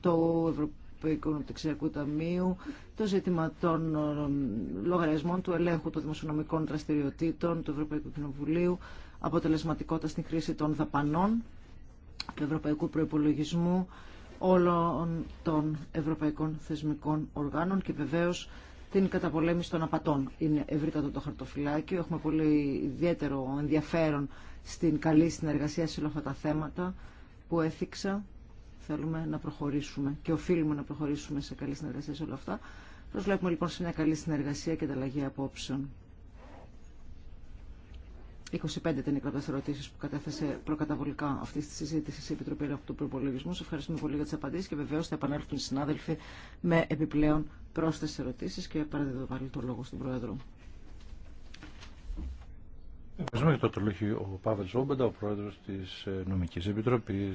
το Ευρωπαϊκού Νοτεξιακού Ταμείου, το ζήτημα των ε, λογαριασμών του ελέγχου των δημοσιονομικών δραστηριοτήτων του Ευρωπαϊκού Κοινοβουλίου, αποτελεσματικότητα στην χρήση των δαπανών του Ευρωπαϊκού προπολογισμού όλων των ευρωπαϊκών θεσμικών οργάνων και βεβαίω την καταπολέμηση των απατών. Είναι ευρύτατο το χαρτοφυλάκιο. Έχουμε πολύ ιδιαίτερο ενδιαφέρον στην καλή συνεργασία σε όλα αυτά τα θέματα που έθιξα. Θέλουμε να προχωρήσουμε και οφείλουμε να προχωρήσουμε σε καλή συνεργασία σε όλα αυτά. Προσβλέπουμε λοιπόν σε μια καλή συνεργασία και ανταλλαγή απόψεων. 25 ήταν οι πρώτε ερωτήσει που κατέθεσε προκαταβολικά αυτή τη συζήτηση η Επιτροπή Ελέγχου του Προπολογισμού. Σα ευχαριστούμε πολύ για τι απαντήσει και βεβαίω θα επανέλθουν οι συνάδελφοι με επιπλέον πρόσθεσε ερωτήσει και παραδίδω πάλι το λόγο στον Πρόεδρο. Ευχαριστούμε και το λόγο ο Παύλ Ζόμπεντα, ο Πρόεδρο τη ε, Νομική Επιτροπή.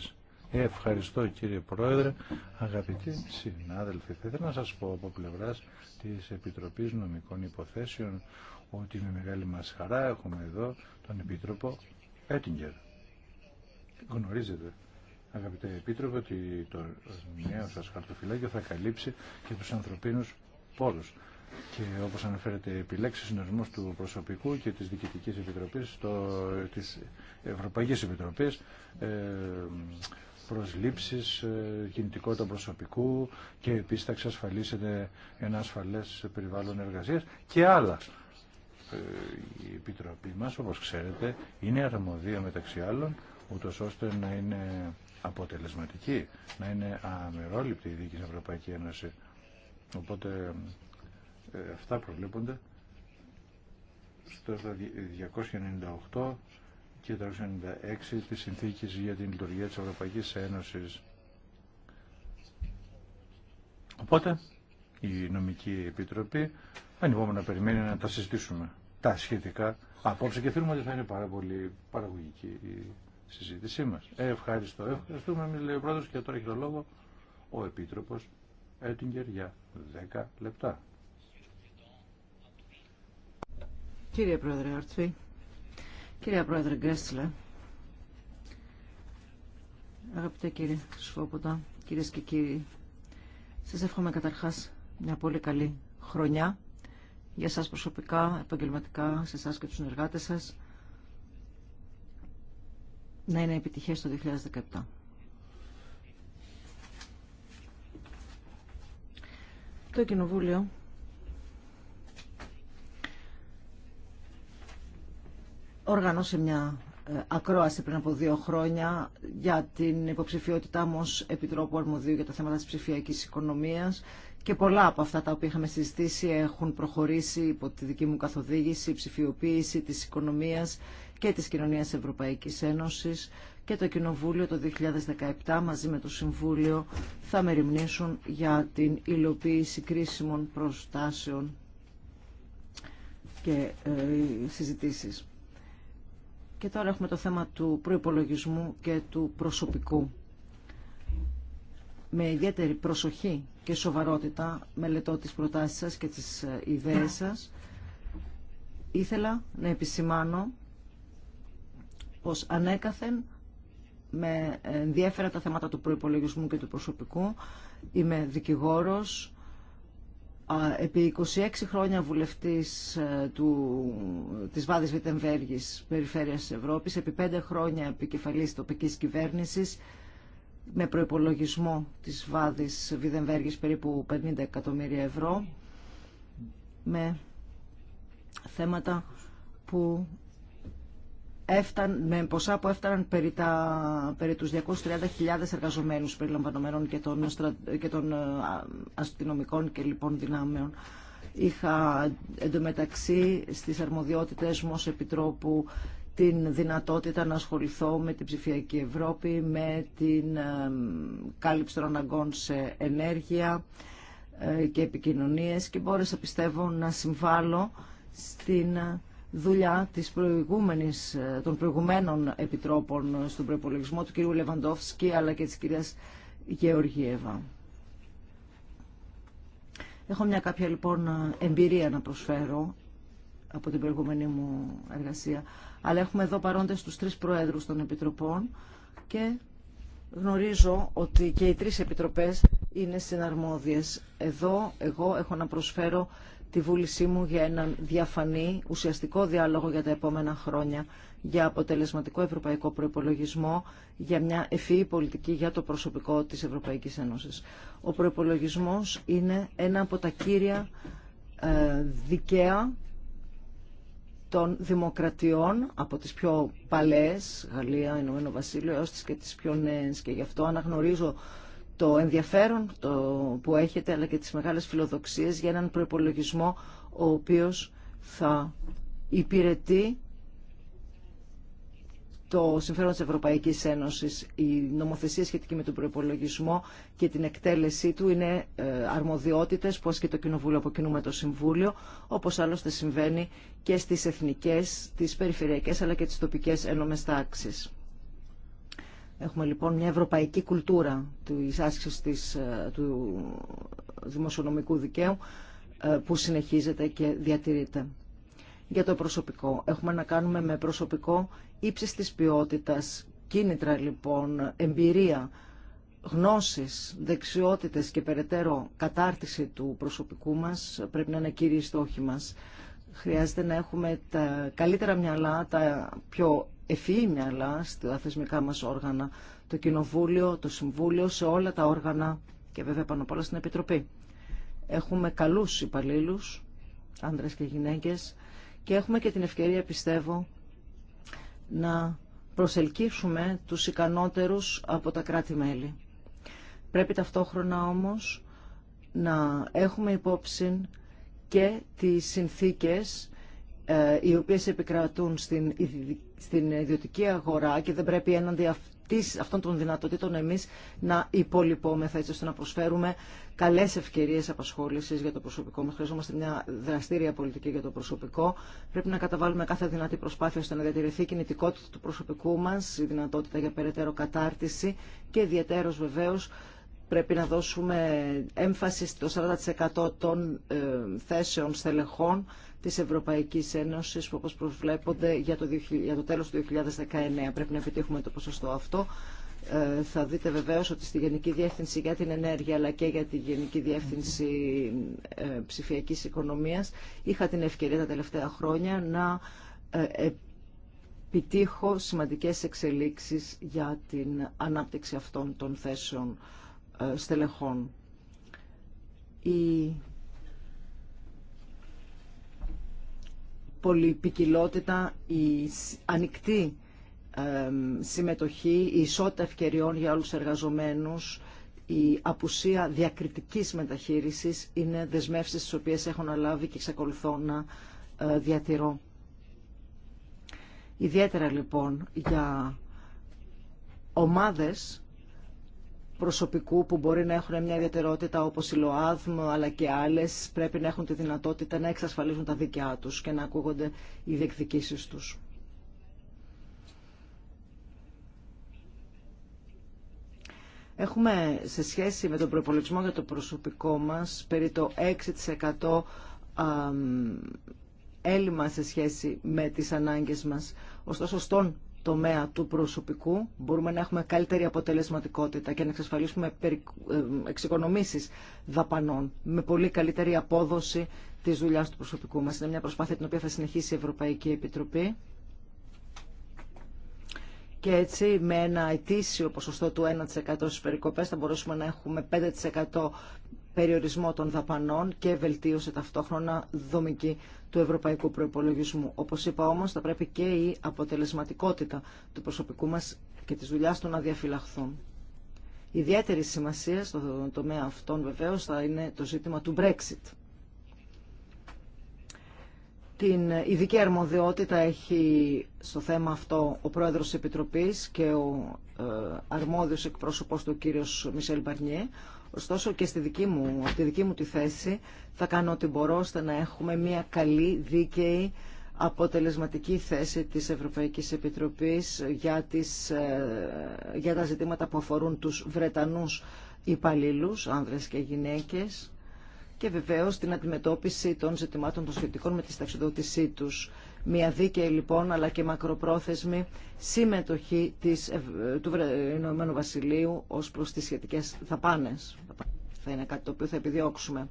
Ευχαριστώ κύριε Πρόεδρε. Αγαπητοί συνάδελφοι, θα ήθελα να σας πω από πλευράς της Επιτροπής Νομικών Υποθέσεων ότι με μεγάλη μας χαρά έχουμε εδώ τον Επίτροπο Έτιγκερ. Γνωρίζετε αγαπητέ Επίτροπο ότι το νέο σας χαρτοφυλάκιο θα καλύψει και τους ανθρωπίνους πόρους και όπως αναφέρεται επιλέξει συνορισμός του προσωπικού και της Διοικητικής Επιτροπής, το, της Ευρωπαϊκής Επιτροπής, ε, προσλήψεις, ε, κινητικότητα προσωπικού και επίσης θα εξασφαλίσετε ένα ασφαλές περιβάλλον εργασίας και άλλα. Ε, η Επιτροπή μας, όπως ξέρετε, είναι αρμοδία μεταξύ άλλων, ούτως ώστε να είναι αποτελεσματική, να είναι αμερόληπτη η δίκη στην Ευρωπαϊκή Ένωση. Οπότε ε, αυτά προβλέπονται στο 298 και το 96 της Συνθήκης για την Λειτουργία της Ευρωπαϊκής Ένωσης. Οπότε, η Νομική Επιτροπή ανυπόμενα περιμένει να τα συζητήσουμε τα σχετικά απόψε και θέλουμε ότι θα είναι πάρα πολύ παραγωγική η συζήτησή μας. Ε, ευχαριστώ. Ευχαριστούμε, εμείς λέει ο πρόεδρος και τώρα έχει το λόγο ο Επίτροπος Έτιγκερ για 10 λεπτά. Κύριε Πρόεδρε Ορτσβή, Κυρία Πρόεδρε Γκρέστιλε, αγαπητέ κύριε Σφόποτα, κυρίες και κύριοι, σας εύχομαι καταρχάς μια πολύ καλή χρονιά για σας προσωπικά, επαγγελματικά, σε εσά και τους συνεργάτες σας, να είναι επιτυχές το 2017. Το Κοινοβούλιο οργανώσει μια ε, ακρόαση πριν από δύο χρόνια για την υποψηφιότητά μου ως Επιτρόπου Αρμοδίου για τα θέματα της ψηφιακής οικονομίας και πολλά από αυτά τα οποία είχαμε συζητήσει έχουν προχωρήσει υπό τη δική μου καθοδήγηση, η ψηφιοποίηση της οικονομίας και της κοινωνίας Ευρωπαϊκής Ένωσης και το Κοινοβούλιο το 2017 μαζί με το Συμβούλιο θα μεριμνήσουν για την υλοποίηση κρίσιμων προστάσεων και ε, συζητήσεις. Και τώρα έχουμε το θέμα του προϋπολογισμού και του προσωπικού. Με ιδιαίτερη προσοχή και σοβαρότητα μελετώ τις προτάσεις σας και τις ε, ιδέες σας. Ήθελα να επισημάνω πως ανέκαθεν με ενδιέφερα τα θέματα του προϋπολογισμού και του προσωπικού. Είμαι δικηγόρος, επί 26 χρόνια βουλευτής ε, του, της Βάδης Βιτεμβέργης, περιφέρειας Ευρώπης, επί 5 χρόνια επικεφαλής τοπικής κυβέρνησης, με προϋπολογισμό της Βάδης Βιδεμβέργης περίπου 50 εκατομμύρια ευρώ, με θέματα που έφταν, με ποσά που έφταναν περί, τα, περί τους 230.000 εργαζομένους περιλαμβανομένων και των, και των ε, αστυνομικών και λοιπόν δυνάμεων. Είχα εντωμεταξύ στις αρμοδιότητες μου ως Επιτρόπου την δυνατότητα να ασχοληθώ με την ψηφιακή Ευρώπη, με την ε, κάλυψη των αναγκών σε ενέργεια ε, και επικοινωνίες και μπόρεσα πιστεύω να συμβάλλω στην δουλειά της προηγούμενης, των προηγουμένων επιτρόπων στον προπολογισμό του κ. Λεβαντόφσκη αλλά και της κυρίας Γεωργίευα. Έχω μια κάποια λοιπόν εμπειρία να προσφέρω από την προηγούμενη μου εργασία. Αλλά έχουμε εδώ παρόντες τους τρεις προέδρους των επιτροπών και γνωρίζω ότι και οι τρεις επιτροπές είναι συναρμόδιες. Εδώ εγώ έχω να προσφέρω τη βούλησή μου για έναν διαφανή, ουσιαστικό διάλογο για τα επόμενα χρόνια, για αποτελεσματικό ευρωπαϊκό προπολογισμό, για μια ευφυή πολιτική για το προσωπικό της Ευρωπαϊκής Ένωσης. Ο προϋπολογισμός είναι ένα από τα κύρια ε, δικαία των δημοκρατιών από τις πιο παλές, Γαλλία, Ηνωμένο Βασίλειο, έως τις και τις πιο νέες και γι' αυτό αναγνωρίζω το ενδιαφέρον το που έχετε αλλά και τις μεγάλες φιλοδοξίες για έναν προπολογισμό ο οποίος θα υπηρετεί το συμφέρον της Ευρωπαϊκής Ένωσης. Η νομοθεσία σχετική με τον προπολογισμό και την εκτέλεσή του είναι ε, αρμοδιότητες που και το Κοινοβούλιο από με το Συμβούλιο, όπως άλλωστε συμβαίνει και στις εθνικές, τις περιφερειακές αλλά και τις τοπικές ένωμες τάξεις. Έχουμε λοιπόν μια ευρωπαϊκή κουλτούρα της άσκησης ε, του δημοσιονομικού δικαίου ε, που συνεχίζεται και διατηρείται. Για το προσωπικό. Έχουμε να κάνουμε με προσωπικό ύψης της ποιότητας, κίνητρα λοιπόν, εμπειρία, γνώσεις, δεξιότητες και περαιτέρω κατάρτιση του προσωπικού μας πρέπει να είναι κύριοι στόχοι μας. Χρειάζεται να έχουμε τα καλύτερα μυαλά, τα πιο ευφυή μυαλά στα θεσμικά μας όργανα, το Κοινοβούλιο, το Συμβούλιο, σε όλα τα όργανα και βέβαια πάνω απ' όλα στην Επιτροπή. Έχουμε καλούς υπαλλήλου, άντρες και γυναίκες και έχουμε και την ευκαιρία πιστεύω να προσελκύσουμε τους ικανότερους από τα κράτη-μέλη. Πρέπει ταυτόχρονα όμως να έχουμε υπόψη και τις συνθήκες ε, οι οποίες επικρατούν στην, στην ιδιωτική αγορά και δεν πρέπει έναντι αυτής, αυτών των δυνατοτήτων εμείς να υπολοιπόμεθα έτσι ώστε να προσφέρουμε καλές ευκαιρίες απασχόλησης για το προσωπικό μας. Χρειαζόμαστε μια δραστήρια πολιτική για το προσωπικό. Πρέπει να καταβάλουμε κάθε δυνατή προσπάθεια ώστε να διατηρηθεί η κινητικότητα του προσωπικού μας, η δυνατότητα για περαιτέρω κατάρτιση και ιδιαίτερος βεβαίως Πρέπει να δώσουμε έμφαση στο 40% των ε, θέσεων στελεχών της Ευρωπαϊκής Ένωσης που όπως προβλέπονται για το, για το τέλος του 2019. Πρέπει να επιτύχουμε το ποσοστό αυτό. Ε, θα δείτε βεβαίως ότι στη Γενική Διεύθυνση για την Ενέργεια αλλά και για τη Γενική Διεύθυνση ε, Ψηφιακής Οικονομίας είχα την ευκαιρία τα τελευταία χρόνια να επιτύχω σημαντικές εξελίξεις για την ανάπτυξη αυτών των θέσεων στελεχών. Η πολυπικιλότητα, η ανοιχτή συμμετοχή, η ισότητα ευκαιριών για όλους τους εργαζομένους, η απουσία διακριτικής μεταχείρισης είναι δεσμεύσεις τις οποίες έχω να λάβει και εξακολουθώ να ε, διατηρώ. Ιδιαίτερα λοιπόν για ομάδες προσωπικού που μπορεί να έχουν μια ιδιαιτερότητα όπως η ΛΟΑΔΜ αλλά και άλλε πρέπει να έχουν τη δυνατότητα να εξασφαλίζουν τα δικιά τους και να ακούγονται οι διεκδικήσει τους. Έχουμε σε σχέση με τον προπολογισμό για το προσωπικό μας περί το 6% έλλειμμα σε σχέση με τις ανάγκες μας. Ωστόσο στον τομέα του προσωπικού μπορούμε να έχουμε καλύτερη αποτελεσματικότητα και να εξασφαλίσουμε ε, εξοικονομήσεις δαπανών με πολύ καλύτερη απόδοση της δουλειάς του προσωπικού μας. Είναι μια προσπάθεια την οποία θα συνεχίσει η Ευρωπαϊκή Επιτροπή και έτσι με ένα ετήσιο ποσοστό του 1% στις περικοπές θα μπορούσαμε να έχουμε 5% περιορισμό των δαπανών και βελτίωσε ταυτόχρονα δομική του ευρωπαϊκού προπολογισμού. Όπω είπα όμω θα πρέπει και η αποτελεσματικότητα του προσωπικού μας και της δουλειά του να διαφυλαχθούν. Ιδιαίτερη σημασία στον τομέα αυτών βεβαίω θα είναι το ζήτημα του Brexit. Την ειδική αρμοδιότητα έχει στο θέμα αυτό ο πρόεδρος Επιτροπής και ο ε, αρμόδιος εκπρόσωπος του κύριος Μισελ Μπαρνιέ. Ωστόσο και στη δική μου, δική μου τη θέση θα κάνω ό,τι μπορώ ώστε να έχουμε μια καλή, δίκαιη, αποτελεσματική θέση της Ευρωπαϊκής Επιτροπής για, τις, ε, για τα ζητήματα που αφορούν τους Βρετανούς υπαλλήλους, άνδρες και γυναίκες και βεβαίω την αντιμετώπιση των ζητημάτων των σχετικών με τη σταξιδότησή του, Μια δίκαιη λοιπόν αλλά και μακροπρόθεσμη συμμετοχή της, ε, του Ηνωμένου Βασιλείου ως προς τις σχετικέ θαπάνες. Θα είναι κάτι το οποίο θα επιδιώξουμε.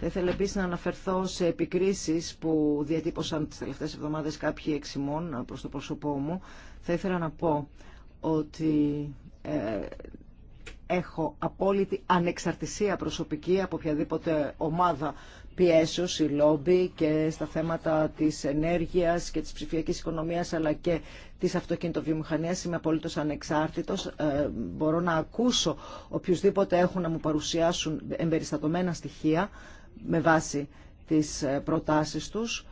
Θα ήθελα επίση να αναφερθώ σε επικρίσεις που διατύπωσαν τις τελευταίες εβδομάδε κάποιοι εξημών ε, προ το πρόσωπό μου. Θα ήθελα να πω ότι ε, έχω απόλυτη ανεξαρτησία προσωπική από οποιαδήποτε ομάδα πιέσεως ή λόμπι και στα θέματα της ενέργειας και της ψηφιακής οικονομίας αλλά και της αυτοκινητοβιομηχανίας είμαι απόλυτο ανεξάρτητος. Ε, μπορώ να ακούσω οποιουσδήποτε έχουν να μου παρουσιάσουν εμπεριστατωμένα στοιχεία με βάση τις ε, προτάσεις τους.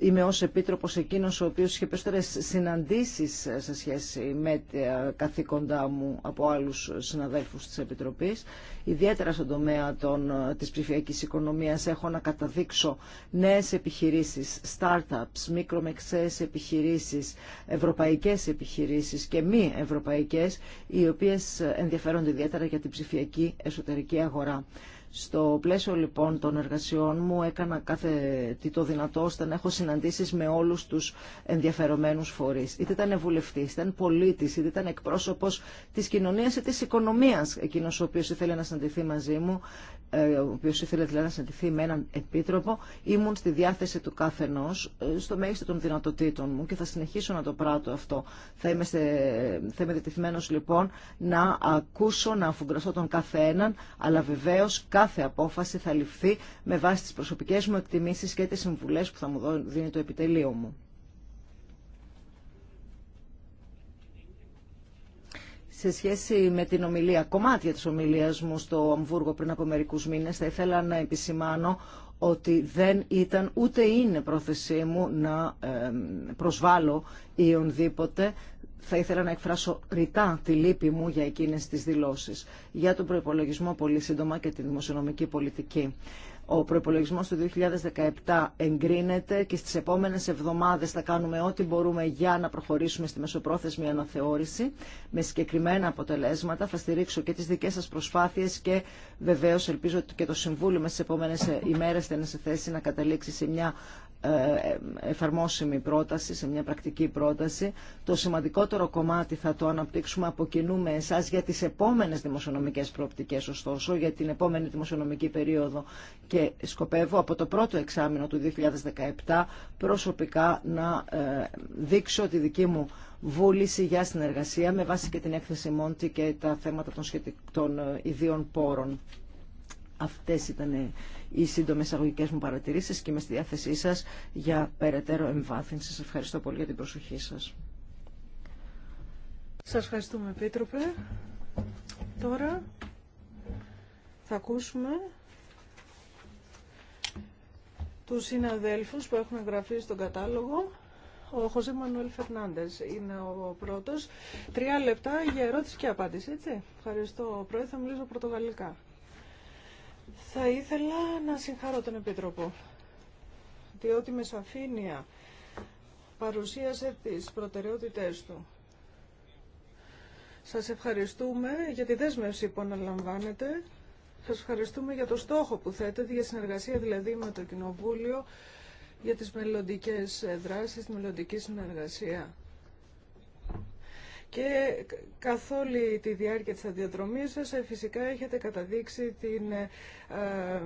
Είμαι ως επίτροπος εκείνος ο οποίος είχε περισσότερες συναντήσεις ε, σε σχέση με τα καθήκοντά μου από άλλους συναδέλφους της Επιτροπής. Ιδιαίτερα στον τομέα των, ε, της ψηφιακής οικονομίας έχω να καταδείξω νέες επιχειρήσεις, startups, μικρομεξαίες επιχειρήσεις, ευρωπαϊκές επιχειρήσεις και μη ευρωπαϊκές, οι οποίες ενδιαφέρονται ιδιαίτερα για την ψηφιακή εσωτερική αγορά. Στο πλαίσιο λοιπόν των εργασιών μου έκανα κάθε τι το δυνατό ώστε να έχω συναντήσεις με όλους τους ενδιαφερομένους φορείς. Είτε ήταν είτε ήταν πολίτης, είτε ήταν εκπρόσωπος της κοινωνίας ή της οικονομίας εκείνος ο οποίος ήθελε να συναντηθεί μαζί μου ε, ο οποίο ήθελε δηλαδή να συναντηθεί με έναν επίτροπο, ήμουν στη διάθεση του κάθε ε, στο μέγιστο των δυνατοτήτων μου και θα συνεχίσω να το πράττω αυτό. Θα είμαι, σε... θα είμαι λοιπόν να ακούσω, να αφουγκραστώ τον κάθε έναν, αλλά βεβαίω κάθε απόφαση θα ληφθεί με βάση τι προσωπικέ μου εκτιμήσει και τι συμβουλέ που θα μου δίνει το επιτελείο μου. σε σχέση με την ομιλία, κομμάτια της ομιλίας μου στο Αμβούργο πριν από μερικούς μήνες, θα ήθελα να επισημάνω ότι δεν ήταν ούτε είναι πρόθεσή μου να ε, προσβάλλω ή ονδήποτε. Θα ήθελα να εκφράσω ρητά τη λύπη μου για εκείνες τις δηλώσεις, για τον προϋπολογισμό πολύ σύντομα και τη δημοσιονομική πολιτική. Ο προπολογισμό του 2017 εγκρίνεται και στις επόμενες εβδομάδες θα κάνουμε ό,τι μπορούμε για να προχωρήσουμε στη μεσοπρόθεσμη αναθεώρηση με συγκεκριμένα αποτελέσματα. Θα στηρίξω και τις δικές σας προσπάθειες και βεβαίω ελπίζω ότι και το Συμβούλιο με στι επόμενε ημέρες θα είναι σε θέση να καταλήξει σε μια ε, εφαρμόσιμη πρόταση, σε μια πρακτική πρόταση. Το σημαντικότερο κομμάτι θα το αναπτύξουμε από κοινού με εσάς για τις επόμενες δημοσιονομικές προοπτικές ωστόσο, για την επόμενη δημοσιονομική περίοδο και σκοπεύω από το πρώτο εξάμεινο του 2017 προσωπικά να ε, δείξω τη δική μου βούληση για συνεργασία με βάση και την έκθεση Μόντι και τα θέματα των, ε, ιδίων πόρων. Αυτές ήταν οι σύντομε αγωγικέ μου παρατηρήσει και είμαι στη διάθεσή σα για περαιτέρω εμβάθυνση. Σα ευχαριστώ πολύ για την προσοχή σα. Σα ευχαριστούμε, Επίτροπε. Τώρα θα ακούσουμε τους συναδέλφους που έχουν εγγραφεί στον κατάλογο. Ο Χωσέ Μανουέλ Φερνάντε είναι ο πρώτο. Τρία λεπτά για ερώτηση και απάντηση, έτσι. Ευχαριστώ, Πρόεδρε. Θα μιλήσω πρωτογαλλικά. Θα ήθελα να συγχαρώ τον Επίτροπο, διότι με σαφήνεια παρουσίασε τις προτεραιότητές του. Σας ευχαριστούμε για τη δέσμευση που αναλαμβάνετε. Σας ευχαριστούμε για το στόχο που θέτετε, για συνεργασία δηλαδή με το Κοινοβούλιο, για τις μελλοντικές δράσεις, τη μελλοντική συνεργασία και καθ' όλη τη διάρκεια της αδιαδρομής σας ε, φυσικά έχετε καταδείξει την ε, ε,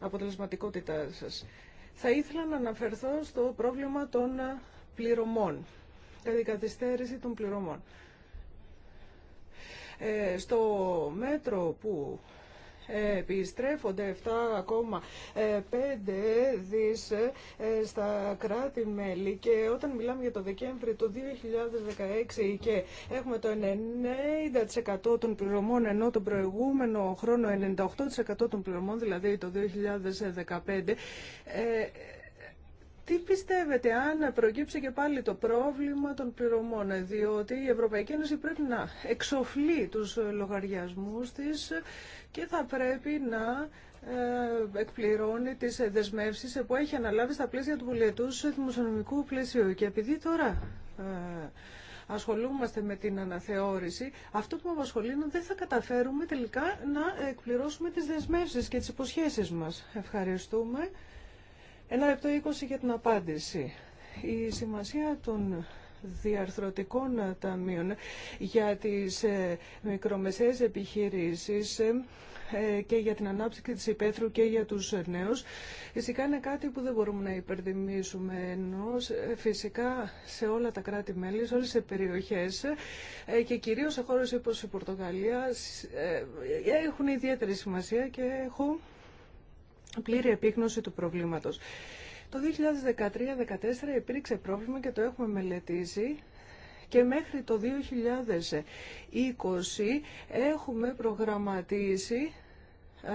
αποτελεσματικότητά σας. Θα ήθελα να αναφερθώ στο πρόβλημα των πληρωμών, δηλαδή καθυστέρηση των πληρωμών. στο μέτρο που επιστρέφονται 7,5 δις ε, στα κράτη-μέλη και όταν μιλάμε για το Δεκέμβρη του 2016 και έχουμε το 90% των πληρωμών ενώ τον προηγούμενο χρόνο 98% των πληρωμών δηλαδή το 2015 τι πιστεύετε αν προκύψει και πάλι το πρόβλημα των πληρωμών, διότι η Ευρωπαϊκή Ένωση πρέπει να εξοφλεί τους λογαριασμούς της και θα πρέπει να ε, εκπληρώνει τις δεσμεύσεις που έχει αναλάβει στα πλαίσια του πολιετούς δημοσιονομικού πλαισίου. Και επειδή τώρα ε, ασχολούμαστε με την αναθεώρηση, αυτό που μας απασχολεί είναι ότι δεν θα καταφέρουμε τελικά να εκπληρώσουμε τις δεσμεύσεις και τις υποσχέσεις μας. Ευχαριστούμε. Ένα λεπτό είκοσι για την απάντηση. Η σημασία των διαρθρωτικών ταμείων για τις ε, μικρομεσαίες επιχειρήσεις ε, ε, και για την ανάπτυξη της υπαίθρου και για τους νέους. Φυσικά είναι κάτι που δεν μπορούμε να υπερδημίσουμε ενώ φυσικά σε όλα τα κράτη-μέλη, σε όλες τις περιοχές και κυρίως σε χώρες όπως η Πορτογαλία έχουν ιδιαίτερη σημασία και έχουν πλήρη επίγνωση του προβλήματος. Το 2013-2014 υπήρξε πρόβλημα και το έχουμε μελετήσει και μέχρι το 2020 έχουμε προγραμματίσει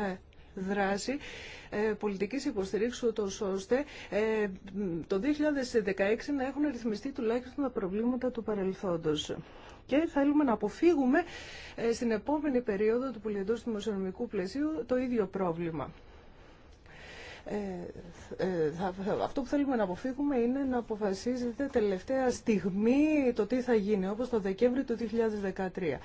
ε, δράση ε, πολιτικής υποστηρίξης ώστε ε, το 2016 να έχουν ρυθμιστεί τουλάχιστον τα προβλήματα του παρελθόντος. Και θέλουμε να αποφύγουμε στην επόμενη περίοδο του πολιτικού δημοσιονομικού πλαισίου το ίδιο πρόβλημα. Ε, ε, αυτό που θέλουμε να αποφύγουμε είναι να αποφασίζεται τελευταία στιγμή το τι θα γίνει, όπως το Δεκέμβρη του 2013.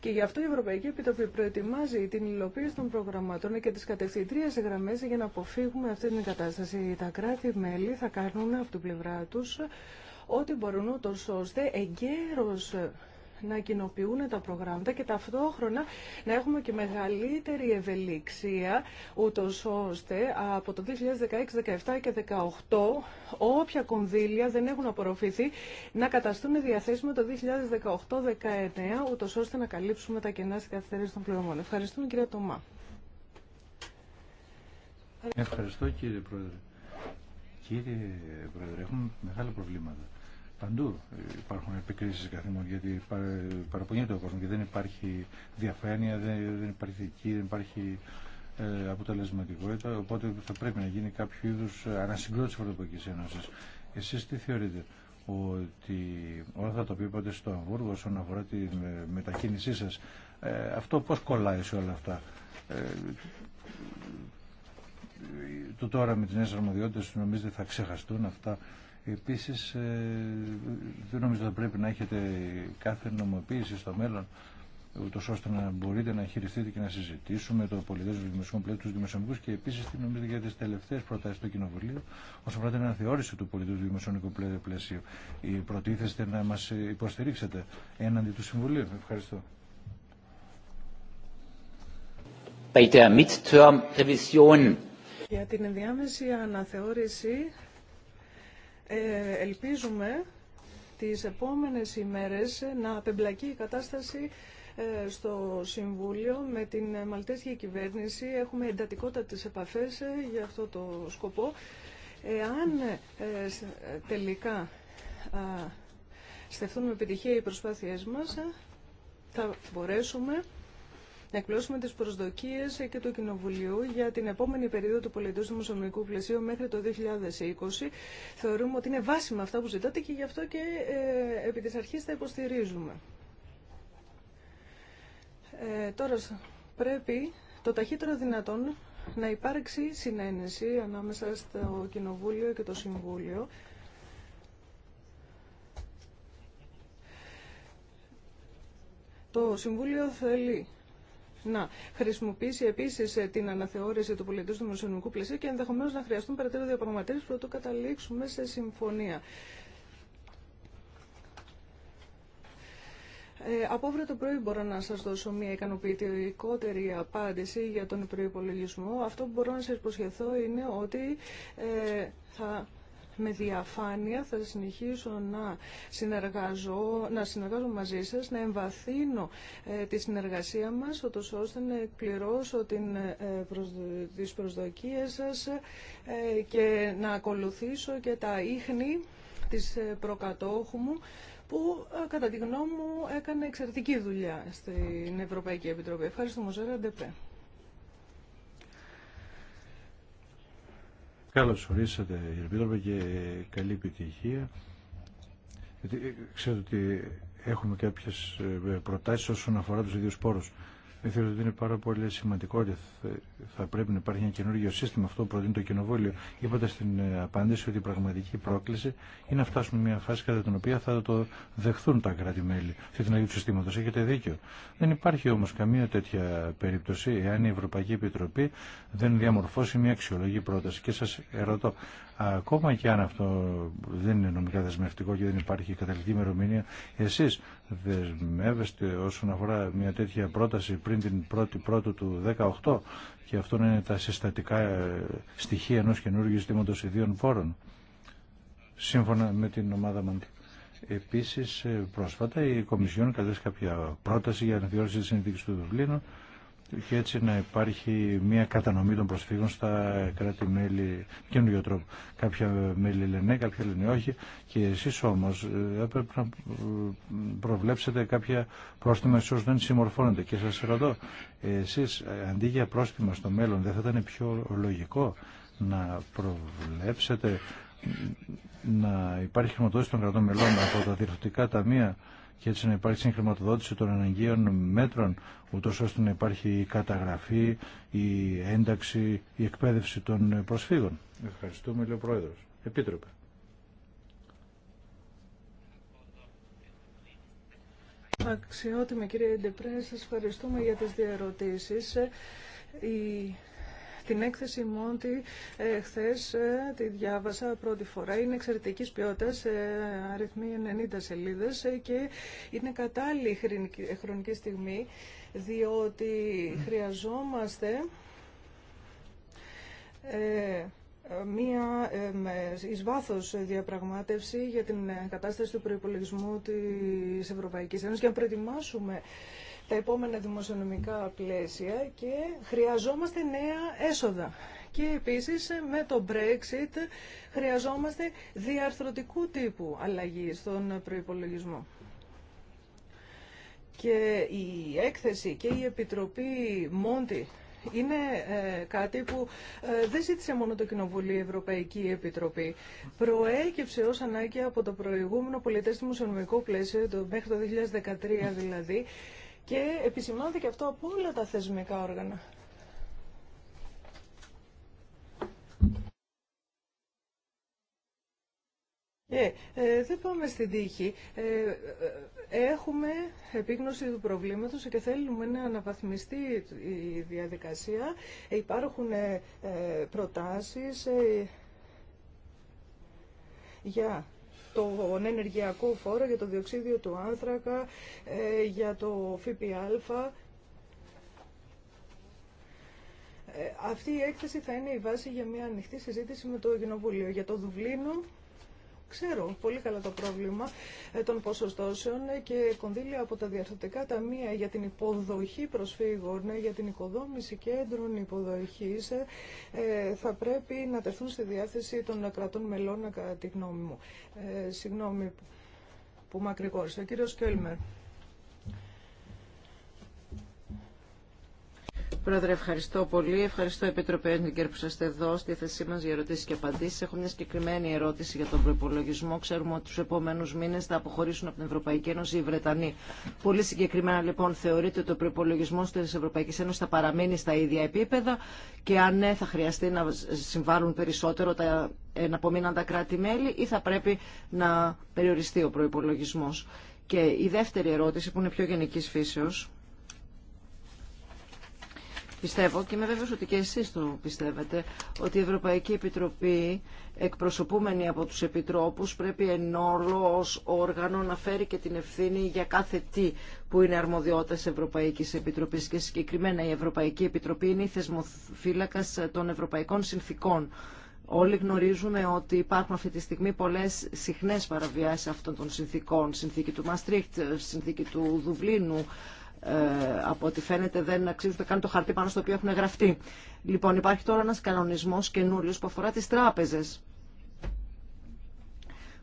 Και γι' αυτό η Ευρωπαϊκή Επιτροπή προετοιμάζει την υλοποίηση των προγραμματών και τις κατευθυντρίες γραμμές για να αποφύγουμε αυτή την κατάσταση. Τα κράτη-μέλη θα κάνουν από την πλευρά τους ό,τι μπορούν ούτως ώστε εγκαίρως να κοινοποιούν τα προγράμματα και ταυτόχρονα να έχουμε και μεγαλύτερη ευελιξία, ούτω ώστε από το 2016, 2017 και 2018 όποια κονδύλια δεν έχουν απορροφηθεί να καταστούν διαθέσιμα το 2018-2019, ούτω ώστε να καλύψουμε τα κενά στην καθυστέρηση των πληρωμών. Ευχαριστούμε κυρία Τωμά. Ευχαριστώ κύριε Πρόεδρε. Κύριε Πρόεδρε, έχουμε μεγάλα προβλήματα Παντού υπάρχουν επικρίσεις καθημερινών γιατί παραπονιέται ο κόσμο και δεν υπάρχει διαφάνεια, δεν, υπάρχει δική, δεν υπάρχει ε, αποτελεσματικότητα. Οπότε θα πρέπει να γίνει κάποιο είδου ανασυγκρότηση τη Ευρωπαϊκή Ένωση. Εσεί τι θεωρείτε, ότι όλα αυτά τα οποία είπατε στο Αμβούργο όσον αφορά τη μετακίνησή σα, ε, αυτό πώ κολλάει σε όλα αυτά. Ε, το τώρα με τι νέε αρμοδιότητε νομίζετε θα ξεχαστούν αυτά Επίσης, ε, δεν νομίζω ότι πρέπει να έχετε κάθε νομοποίηση στο μέλλον ούτως ώστε να μπορείτε να χειριστείτε και να συζητήσουμε το πολιτές του δημοσιονομικού πλαίσιου του δημοσιονομικού και επίση τι νομίζετε για τι τελευταίε προτάσει του Κοινοβουλίου όσον αφορά την αναθεώρηση του πολιτικού του δημοσιονομικού πλαίσιου. Προτίθεστε να μα υποστηρίξετε έναντι του Συμβουλίου. Ευχαριστώ. Για την ενδιάμεση αναθεώρηση ε, ελπίζουμε τις επόμενες ημέρες να απεμπλακεί η κατάσταση ε, στο Συμβούλιο με την Μαλτέζικη κυβέρνηση. Έχουμε εντατικότατες επαφές ε, για αυτό το σκοπό. Εάν τελικά στεφθούν με επιτυχία οι προσπάθειές μας, θα μπορέσουμε να εκπλώσουμε τις προσδοκίες και του Κοινοβουλίου για την επόμενη περίοδο του πολιτού δημοσιονομικού πλαισίου μέχρι το 2020. Θεωρούμε ότι είναι βάσιμα αυτά που ζητάτε και γι' αυτό και ε, επί της αρχής τα υποστηρίζουμε. Ε, τώρα πρέπει το ταχύτερο δυνατόν να υπάρξει συνένεση ανάμεσα στο Κοινοβούλιο και το Συμβούλιο Το Συμβούλιο θέλει να χρησιμοποιήσει επίση ε, την αναθεώρηση του πολιτικού του δημοσιονομικού πλαισίου και ενδεχομένω να χρειαστούν περαιτέρω διαπραγματεύσει πρωτού καταλήξουμε σε συμφωνία. Ε, το πρωί μπορώ να σας δώσω μια ικανοποιητικότερη απάντηση για τον προϋπολογισμό. Αυτό που μπορώ να σας υποσχεθώ είναι ότι ε, θα με διαφάνεια. Θα συνεχίσω να συνεργάζω, να συνεργάζω μαζί σας, να εμβαθύνω ε, τη συνεργασία μας, ώστε να εκπληρώσω την, ε, τις προσδοκίες σας ε, και να ακολουθήσω και τα ίχνη της προκατόχου μου που κατά τη γνώμη μου έκανε εξαιρετική δουλειά στην Ευρωπαϊκή Επιτροπή. Ευχαριστούμε, Μοζέρα, Ντεπέ. Καλώς ορίσατε, κύριε Πίτροπε, και καλή επιτυχία. Γιατί ε, ξέρετε ότι έχουμε κάποιες ε, προτάσεις όσον αφορά τους ίδιους πόρους. Δεν θεωρώ ότι είναι πάρα πολύ σημαντικό ότι θα πρέπει να υπάρχει ένα καινούργιο σύστημα. Αυτό που προτείνει το Κοινοβούλιο. Είπατε στην ε, απάντηση ότι η πραγματική πρόκληση είναι να φτάσουμε μια φάση κατά την οποία θα το δεχθούν τα κράτη-μέλη σε την του συστήματο. Έχετε δίκιο. Δεν υπάρχει όμω καμία τέτοια περίπτωση εάν η Ευρωπαϊκή Επιτροπή δεν διαμορφώσει μια αξιολογή πρόταση. Και σα ερωτώ, ακόμα και αν αυτό δεν είναι νομικά δεσμευτικό και δεν υπάρχει καταληκτική ημερομηνία, εσεί δεσμεύεστε όσον αφορά μια τέτοια πρόταση πριν την πρώτη η Πρώτου του 18 και αυτό είναι τα συστατικά ε, στοιχεία ενός καινούργιου ζητήματος ιδίων πόρων σύμφωνα με την ομάδα Μαντή. Επίσης ε, πρόσφατα η Κομισιόν καλέσει κάποια πρόταση για αναθεώρηση της συνθήκης του Δουβλίνου και έτσι να υπάρχει μια κατανομή των προσφύγων στα κράτη-μέλη καινούριο τρόπο. Κάποια μέλη λένε ναι, κάποια λένε όχι και εσείς όμως ε, έπρεπε να ε, προβλέψετε κάποια πρόστιμα όσο δεν συμμορφώνονται και σας ρωτώ εσείς ε, αντί για πρόστιμα στο μέλλον δεν θα ήταν πιο λογικό να προβλέψετε να υπάρχει χρηματοδότηση των κρατών μελών από τα διευθυντικά ταμεία και έτσι να υπάρχει χρηματοδότηση των αναγκαίων μέτρων, ούτως ώστε να υπάρχει η καταγραφή, η ένταξη, η εκπαίδευση των προσφύγων. Ευχαριστούμε, λέει ο Πρόεδρος. Επίτροπε. Αξιότιμη κύριε Ντεπρέ, σας ευχαριστούμε για τις διαρωτήσεις. Ε, η την έκθεση Μόντι ε, χθε ε, τη διάβασα πρώτη φορά. Είναι εξαιρετική ποιότητα, ε, 90 σελίδε ε, και είναι κατάλληλη ε, χρονική στιγμή διότι χρειαζόμαστε μία εις βάθος διαπραγμάτευση για την κατάσταση του προϋπολογισμού της Ευρωπαϊκής Ένωσης και να προετοιμάσουμε τα επόμενα δημοσιονομικά πλαίσια και χρειαζόμαστε νέα έσοδα. Και επίσης με το Brexit χρειαζόμαστε διαρθρωτικού τύπου αλλαγή στον προϋπολογισμό. Και η έκθεση και η Επιτροπή Μόντι είναι ε, κάτι που ε, δεν ζήτησε μόνο το Κοινοβουλίο η Ευρωπαϊκή Επιτροπή. Προέκυψε ως ανάγκη από το προηγούμενο πολιτές δημοσιονομικό πλαίσιο, το, μέχρι το 2013 δηλαδή, και επισημάνθηκε αυτό από όλα τα θεσμικά όργανα. Ε, ε, δεν πάμε στην τύχη. Ε, ε, έχουμε επίγνωση του προβλήματος και θέλουμε να αναβαθμιστεί η διαδικασία. Υπάρχουν ε, προτάσεις για τον ενεργειακό φόρο, για το διοξίδιο του άνθρακα, ε, για το ΦΠΑ. Ε, αυτή η έκθεση θα είναι η βάση για μια ανοιχτή συζήτηση με το Κοινοβούλιο. Για το Δουβλίνο Ξέρω πολύ καλά το πρόβλημα ε, των ποσοστώσεων και κονδύλια από τα διαρθρωτικά ταμεία για την υποδοχή προσφύγων, ε, για την οικοδόμηση κέντρων υποδοχής, ε, θα πρέπει να τεθούν στη διάθεση των κρατών μελών, κατά τη γνώμη μου. συγγνώμη που μακρηγόρησα. Κύριο κύριος Κέλμερ. Πρόεδρε, ευχαριστώ πολύ. Ευχαριστώ, Επίτροπε Έντιγκερ, που είστε εδώ στη θέση μα για ερωτήσει και απαντήσει. Έχω μια συγκεκριμένη ερώτηση για τον προπολογισμό. Ξέρουμε ότι του επόμενου μήνε θα αποχωρήσουν από την Ευρωπαϊκή Ένωση οι Βρετανοί. Πολύ συγκεκριμένα, λοιπόν, θεωρείτε ότι ο προπολογισμό τη Ευρωπαϊκή Ένωση θα παραμείνει στα ίδια επίπεδα και αν ναι, θα χρειαστεί να συμβάλλουν περισσότερο τα εναπομείναντα κράτη-μέλη ή θα πρέπει να περιοριστεί ο προπολογισμό. Και η δεύτερη ερώτηση, που είναι πιο γενική φύσεως, Πιστεύω και είμαι βέβαιος ότι και εσείς το πιστεύετε ότι η Ευρωπαϊκή Επιτροπή εκπροσωπούμενη από τους επιτρόπους πρέπει εν όλο όργανο να φέρει και την ευθύνη για κάθε τι που είναι αρμοδιότητας Ευρωπαϊκής Επιτροπής και συγκεκριμένα η Ευρωπαϊκή Επιτροπή είναι η θεσμοφύλακας των Ευρωπαϊκών Συνθήκων. Όλοι γνωρίζουμε ότι υπάρχουν αυτή τη στιγμή πολλές συχνές παραβιάσεις αυτών των συνθήκων. Συνθήκη του Μαστρίχτ, συνθήκη του Δουβλίνου, ε, από ό,τι φαίνεται δεν αξίζουν καν το χαρτί πάνω στο οποίο έχουν γραφτεί. Λοιπόν, υπάρχει τώρα ένας κανονισμός καινούριο που αφορά τις τράπεζες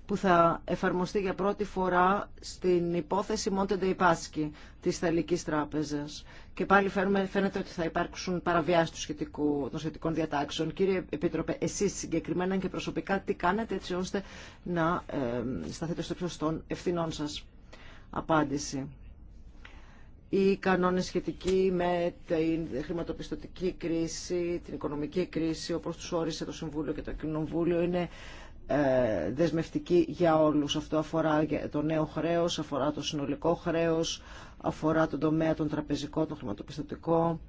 που θα εφαρμοστεί για πρώτη φορά στην υπόθεση dei Paschi της Θελικής Τράπεζας. Και πάλι φαίνεται ότι θα υπάρξουν παραβιάσεις του σχετικού, των σχετικών διατάξεων. Κύριε Επίτροπε, εσείς συγκεκριμένα και προσωπικά τι κάνετε έτσι ώστε να ε, σταθείτε στο πιο των ευθυνών σας. Απάντηση οι κανόνες σχετικοί με την χρηματοπιστωτική κρίση, την οικονομική κρίση, όπως τους όρισε το Συμβούλιο και το Κοινοβούλιο, είναι ε, δεσμευτικοί για όλους. Αυτό αφορά το νέο χρέος, αφορά το συνολικό χρέος, αφορά τον τομέα των τραπεζικών, τον χρηματοπιστωτικό.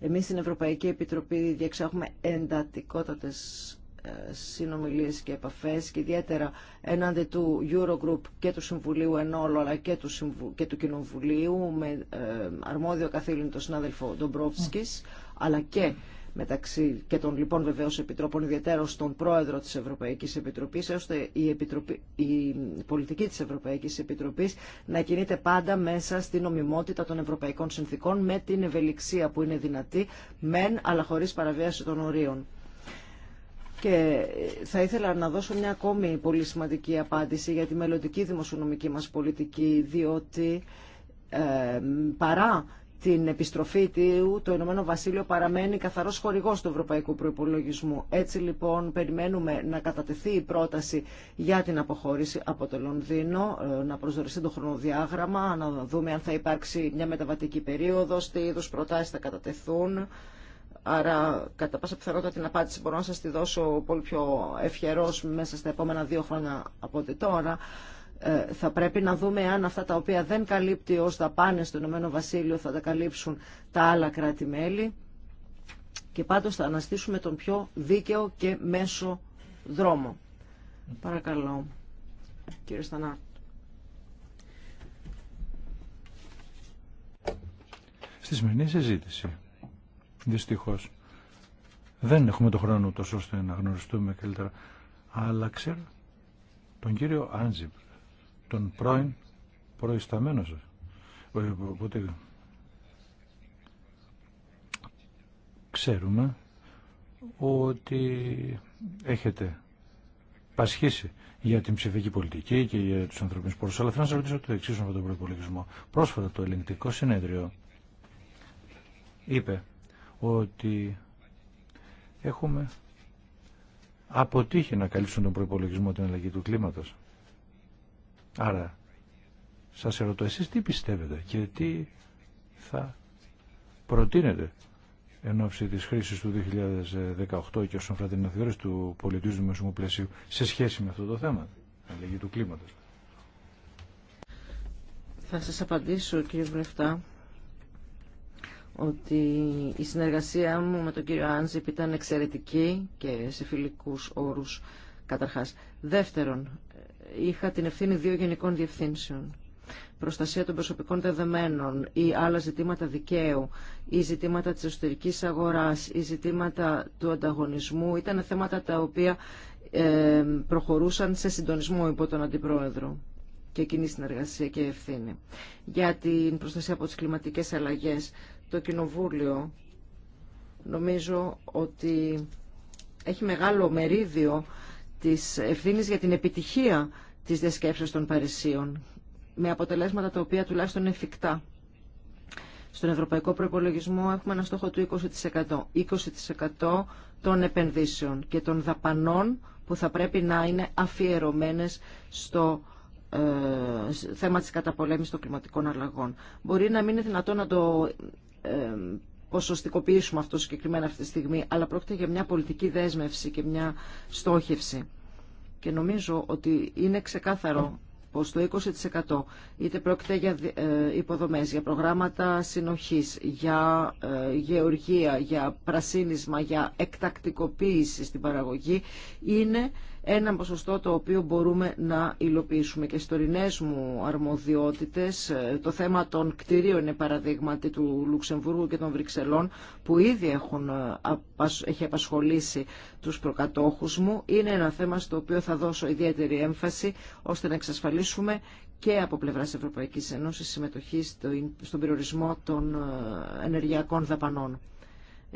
Εμείς στην Ευρωπαϊκή Επιτροπή διεξάγουμε εντατικότατες ε, συνομιλίες και επαφές και ιδιαίτερα έναντι του Eurogroup και του Συμβουλίου εν όλο αλλά και του, και του Κοινοβουλίου με ε, αρμόδιο καθήλυνο τον συνάδελφο Ντομπρόφσκης αλλά και μεταξύ και των λοιπόν βεβαίω επιτρόπων, ιδιαίτερα στον πρόεδρο τη Ευρωπαϊκή Επιτροπή, ώστε η, Επιτροπή, η πολιτική τη Ευρωπαϊκή Επιτροπή να κινείται πάντα μέσα στην ομιμότητα των ευρωπαϊκών συνθήκων με την ευελιξία που είναι δυνατή, μεν αλλά χωρί παραβίαση των ορίων. Και θα ήθελα να δώσω μια ακόμη πολύ σημαντική απάντηση για τη μελλοντική δημοσιονομική μας πολιτική, διότι ε, παρά την επιστροφή του, το Ηνωμένο Βασίλειο παραμένει καθαρός χορηγό του Ευρωπαϊκού Προϋπολογισμού. Έτσι λοιπόν, περιμένουμε να κατατεθεί η πρόταση για την αποχώρηση από το Λονδίνο, ε, να προσδοριστεί το χρονοδιάγραμμα, να δούμε αν θα υπάρξει μια μεταβατική περίοδος, τι είδους προτάσεις θα κατατεθούν. Άρα, κατά πάσα πιθανότητα την απάντηση μπορώ να σα τη δώσω πολύ πιο ευχερός μέσα στα επόμενα δύο χρόνια από ότι τώρα. Ε, θα πρέπει να δούμε αν αυτά τα οποία δεν καλύπτει ω πάνε στο Ηνωμένο Βασίλειο θα τα καλύψουν τα άλλα κράτη-μέλη και πάντω θα αναστήσουμε τον πιο δίκαιο και μέσο δρόμο. Παρακαλώ, κύριε Στανά. Στη σημερινή συζήτηση δυστυχώς. Δεν έχουμε το χρόνο τόσο ώστε να γνωριστούμε καλύτερα. Αλλά ξέρω τον κύριο Άντζιπ, τον πρώην προϊσταμένο σα. Ε, ξέρουμε ότι έχετε πασχίσει για την ψηφική πολιτική και για τους ανθρωπινούς πόρους. Αλλά θέλω να σας ρωτήσω το εξής με τον προπολογισμό. Πρόσφατα το ελληνικό συνέδριο είπε ότι έχουμε αποτύχει να καλύψουν τον προπολογισμό την αλλαγή του κλίματος. Άρα, σας ερωτώ εσείς τι πιστεύετε και τι θα προτείνετε εν ώψη της χρήσης του 2018 και όσον αφορά την του του δημοσίου πλαισίου σε σχέση με αυτό το θέμα, την αλλαγή του κλίματος. Θα σας απαντήσω κύριε Βρεφτά ότι η συνεργασία μου με τον κύριο Άντζιπ ήταν εξαιρετική και σε φιλικούς όρους καταρχάς. Δεύτερον, είχα την ευθύνη δύο γενικών διευθύνσεων. Προστασία των προσωπικών δεδομένων ή άλλα ζητήματα δικαίου ή ζητήματα της εσωτερικής αγοράς ή ζητήματα του ανταγωνισμού ήταν θέματα τα οποία ε, προχωρούσαν σε συντονισμό υπό τον Αντιπρόεδρο και κοινή συνεργασία και ευθύνη. Για την προστασία από τις κλιματικές αλλαγές το Κοινοβούλιο νομίζω ότι έχει μεγάλο μερίδιο της ευθύνης για την επιτυχία της διασκέψεως των Παρισίων με αποτελέσματα τα οποία τουλάχιστον είναι εφικτά. Στον ευρωπαϊκό προπολογισμό έχουμε ένα στόχο του 20%. 20% των επενδύσεων και των δαπανών που θα πρέπει να είναι αφιερωμένες στο ε, θέμα της καταπολέμησης των κλιματικών αλλαγών. Μπορεί να μην είναι δυνατόν να το ποσοστικοποιήσουμε αυτό συγκεκριμένα αυτή τη στιγμή, αλλά πρόκειται για μια πολιτική δέσμευση και μια στόχευση. Και νομίζω ότι είναι ξεκάθαρο πως το 20% είτε πρόκειται για ε, υποδομές, για προγράμματα συνοχής, για ε, γεωργία, για πρασίνισμα, για εκτακτικοποίηση στην παραγωγή, είναι ένα ποσοστό το οποίο μπορούμε να υλοποιήσουμε. Και στι τωρινέ μου αρμοδιότητε, ε, το θέμα των κτηρίων είναι παραδείγματι του Λουξεμβούργου και των Βρυξελών, που ήδη έχουν, ε, έχει απασχολήσει του προκατόχου μου. Είναι ένα θέμα στο οποίο θα δώσω ιδιαίτερη έμφαση, ώστε να εξασφαλίσουμε και από πλευράς Ευρωπαϊκή Ένωση, συμμετοχή στον περιορισμό των ε, ενεργειακών δαπανών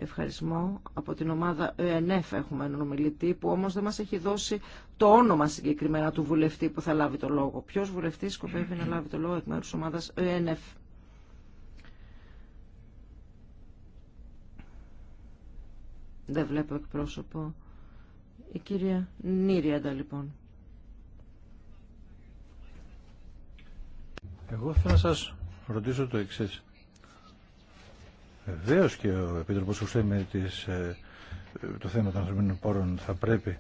ευχαρισμό από την ομάδα ΕΝΕΦ έχουμε έναν ομιλητή που όμως δεν μας έχει δώσει το όνομα συγκεκριμένα του βουλευτή που θα λάβει το λόγο. Ποιος βουλευτής σκοπεύει να λάβει το λόγο εκ μέρους της ομάδας ΕΝΕΦ. Δεν βλέπω εκπρόσωπο. Η κυρία Νίριαντα λοιπόν. Εγώ θέλω να σας ρωτήσω το εξής. Βεβαίω και ο Επίτροπο Χρυσέ με τις, ε, το θέμα των ανθρωπίνων πόρων θα πρέπει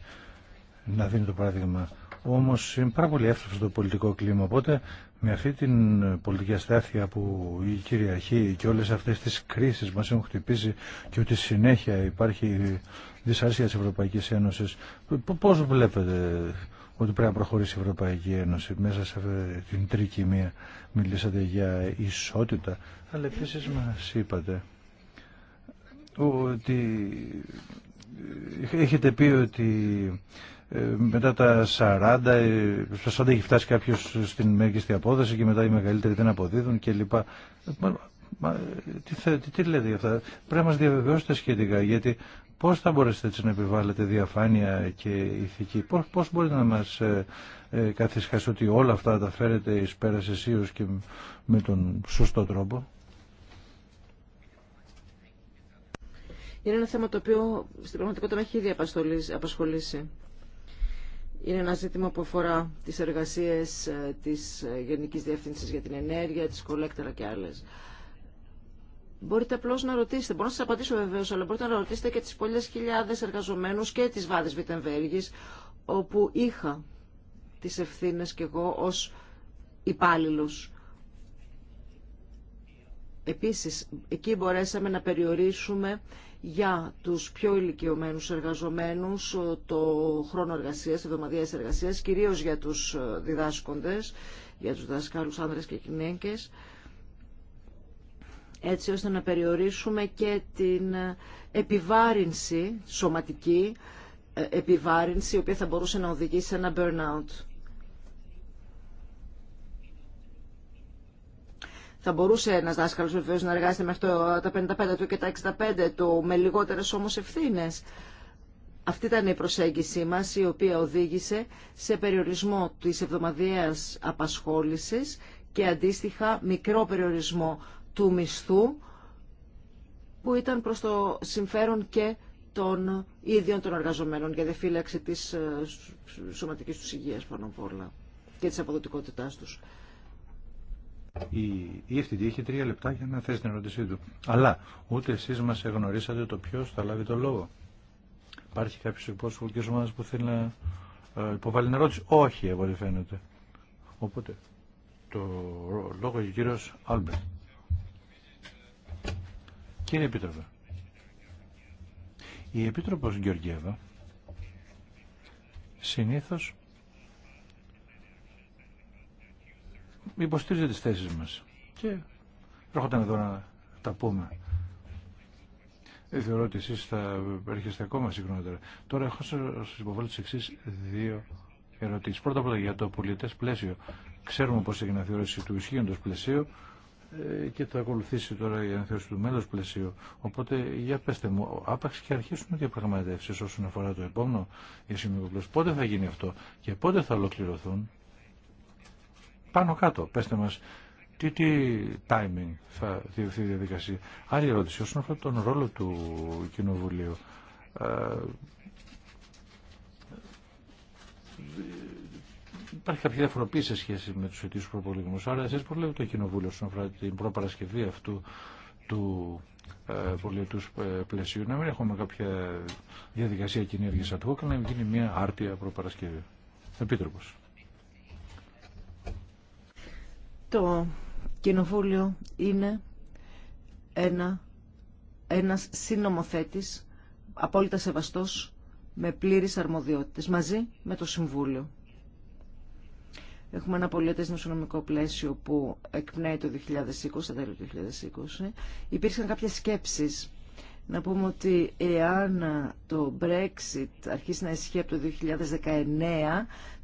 να δίνει το παράδειγμα. Όμω είναι πάρα πολύ εύστοχο το πολιτικό κλίμα. Οπότε με αυτή την πολιτική αστάθεια που η κυριαρχή και όλε αυτέ τι κρίσει μα έχουν χτυπήσει και ότι συνέχεια υπάρχει δυσάρσια τη Ευρωπαϊκή Ένωση, πώ βλέπετε ότι πρέπει να προχωρήσει η Ευρωπαϊκή Ένωση μέσα σε αυτή την τρική μία. Μιλήσατε για ισότητα, αλλά επίση μα είπατε ότι έχετε πει ότι ε, μετά τα 40, ε, στα 40 έχει φτάσει κάποιο στην μέγιστη απόδοση και μετά οι μεγαλύτεροι δεν αποδίδουν κλπ. Μα, τι, θα, τι, τι, λέτε για αυτά. Πρέπει να μας διαβεβαιώσετε σχετικά, γιατί πώς θα μπορέσετε έτσι να επιβάλλετε διαφάνεια και ηθική, πώς πώς μπορείτε να μας ε, ε καθισχάσετε ότι όλα αυτά τα φέρετε εις πέρας και με τον σωστό τρόπο. είναι ένα θέμα το οποίο στην πραγματικότητα με έχει ήδη απασχολήσει. Είναι ένα ζήτημα που αφορά τις εργασίες ε, της ε, γενική Διεύθυνσης για την Ενέργεια, της Κολέκτερα και άλλες. Μπορείτε απλώ να ρωτήσετε, μπορώ να σα απαντήσω βεβαίω, αλλά μπορείτε να ρωτήσετε και τι πολλέ χιλιάδε εργαζομένου και τι βάδε Βιτεμβέργη, όπου είχα τι ευθύνε κι εγώ ω υπάλληλο. Επίσης, εκεί μπορέσαμε να περιορίσουμε για τους πιο ηλικιωμένους εργαζομένους το χρόνο εργασίας, εβδομαδιαίες εργασίας, κυρίως για τους ε, διδάσκοντες, για τους δασκάλους άνδρες και γυναίκες, έτσι ώστε να περιορίσουμε και την ε, επιβάρυνση σωματική, ε, επιβάρυνση η οποία θα μπορούσε να οδηγήσει σε ένα burnout. Θα μπορούσε ένα δάσκαλο βεβαίω να εργάζεται μέχρι το, τα 55 του και τα 65 του με λιγότερε όμω ευθύνε. Αυτή ήταν η προσέγγιση μας η οποία οδήγησε σε περιορισμό τη εβδομαδιαίας απασχόλησης και αντίστοιχα μικρό περιορισμό του μισθού που ήταν προς το συμφέρον και των ίδιων των εργαζομένων για διαφύλαξη της ε, σωματικής τους υγείας πάνω απ' όλα και της αποδοτικότητάς τους. Η ευθυντή έχει τρία λεπτά για να θέσει την ερώτησή του. Αλλά ούτε εσεί μα εγνωρίσατε το ποιο θα λάβει το λόγο. Υπάρχει κάποιο εκπρόσωπο ομάδα που θέλει να ε, υποβάλει την ερώτηση. Όχι, από ό,τι φαίνεται. Οπότε το λόγο έχει ο κύριο Άλμπερ. Κύριε Επίτροπε, η Επίτροπος Γεωργίευα συνήθως υποστήριζε τις θέσεις μας και έρχονταν εδώ να τα πούμε. Δεν θεωρώ ότι εσείς θα έρχεστε ακόμα συγχρονότερα. Τώρα έχω στις υποβάλει τις εξής δύο ερωτήσεις. Πρώτα απ' όλα για το πολιτές πλαίσιο. Ξέρουμε πώς έγινε η αναθεώρηση του ισχύοντος πλαισίου ε, και θα ακολουθήσει τώρα η αναθεώρηση του μέλος πλαισίου. Οπότε για πέστε μου, άπαξ και αρχίσουμε διαπραγματεύσεις όσον αφορά το επόμενο για σημείο Πότε θα γίνει αυτό και πότε θα ολοκληρωθούν πάνω κάτω. Πέστε μας τι, τι timing θα διευθεί η διαδικασία. Άλλη ερώτηση όσον αφορά τον ρόλο του Κοινοβουλίου. Ε, υπάρχει κάποια διαφοροποίηση σε σχέση με τους αιτήσους προπολογισμούς. Άρα εσείς πώς το Κοινοβούλιο όσον αφορά την προπαρασκευή αυτού του ε, πολιτού ε, πλαισίου. Να μην έχουμε κάποια διαδικασία κοινή ad αλλά να γίνει μια άρτια προπαρασκευή. Επίτροπος. Το κοινοβούλιο είναι ένα, ένας συνομοθέτης απόλυτα σεβαστός με πλήρης αρμοδιότητες μαζί με το Συμβούλιο. Έχουμε ένα ένα νοσονομικό πλαίσιο που εκπνέει το 2020, το 2020. Υπήρξαν κάποιες σκέψεις να πούμε ότι εάν το Brexit αρχίσει να ισχύει από το 2019,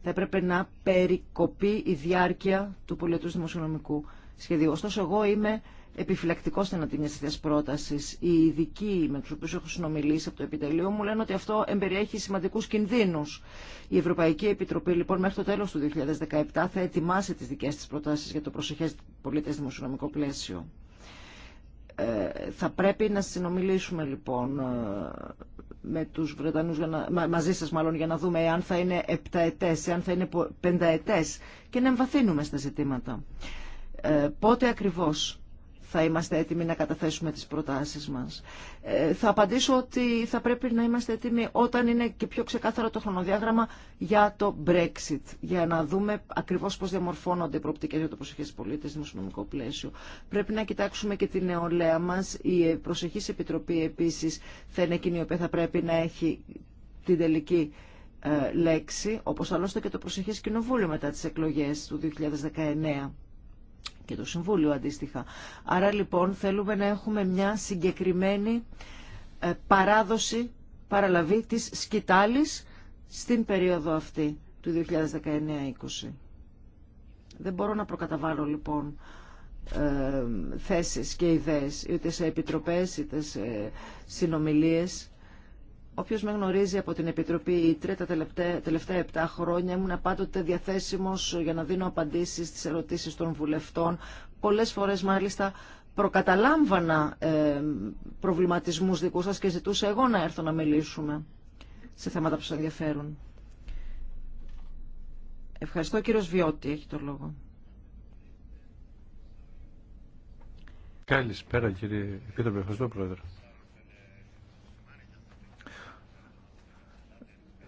θα έπρεπε να περικοπεί η διάρκεια του πολιτού δημοσιονομικού σχεδίου. Ωστόσο, εγώ είμαι επιφυλακτικό στην αντίμεση τη πρόταση. Οι ειδικοί με του οποίου έχω συνομιλήσει από το επιτελείο μου λένε ότι αυτό εμπεριέχει σημαντικού κινδύνου. Η Ευρωπαϊκή Επιτροπή, λοιπόν, μέχρι το τέλο του 2017 θα ετοιμάσει τι δικέ τη προτάσει για το προσεχέ πολιτέ δημοσιονομικό πλαίσιο. Ε, θα πρέπει να συνομιλήσουμε λοιπόν ε, με τους Βρετανούς, μαζί σας μάλλον για να δούμε αν θα είναι επταετές, αν θα είναι πενταετές και να εμβαθύνουμε στα ζητήματα. Ε, πότε ακριβώς θα είμαστε έτοιμοι να καταθέσουμε τις προτάσεις μας. Ε, θα απαντήσω ότι θα πρέπει να είμαστε έτοιμοι όταν είναι και πιο ξεκάθαρο το χρονοδιάγραμμα για το Brexit, για να δούμε ακριβώς πώς διαμορφώνονται οι προοπτικές για το προσεχές πολίτες δημοσιονομικό πλαίσιο. Πρέπει να κοιτάξουμε και την νεολαία μας. Η προσεχής επιτροπή επίσης θα είναι εκείνη η οποία θα πρέπει να έχει την τελική ε, λέξη, όπως άλλωστε και το προσεχές κοινοβούλιο μετά τις εκλογές του 2019 και το Συμβούλιο αντίστοιχα. Άρα λοιπόν θέλουμε να έχουμε μια συγκεκριμένη ε, παράδοση, παραλαβή της σκητάλης στην περίοδο αυτή του 2019-20. Δεν μπορώ να προκαταβάλω λοιπόν ε, θέσεις και ιδέες, είτε σε επιτροπές, είτε σε συνομιλίες. Όποιος με γνωρίζει από την Επιτροπή ΙΤΡΕ τα τελευταία, 7 χρόνια ήμουν πάντοτε διαθέσιμος για να δίνω απαντήσεις στις ερωτήσεις των βουλευτών. Πολλές φορές μάλιστα προκαταλάμβανα ε, προβληματισμούς δικούς σας και ζητούσα εγώ να έρθω να μιλήσουμε σε θέματα που σας ενδιαφέρουν. Ευχαριστώ κύριο Βιώτη, έχει το λόγο. Καλησπέρα κύριε Επίτροπε, ευχαριστώ πρόεδρε.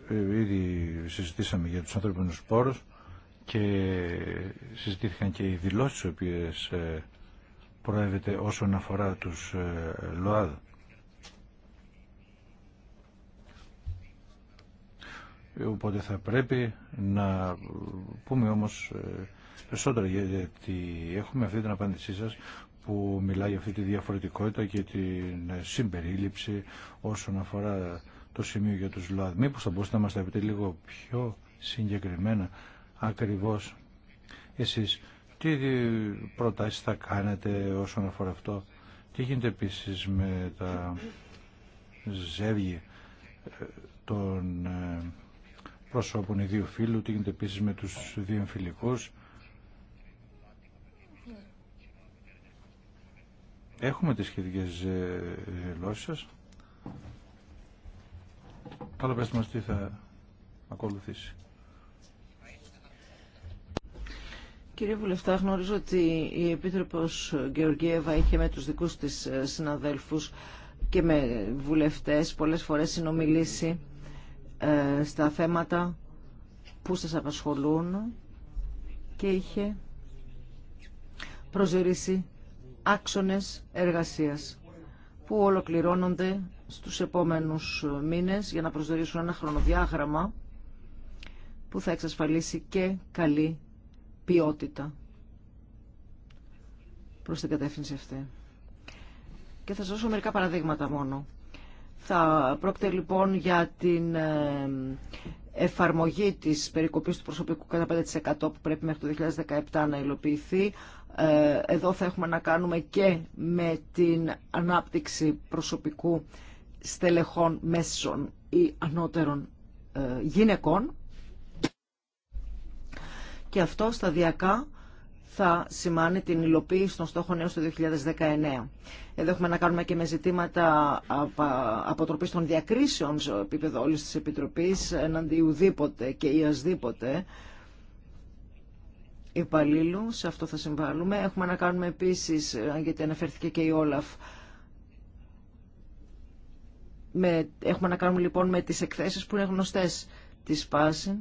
Ε, ήδη συζητήσαμε για τους ανθρώπινους πόρους και συζητήθηκαν και οι δηλώσεις οι οποίες ε, προέβεται όσον αφορά τους ε, ΛΟΑΔ. Οπότε θα πρέπει να πούμε όμως περισσότερα γιατί έχουμε αυτή την απάντησή σας που μιλάει για αυτή τη διαφορετικότητα και την συμπερίληψη όσον αφορά το σημείο για τους ΛΟΑΔ. Μήπως θα μπορούσατε να μας τα πείτε λίγο πιο συγκεκριμένα ακριβώς εσείς τι προτάσεις θα κάνετε όσον αφορά αυτό. Τι γίνεται επίσης με τα ζεύγη ε, των ε, προσώπων ιδίου φίλου, τι γίνεται επίσης με τους δύο εμφυλικούς. Έχουμε τις σχετικές ε, δηλώσεις αλλά πες μας τι θα ακολουθήσει. Κύριε Βουλευτά, γνωρίζω ότι η Επίτροπος Γεωργίευα είχε με τους δικούς της ε, συναδέλφους και με βουλευτές πολλές φορές συνομιλήσει ε, στα θέματα που σας απασχολούν και είχε προσδιορίσει άξονες εργασίας που ολοκληρώνονται στους επόμενους μήνες για να προσδορίσουν ένα χρονοδιάγραμμα που θα εξασφαλίσει και καλή ποιότητα προς την κατεύθυνση αυτή. Και θα σας δώσω μερικά παραδείγματα μόνο. Θα πρόκειται λοιπόν για την ε, εφαρμογή της περικοπής του προσωπικού κατά 5% που πρέπει μέχρι το 2017 να υλοποιηθεί. Ε, εδώ θα έχουμε να κάνουμε και με την ανάπτυξη προσωπικού στελεχών μέσων ή ανώτερων ε, γυναικών και αυτό σταδιακά θα σημάνει την υλοποίηση των στόχων έως το 2019. Εδώ έχουμε να κάνουμε και με ζητήματα αποτροπής των διακρίσεων σε επίπεδο όλης της Επιτροπής εναντί ουδήποτε και ιασδήποτε υπαλλήλου. Σε αυτό θα συμβάλλουμε. Έχουμε να κάνουμε επίσης, γιατί αναφέρθηκε και η Όλαφ, με, έχουμε να κάνουμε λοιπόν με τις εκθέσεις που είναι γνωστές της πάση.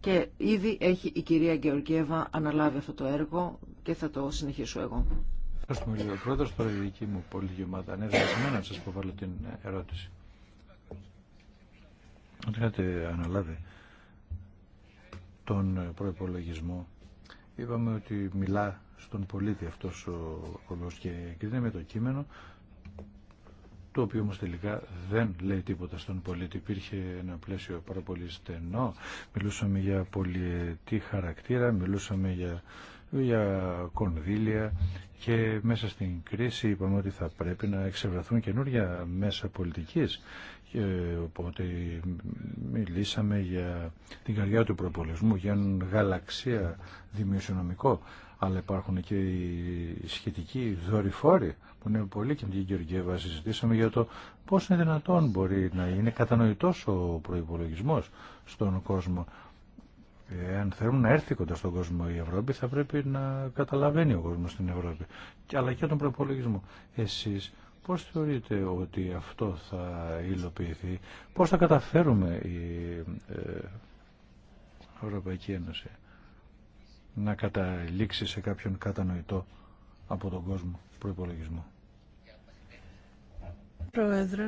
Και ήδη έχει η κυρία Γεωργίευα αναλάβει αυτό το έργο και θα το συνεχίσω εγώ. Ευχαριστούμε λίγο. Πρώτα τώρα η δική μου πολιτική ομάδα. να σας προβάλλω την ερώτηση. Ότι είχατε αναλάβει τον προϋπολογισμό. Είπαμε ότι μιλά στον πολίτη αυτός ο ολός και με το κείμενο το οποίο όμως τελικά δεν λέει τίποτα στον πολίτη. Υπήρχε ένα πλαίσιο πάρα πολύ στενό, μιλούσαμε για πολιετή χαρακτήρα, μιλούσαμε για, για κονδύλια και μέσα στην κρίση είπαμε ότι θα πρέπει να εξευρεθούν καινούργια μέσα πολιτικής. οπότε μιλήσαμε για την καρδιά του προπολισμού, για έναν γαλαξία δημοσιονομικό αλλά υπάρχουν και οι σχετικοί δορυφόροι που είναι πολύ και με την Γεωργίευα συζητήσαμε για το πώς είναι δυνατόν μπορεί να είναι κατανοητός ο προϋπολογισμός στον κόσμο. αν θέλουμε να έρθει κοντά στον κόσμο η Ευρώπη θα πρέπει να καταλαβαίνει ο κόσμος στην Ευρώπη αλλά και τον προϋπολογισμό. Εσείς πώς θεωρείτε ότι αυτό θα υλοποιηθεί, πώς θα καταφέρουμε η ε, Ευρωπαϊκή Ένωση να καταλήξει σε κάποιον κατανοητό από τον κόσμο προϋπολογισμό. Πρόεδρε,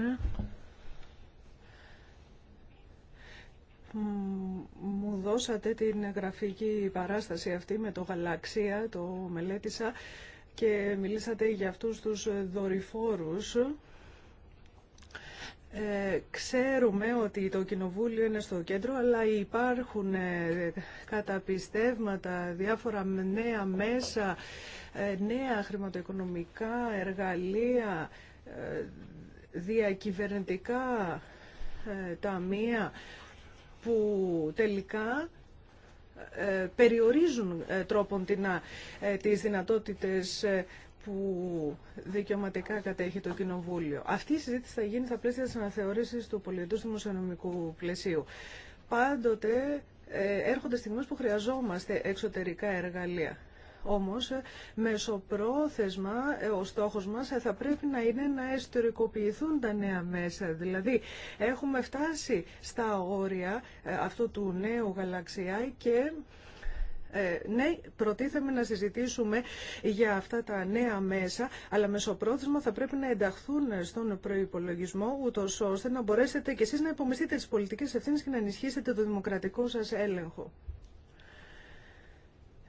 μου δώσατε την γραφική παράσταση αυτή με το γαλαξία, το μελέτησα και μιλήσατε για αυτούς τους δορυφόρους ε, ξέρουμε ότι το Κοινοβούλιο είναι στο κέντρο, αλλά υπάρχουν ε, καταπιστεύματα, διάφορα νέα μέσα, ε, νέα χρηματοοικονομικά εργαλεία, ε, διακυβερνητικά ταμεία που τελικά περιορίζουν τρόπον την, τις δυνατότητες που δικαιωματικά κατέχει το Κοινοβούλιο. Αυτή η συζήτηση θα γίνει στα πλαίσια τη αναθεώρηση του πολιτικού δημοσιονομικού πλαισίου. Πάντοτε ε, έρχονται στιγμές που χρειαζόμαστε εξωτερικά εργαλεία. Όμως, ε, μεσοπρόθεσμα, ε, ο στόχος μας θα πρέπει να είναι να εσωτερικοποιηθούν τα νέα μέσα. Δηλαδή, έχουμε φτάσει στα όρια αυτού του νέου γαλαξιά και ε, ναι, προτίθεμε να συζητήσουμε για αυτά τα νέα μέσα, αλλά μεσοπρόθεσμα θα πρέπει να ενταχθούν στον προπολογισμό, ούτω ώστε να μπορέσετε κι εσεί να υπομειστείτε τι πολιτικέ ευθύνε και να ενισχύσετε το δημοκρατικό σα έλεγχο.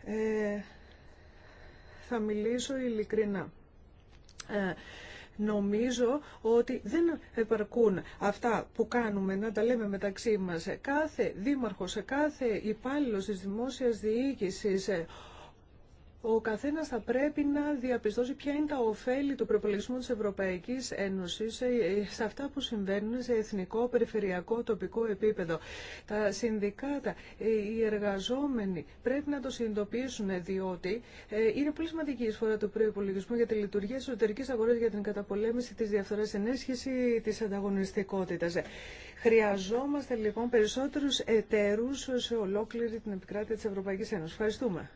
Ε, θα μιλήσω ειλικρινά. Ε, Νομίζω ότι δεν επαρκούν αυτά που κάνουμε να τα λέμε μεταξύ μας. Κάθε δήμαρχος, κάθε υπάλληλος της δημόσιας διοίκησης, ο καθένα θα πρέπει να διαπιστώσει ποια είναι τα ωφέλη του προπολογισμού τη Ευρωπαϊκή Ένωση σε αυτά που συμβαίνουν σε εθνικό, περιφερειακό, τοπικό επίπεδο. Τα συνδικάτα, ε, οι εργαζόμενοι πρέπει να το συνειδητοποιήσουν διότι ε, είναι πολύ σημαντική η εισφορά του προπολογισμού για τη λειτουργία τη εσωτερικής αγοράς για την καταπολέμηση τη διαφθοράς ενέσχυση της ανταγωνιστικότητας. Χρειαζόμαστε λοιπόν περισσότερου εταιρού σε ολόκληρη την επικράτεια τη Ευρωπαϊκή Ένωση. Ευχαριστούμε.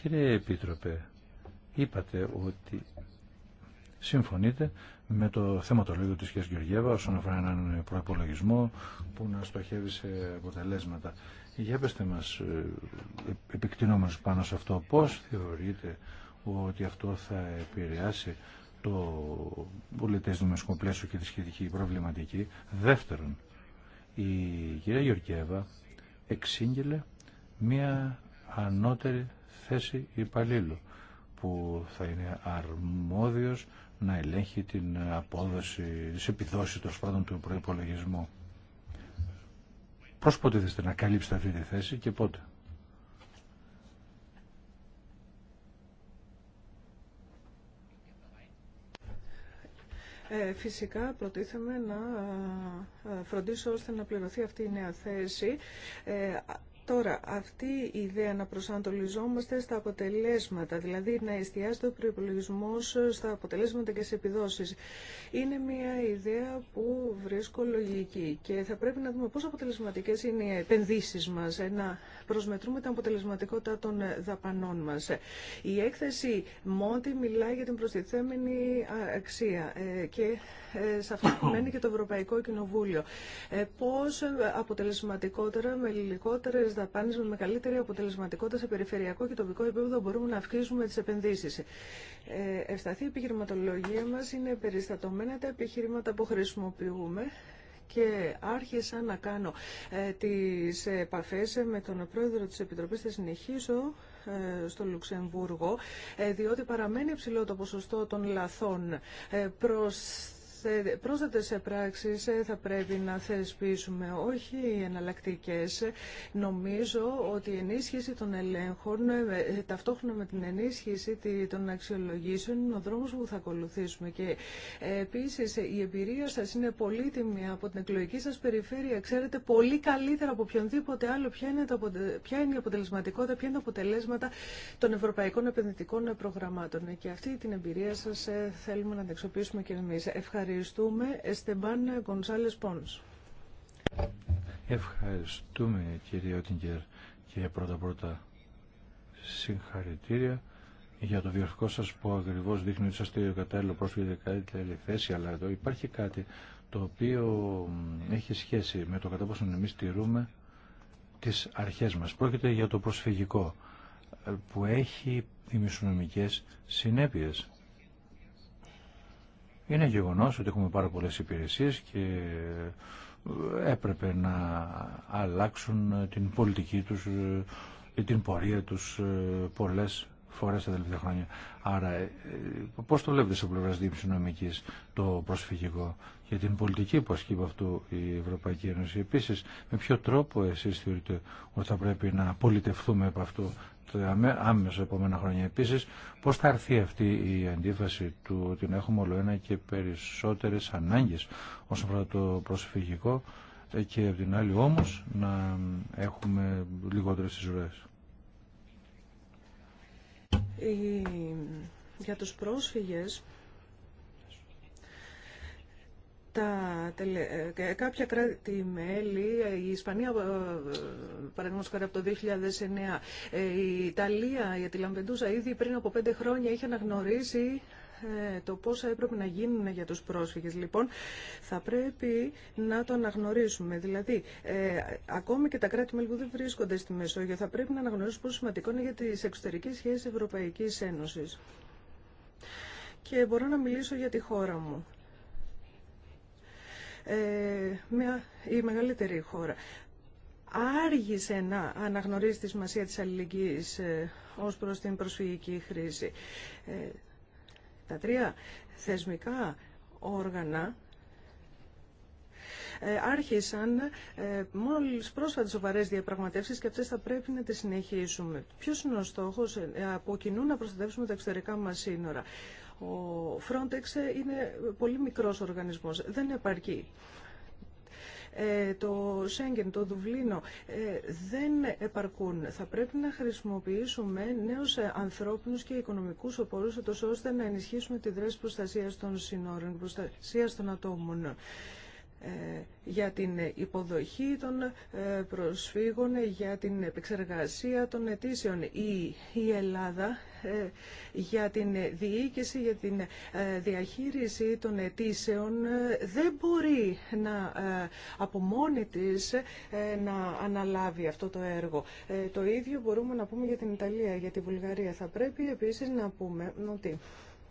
Κύριε Επίτροπε, είπατε ότι συμφωνείτε με το θεματολόγιο της κ. Γεωργέβα όσον αφορά έναν προπολογισμό που να στοχεύει σε αποτελέσματα. Για πέστε μας, ε, επικτηνόμενος πάνω σε αυτό, πώς θεωρείτε ότι αυτό θα επηρεάσει το πολιτές δημοσιοκοπλαίσιο και τη σχετική προβληματική. Δεύτερον, η κυρία Γεωργιέβα εξήγηλε μία ανώτερη θέση υπαλλήλου που θα είναι αρμόδιος να ελέγχει την απόδοση, τις επιδόσεις των σπάντων του προϋπολογισμού. Πώς ποτέ να καλύψετε αυτή τη θέση και πότε. Ε, φυσικά προτίθεμαι να ε, φροντίσω ώστε να πληρωθεί αυτή η νέα θέση ε, Τώρα, αυτή η ιδέα να προσανατολιζόμαστε στα αποτελέσματα, δηλαδή να εστιάζεται ο προπολογισμό στα αποτελέσματα και σε επιδόσεις, είναι μια ιδέα που βρίσκω λογική και θα πρέπει να δούμε πόσο αποτελεσματικές είναι οι επενδύσεις μας, ε, να προσμετρούμε την αποτελεσματικότητα των δαπανών μας. Η έκθεση Μόντι μιλάει για την προστιθέμενη αξία ε, και σε αυτό μένει και το Ευρωπαϊκό Κοινοβούλιο. Ε, πώς αποτελεσματικότερα, με λιγότερες δαπάνε με μεγαλύτερη αποτελεσματικότητα σε περιφερειακό και τοπικό επίπεδο μπορούμε να αυξήσουμε τις επενδύσεις. Ε, ευσταθεί η επιχειρηματολογία μας είναι περιστατωμένα τα επιχειρήματα που χρησιμοποιούμε και άρχισα να κάνω ε, τις επαφές με τον πρόεδρο της Επιτροπής. Θα συνεχίσω ε, στο Λουξεμβούργο, ε, διότι παραμένει ψηλό το ποσοστό των λαθών ε, προς πρόσθετες πράξεις ε, θα πρέπει να θεσπίσουμε, όχι εναλλακτικέ. Νομίζω ότι η ενίσχυση των ελέγχων, ε, ε, ταυτόχρονα με την ενίσχυση των αξιολογήσεων, είναι ο δρόμος που θα ακολουθήσουμε. Και επίσης η εμπειρία σας είναι πολύτιμη από την εκλογική σας περιφέρεια. Ξέρετε πολύ καλύτερα από οποιονδήποτε άλλο ποια είναι, ποια είναι η αποτελεσματικότητα, ποια είναι τα αποτελέσματα των ευρωπαϊκών επενδυτικών προγραμμάτων. Και αυτή την εμπειρία σας θέλουμε να την εξοπλίσουμε και εμεί. Ευχαριστώ. Ευχαριστούμε. Εστεμπάν Γκονσάλες Πόνς. Ευχαριστούμε κύριε Ότιγκερ και πρώτα πρώτα συγχαρητήρια για το βιογραφικό σας που ακριβώς δείχνει ότι ο κατάλληλο πρόσφυγε για κατάλληλη θέση αλλά εδώ υπάρχει κάτι το οποίο έχει σχέση με το κατά πόσο εμείς τηρούμε τις αρχές μας. Πρόκειται για το προσφυγικό ε, που έχει δημισιονομικές συνέπειες. Είναι γεγονό ότι έχουμε πάρα πολλέ υπηρεσίε και έπρεπε να αλλάξουν την πολιτική του, ή ε, την πορεία του ε, πολλέ φορέ τα τελευταία χρόνια. Άρα, ε, πώ το βλέπετε σε πλευράς νομική το προσφυγικό και την πολιτική που ασκεί από αυτού η Ευρωπαϊκή Ένωση. Επίση, με ποιο τρόπο εσεί θεωρείτε ότι θα πρέπει να πολιτευτούμε από αυτού άμεσα επόμενα χρόνια. Επίσης, πώς θα έρθει αυτή η αντίφαση του ότι να έχουμε όλο ένα και περισσότερες ανάγκες όσον αφορά το προσφυγικό και από την άλλη όμως να έχουμε λιγότερες ζωέ. Για τους πρόσφυγες τα ε, κάποια κράτη-μέλη, η Ισπανία ε, παραδείγματος χάρη από το 2009, ε, η Ιταλία για τη Λαμπεντούσα ήδη πριν από πέντε χρόνια είχε αναγνωρίσει το πόσα έπρεπε να γίνουν για τους πρόσφυγες. Λοιπόν, θα πρέπει να το αναγνωρίσουμε. Δηλαδή, ακόμη και τα κράτη-μέλη που δεν βρίσκονται στη Μεσόγειο θα πρέπει να αναγνωρίσουν πόσο σημαντικό είναι για τις εξωτερικές σχέσεις Ευρωπαϊκής Ένωσης. Και μπορώ να μιλήσω για τη χώρα μου. Ε, μια, η μεγαλύτερη χώρα. Άργησε να αναγνωρίζει τη σημασία της αλληλεγγύης ε, ως προς την προσφυγική χρήση. Ε, τα τρία θεσμικά όργανα άρχισαν μόλις πρόσφατες σοβαρέ διαπραγματεύσεις και αυτές θα πρέπει να τις συνεχίσουμε. Ποιος είναι ο στόχος από κοινού να προστατεύσουμε τα εξωτερικά μας σύνορα. Ο Frontex είναι πολύ μικρός οργανισμός, δεν επαρκεί. Ε, το Σέγγεν, το Δουβλίνο ε, δεν επαρκούν. Θα πρέπει να χρησιμοποιήσουμε νέους ε, ανθρώπινους και οικονομικούς οπόρους ώστε να ενισχύσουμε τη δράση προστασίας των συνόρων, προστασίας των ατόμων. Ε, για την υποδοχή των ε, προσφύγων, για την επεξεργασία των αιτήσεων. Η, η Ελλάδα ε, για την διοίκηση, για την διαχείριση των αιτήσεων δεν μπορεί να από μόνη της να αναλάβει αυτό το έργο. Το ίδιο μπορούμε να πούμε για την Ιταλία, για την Βουλγαρία. Θα πρέπει επίσης να πούμε ότι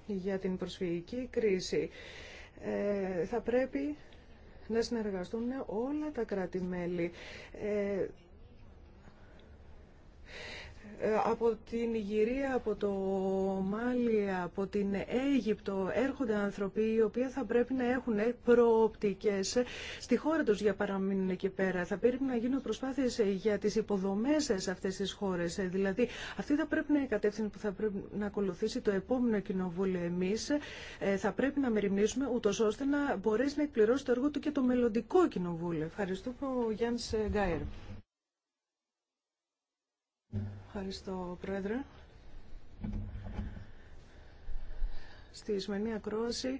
για την προσφυγική κρίση θα πρέπει να συνεργαστούν όλα τα κράτη-μέλη. Ε, ε, από την Ιγυρία, από το Μάλι, από την Αίγυπτο έρχονται άνθρωποι οι οποίοι θα πρέπει να έχουν προοπτικές στη χώρα τους για παραμείνουν εκεί πέρα. Θα πρέπει να γίνουν προσπάθειες για τις υποδομές σε αυτές τις χώρες. Δηλαδή αυτή θα πρέπει να είναι η κατεύθυνση που θα πρέπει να ακολουθήσει το επόμενο κοινοβούλιο εμείς. Ε, θα πρέπει να μεριμνήσουμε ούτω ώστε να μπορέσει να εκπληρώσει το έργο του και το μελλοντικό κοινοβούλιο. Ευχαριστώ Γιάννη Γκάιερ. Ευχαριστώ, Πρόεδρε. Στη σημερινή ακρόαση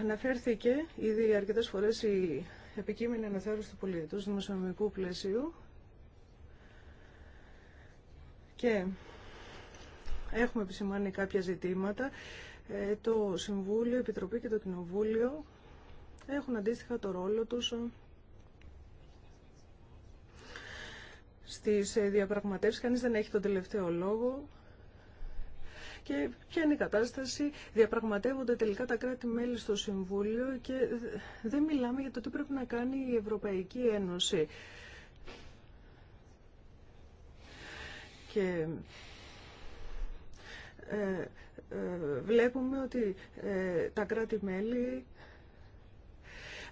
αναφέρθηκε ήδη αρκετές φορές η επικείμενη αναθεώρηση του του δημοσιονομικού πλαισίου και έχουμε επισημάνει κάποια ζητήματα. Ε, το Συμβούλιο, η Επιτροπή και το Κοινοβούλιο έχουν αντίστοιχα το ρόλο τους στις ε, διαπραγματεύσεις. Κανείς δεν έχει τον τελευταίο λόγο. Και ποια είναι η κατάσταση. Διαπραγματεύονται τελικά τα κράτη-μέλη στο Συμβούλιο και δεν μιλάμε για το τι πρέπει να κάνει η Ευρωπαϊκή Ένωση. Και ε, ε, βλέπουμε ότι τα κράτη-μέλη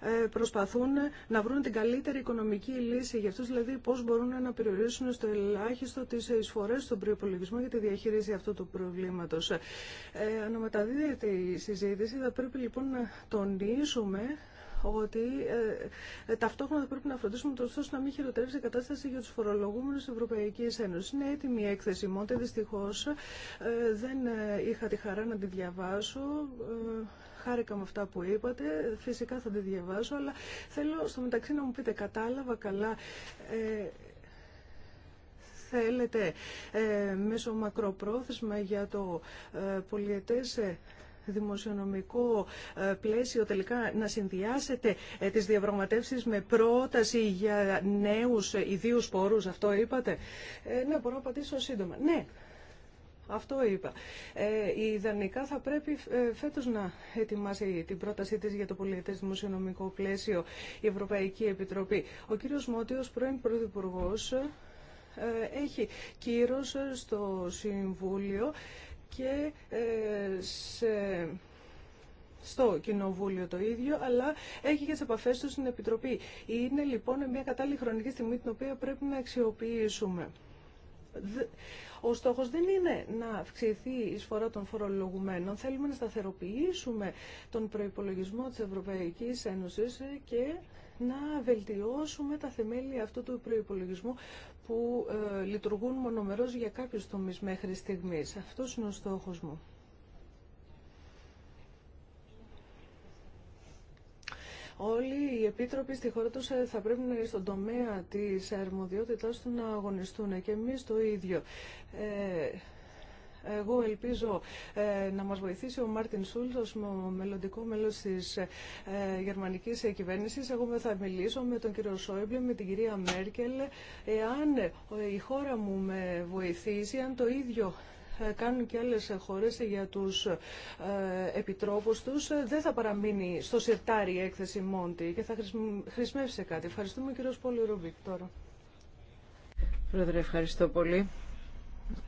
ε, προσπαθούν να βρουν την καλύτερη οικονομική λύση για αυτού, δηλαδή πώ μπορούν να περιορίσουν στο ελάχιστο τι εισφορέ στον προπολογισμό για τη διαχείριση αυτού του προβλήματο. Ε, αναμεταδίδεται η συζήτηση, θα πρέπει λοιπόν να τονίσουμε ότι ε, ταυτόχρονα θα πρέπει να φροντίσουμε τόσο ώστε να μην χειροτερεύσει η κατάσταση για τους φορολογούμενους της Ευρωπαϊκής Ένωσης. Είναι έτοιμη η έκθεση μόντε. Δυστυχώ ε, δεν ε, είχα τη χαρά να τη διαβάσω. Ε, Χάρηκα με αυτά που είπατε, φυσικά θα τη διαβάσω, αλλά θέλω στο μεταξύ να μου πείτε, κατάλαβα καλά, ε, θέλετε ε, μέσω μακροπρόθεσμα για το ε, πολιετές ε, δημοσιονομικό ε, πλαίσιο τελικά να συνδυάσετε ε, τις διαπραγματεύσεις με πρόταση για νέους ιδίους πόρους, αυτό είπατε. Ναι, μπορώ να απαντήσω σύντομα. Ναι, αυτό είπα. Ε, ιδανικά θα πρέπει ε, φέτος να ετοιμάσει την πρότασή της για το πολιετές δημοσιονομικό πλαίσιο η Ευρωπαϊκή Επιτροπή. Ο κύριος Μότιος, πρώην Πρωθυπουργός, ε, έχει κύρος στο Συμβούλιο και ε, σε στο Κοινοβούλιο το ίδιο, αλλά έχει και τι επαφέ του στην Επιτροπή. Είναι λοιπόν μια κατάλληλη χρονική στιγμή την οποία πρέπει να αξιοποιήσουμε. Ο στόχος δεν είναι να αυξηθεί η εισφορά των φορολογουμένων. Θέλουμε να σταθεροποιήσουμε τον προϋπολογισμό της Ευρωπαϊκής Ένωσης και να βελτιώσουμε τα θεμέλια αυτού του προϋπολογισμού που ε, λειτουργούν μονομερώς για κάποιους τομείς μέχρι στιγμής. Αυτός είναι ο στόχος μου. Όλοι οι επίτροποι στη χώρα τους ε, θα πρέπει να στον τομέα της αρμοδιότητάς του να αγωνιστούν και εμείς το ίδιο. Ε, εγώ ελπίζω ε, να μας βοηθήσει ο Μάρτιν Σούλτ ως μελλοντικό μέλος της ε, γερμανικής κυβέρνησης. Εγώ θα μιλήσω με τον κύριο Σόιμπλε, με την κυρία Μέρκελ. Εάν ε, η χώρα μου με βοηθήσει, αν το ίδιο ε, κάνουν και άλλες χώρες για τους ε, επιτρόπους τους, ε, δεν θα παραμείνει στο σιρτάρι η έκθεση Μόντι και θα χρησιμεύσει σε κάτι. Ευχαριστούμε κύριο Πόλη Ρουμπίκ τώρα. Πρόεδρε, ευχαριστώ πολύ.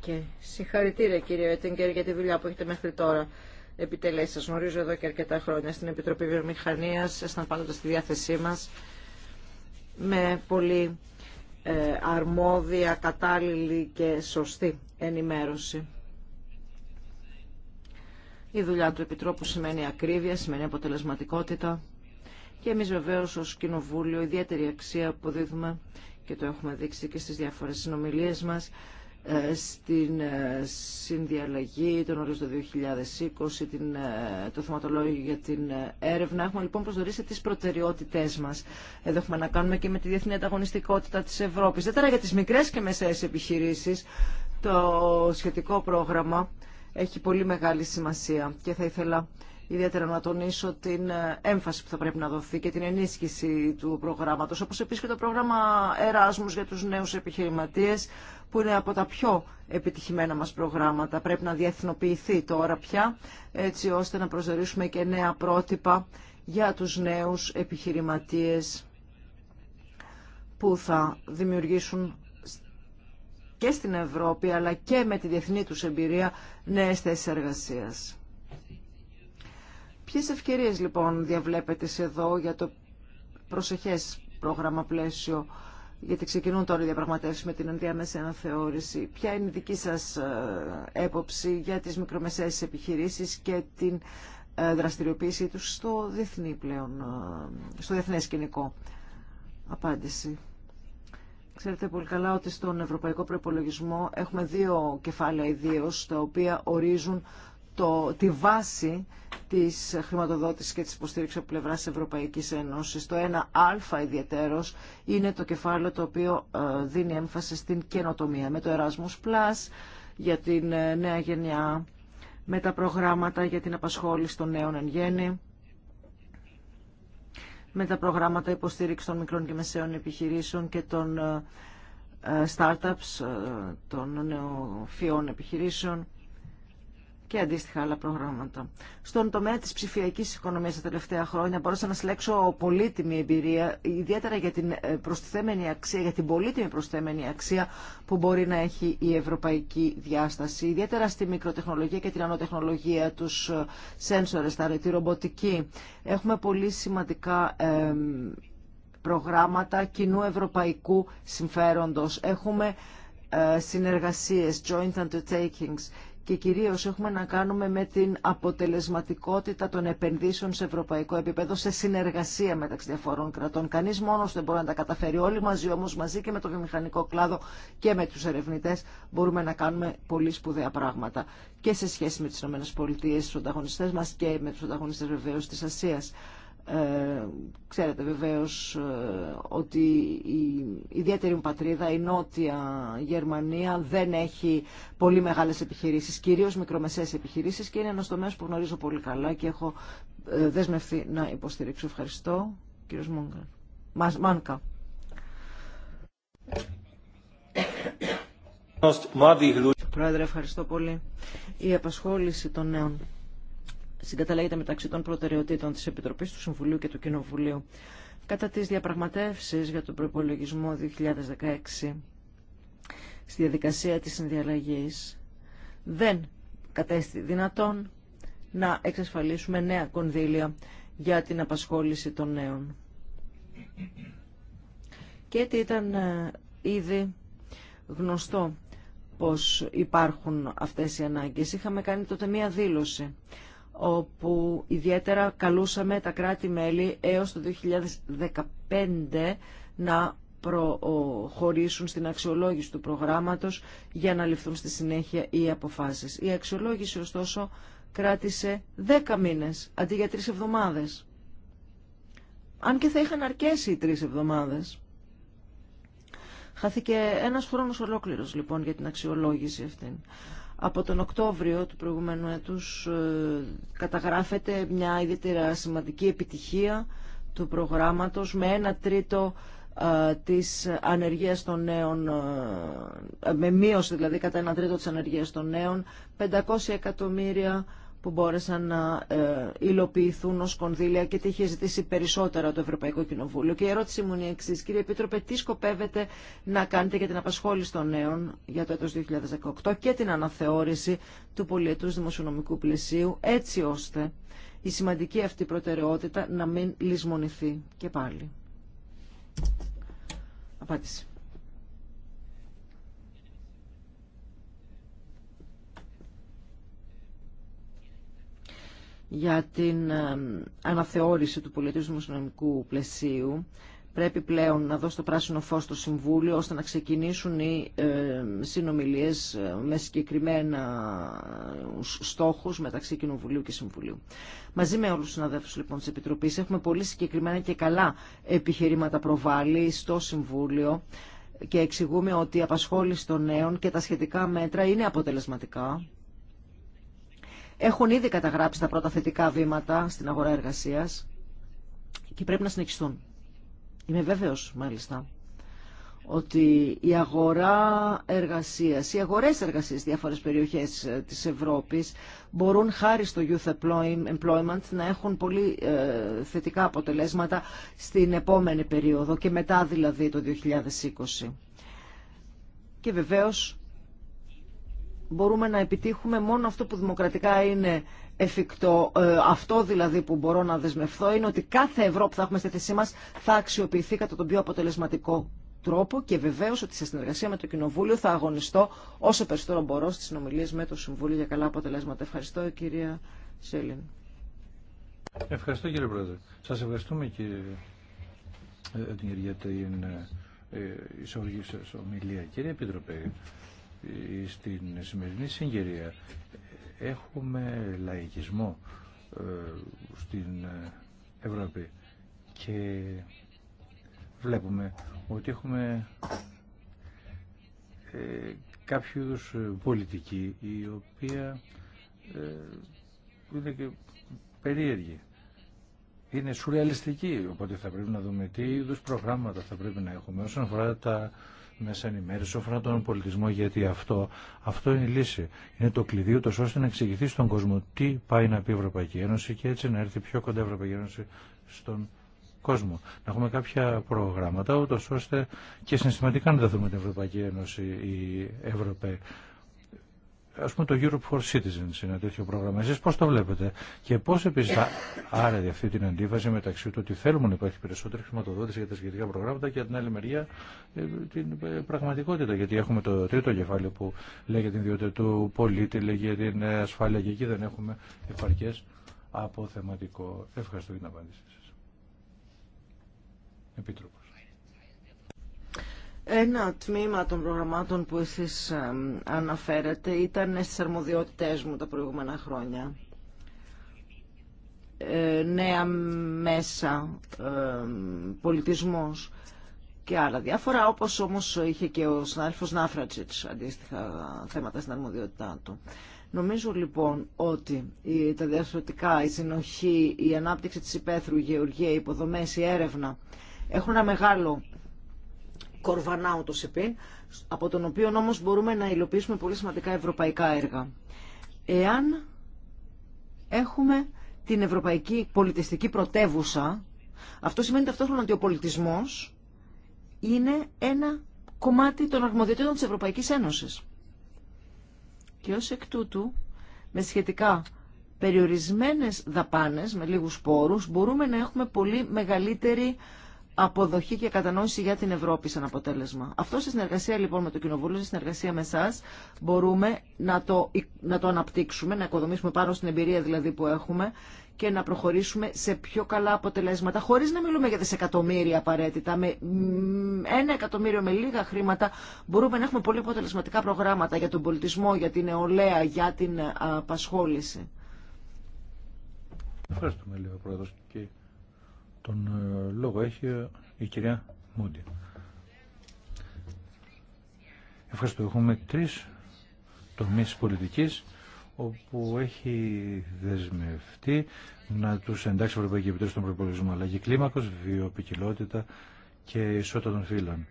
Και συγχαρητήρια κύριε Έτεγκερ για τη δουλειά που έχετε μέχρι τώρα επιτελέσει. Σας γνωρίζω εδώ και αρκετά χρόνια στην Επιτροπή βιομηχανία, ήσταν πάντοτε στη διάθεσή μας με πολύ αρμόδια, κατάλληλη και σωστή ενημέρωση. Η δουλειά του Επιτρόπου σημαίνει ακρίβεια, σημαίνει αποτελεσματικότητα και εμείς βεβαίως ως Κοινοβούλιο ιδιαίτερη αξία που δίδουμε και το έχουμε δείξει και στις διάφορες συνομιλίες μας ε, στην ε, συνδιαλλαγή τον ορίζοντα 2020, την, ε, το θεματολόγιο για την έρευνα. Έχουμε λοιπόν προσδορίσει τις προτεραιότητές μας. Εδώ έχουμε να κάνουμε και με τη διεθνή ανταγωνιστικότητα της Ευρώπης. Δεν τώρα για τις μικρές και μεσαίες επιχειρήσεις το σχετικό πρόγραμμα έχει πολύ μεγάλη σημασία και θα ήθελα ιδιαίτερα να τονίσω την ε, έμφαση που θα πρέπει να δοθεί και την ενίσχυση του προγράμματος, όπως επίσης και το πρόγραμμα Εράσμους για τους νέους επιχειρηματίες, που είναι από τα πιο επιτυχημένα μας προγράμματα. Πρέπει να διεθνοποιηθεί τώρα πια, έτσι ώστε να προσδιορίσουμε και νέα πρότυπα για τους νέους επιχειρηματίες που θα δημιουργήσουν και στην Ευρώπη αλλά και με τη διεθνή τους εμπειρία νέες θέσεις εργασίας. Ποιες ευκαιρίες λοιπόν διαβλέπετε εδώ για το προσεχές πρόγραμμα πλαίσιο γιατί ξεκινούν τώρα οι διαπραγματεύσεις με την ενδιάμεση αναθεώρηση. Ποια είναι η δική σας ε, έποψη για τις μικρομεσαίες επιχειρήσεις και την ε, δραστηριοποίησή τους στο διεθνή πλέον, ε, στο διεθνές σκηνικό. Απάντηση. Ξέρετε πολύ καλά ότι στον Ευρωπαϊκό Προπολογισμό έχουμε δύο κεφάλαια ιδίω, τα οποία ορίζουν το, τη βάση της χρηματοδότησης και της υποστήριξης από πλευράς της Ευρωπαϊκής Ένωσης. Το ένα α ιδιαίτερος είναι το κεφάλαιο το οποίο ε, δίνει έμφαση στην καινοτομία με το Erasmus Plus για την ε, νέα γενιά, με τα προγράμματα για την απασχόληση των νέων εν γέννη με τα προγράμματα υποστήριξη των μικρών και μεσαίων επιχειρήσεων και των ε, ε, startups, ε, των νεοφυών επιχειρήσεων και αντίστοιχα άλλα προγράμματα. Στον τομέα τη ψηφιακή οικονομία τα τελευταία χρόνια μπορούσα να συλλέξω πολύτιμη εμπειρία, ιδιαίτερα για την ε, προστιθέμενη αξία, για την πολύτιμη προστιθέμενη αξία που μπορεί να έχει η ευρωπαϊκή διάσταση, ιδιαίτερα στη μικροτεχνολογία και την ανοτεχνολογία, του σένσορε, τα, τη ρομποτική. Έχουμε πολύ σημαντικά προγράμματα κοινού ευρωπαϊκού συμφέροντος. Έχουμε ε, συνεργασίες, joint undertakings και κυρίως έχουμε να κάνουμε με την αποτελεσματικότητα των επενδύσεων σε ευρωπαϊκό επίπεδο, σε συνεργασία μεταξύ διαφορών κρατών. Κανείς μόνος δεν μπορεί να τα καταφέρει όλοι μαζί, όμως μαζί και με το βιομηχανικό κλάδο και με τους ερευνητές μπορούμε να κάνουμε πολύ σπουδαία πράγματα. Και σε σχέση με τις ΗΠΑ, τους ανταγωνιστές μας και με τους ανταγωνιστές βεβαίως της Ασίας. Ε, ξέρετε βεβαίως ε, ότι η ιδιαίτερη μου πατρίδα, η Νότια Γερμανία, δεν έχει πολύ μεγάλες επιχειρήσεις, κυρίως μικρομεσαίες επιχειρήσεις και είναι ένας τομέας που γνωρίζω πολύ καλά και έχω ε, δεσμευθεί να υποστηρίξω. Ευχαριστώ, κύριος Μας, Μάνκα. Πρόεδρε, ευχαριστώ πολύ. Η απασχόληση των νέων συγκαταλέγεται μεταξύ των προτεραιοτήτων της Επιτροπής του Συμβουλίου και του Κοινοβουλίου. Κατά τις διαπραγματεύσεις για τον προϋπολογισμό 2016 στη διαδικασία της συνδιαλλαγής δεν κατέστη δυνατόν να εξασφαλίσουμε νέα κονδύλια για την απασχόληση των νέων. Και έτσι ήταν ε, ήδη γνωστό πως υπάρχουν αυτές οι ανάγκες. Είχαμε κάνει τότε μία δήλωση όπου ιδιαίτερα καλούσαμε τα κράτη-μέλη έως το 2015 να προχωρήσουν στην αξιολόγηση του προγράμματος για να ληφθούν στη συνέχεια οι αποφάσεις. Η αξιολόγηση ωστόσο κράτησε 10 μήνες αντί για 3 εβδομάδες. Αν και θα είχαν αρκέσει οι 3 εβδομάδες. Χάθηκε ένας χρόνος ολόκληρος λοιπόν για την αξιολόγηση αυτήν από τον Οκτώβριο του προηγούμενου έτους ε, καταγράφεται μια ιδιαίτερα σημαντική επιτυχία του προγράμματος με ένα τρίτο ε, της ανεργίας των νέων, ε, με μείωση δηλαδή κατά ένα τρίτο της ανεργίας των νέων, 500 εκατομμύρια που μπόρεσαν να ε, υλοποιηθούν ως κονδύλια και τι είχε ζητήσει περισσότερα το Ευρωπαϊκό Κοινοβούλιο. Και η ερώτηση μου είναι η εξής. Κύριε Επίτροπε, τι σκοπεύετε να κάνετε για την απασχόληση των νέων για το έτος 2018 και την αναθεώρηση του πολιετούς δημοσιονομικού πλαισίου έτσι ώστε η σημαντική αυτή προτεραιότητα να μην λησμονηθεί και πάλι. Απάντηση. για την ε, αναθεώρηση του πολιτισμού συνομικού πλαισίου. Πρέπει πλέον να δώσει το πράσινο φως στο Συμβούλιο ώστε να ξεκινήσουν οι ε, συνομιλίες ε, με συγκεκριμένα στόχους μεταξύ Κοινοβουλίου και Συμβουλίου. Μαζί με όλους τους συναδέλφους λοιπόν της Επιτροπής έχουμε πολύ συγκεκριμένα και καλά επιχειρήματα προβάλλει στο Συμβούλιο και εξηγούμε ότι η απασχόληση των νέων και τα σχετικά μέτρα είναι αποτελεσματικά έχουν ήδη καταγράψει τα πρώτα θετικά βήματα στην αγορά εργασίας και πρέπει να συνεχιστούν. Είμαι βέβαιος μάλιστα ότι η αγορά εργασίας, οι αγορές εργασίας στις διάφορες περιοχές ε, της Ευρώπης μπορούν χάρη στο Youth Employment να έχουν πολύ ε, θετικά αποτελέσματα στην επόμενη περίοδο και μετά δηλαδή το 2020. Και βεβαίως μπορούμε να επιτύχουμε μόνο αυτό που δημοκρατικά είναι εφικτό. Ε, αυτό δηλαδή που μπορώ να δεσμευθώ είναι ότι κάθε ευρώ που θα έχουμε στη θέση μας θα αξιοποιηθεί κατά τον πιο αποτελεσματικό τρόπο και βεβαίως ότι σε συνεργασία με το Κοινοβούλιο θα αγωνιστώ όσο περισσότερο μπορώ στις συνομιλίες με το Συμβούλιο για καλά αποτελέσματα. Ευχαριστώ κυρία Σέλιν. Ευχαριστώ κύριε Πρόεδρε. Σα ευχαριστούμε κύριε ε, την για την ε, εισαγωγή σας ομιλία. Κύριε Επίτροπε, στην σημερινή συγκυρία έχουμε λαϊκισμό ε, στην Ευρώπη και βλέπουμε ότι έχουμε ε, κάποιους πολιτικοί πολιτική η οποία ε, είναι και περίεργη. Είναι σουρεαλιστική, οπότε θα πρέπει να δούμε τι είδους προγράμματα θα πρέπει να έχουμε όσον αφορά τα μέσα ενημέρωση όσον τον πολιτισμό, γιατί αυτό, αυτό είναι η λύση. Είναι το κλειδί ούτως ώστε να εξηγηθεί στον κόσμο τι πάει να πει η Ευρωπαϊκή Ένωση και έτσι να έρθει πιο κοντά η Ευρωπαϊκή Ένωση στον κόσμο. Να έχουμε κάποια προγράμματα ούτως ώστε και συναισθηματικά να δεθούμε την Ευρωπαϊκή Ένωση οι Ευρωπαίοι. Α πούμε το Europe for Citizens είναι ένα τέτοιο πρόγραμμα. Εσεί, πώς το βλέπετε και πώς επίσης θα άρετε αυτή την αντίβαση μεταξύ του ότι θέλουμε να υπάρχει περισσότερη χρηματοδότηση για τα σχετικά προγράμματα και από την άλλη μεριά ε, την ε, πραγματικότητα. Γιατί έχουμε το τρίτο κεφάλαιο που λέει για την ιδιότητα του πολίτη, λέει για την ε, ασφάλεια και εκεί δεν έχουμε από αποθεματικό. Ευχαριστώ για την απάντησή σα. Επίτροπο. Ένα τμήμα των προγραμμάτων που εσείς ε, αναφέρατε ήταν στις αρμοδιότητές μου τα προηγούμενα χρόνια. Ε, νέα μέσα, ε, πολιτισμός και άλλα διάφορα, όπως όμως είχε και ο συνάδελφος Νάφρατσιτς αντίστοιχα θέματα στην αρμοδιότητά του. Νομίζω λοιπόν ότι τα διαστροτικά, η συνοχή, η ανάπτυξη της υπαίθρου, η γεωργία, οι υποδομές, η έρευνα έχουν ένα μεγάλο κορβανά ούτως επί από τον οποίο όμως μπορούμε να υλοποιήσουμε πολύ σημαντικά ευρωπαϊκά έργα. Εάν έχουμε την ευρωπαϊκή πολιτιστική πρωτεύουσα, αυτό σημαίνει ταυτόχρονα ότι ο πολιτισμός είναι ένα κομμάτι των αρμοδιοτήτων της Ευρωπαϊκής Ένωσης. Και ως εκ τούτου, με σχετικά περιορισμένες δαπάνες, με λίγους πόρους, μπορούμε να έχουμε πολύ μεγαλύτερη αποδοχή και κατανόηση για την Ευρώπη σαν αποτέλεσμα. Αυτό σε συνεργασία λοιπόν με το Κοινοβούλιο, σε συνεργασία με εσά, μπορούμε να το, να το αναπτύξουμε, να οικοδομήσουμε πάνω στην εμπειρία δηλαδή που έχουμε και να προχωρήσουμε σε πιο καλά αποτελέσματα, χωρίς να μιλούμε για δισεκατομμύρια απαραίτητα. Με ένα εκατομμύριο με λίγα χρήματα μπορούμε να έχουμε πολύ αποτελεσματικά προγράμματα για τον πολιτισμό, για την νεολαία, για την απασχόληση. Ευχαριστούμε λίγο, Πρόεδρος. Τον ε, λόγο έχει η κυρία Μούντι. Ευχαριστώ. Έχουμε τρεις τομείς πολιτικής όπου έχει δεσμευτεί να τους εντάξει η Ευρωπαϊκή Επιτροπή στον προπολογισμό αλλαγή κλίμακος, βιοποικιλότητα και ισότητα των φύλων.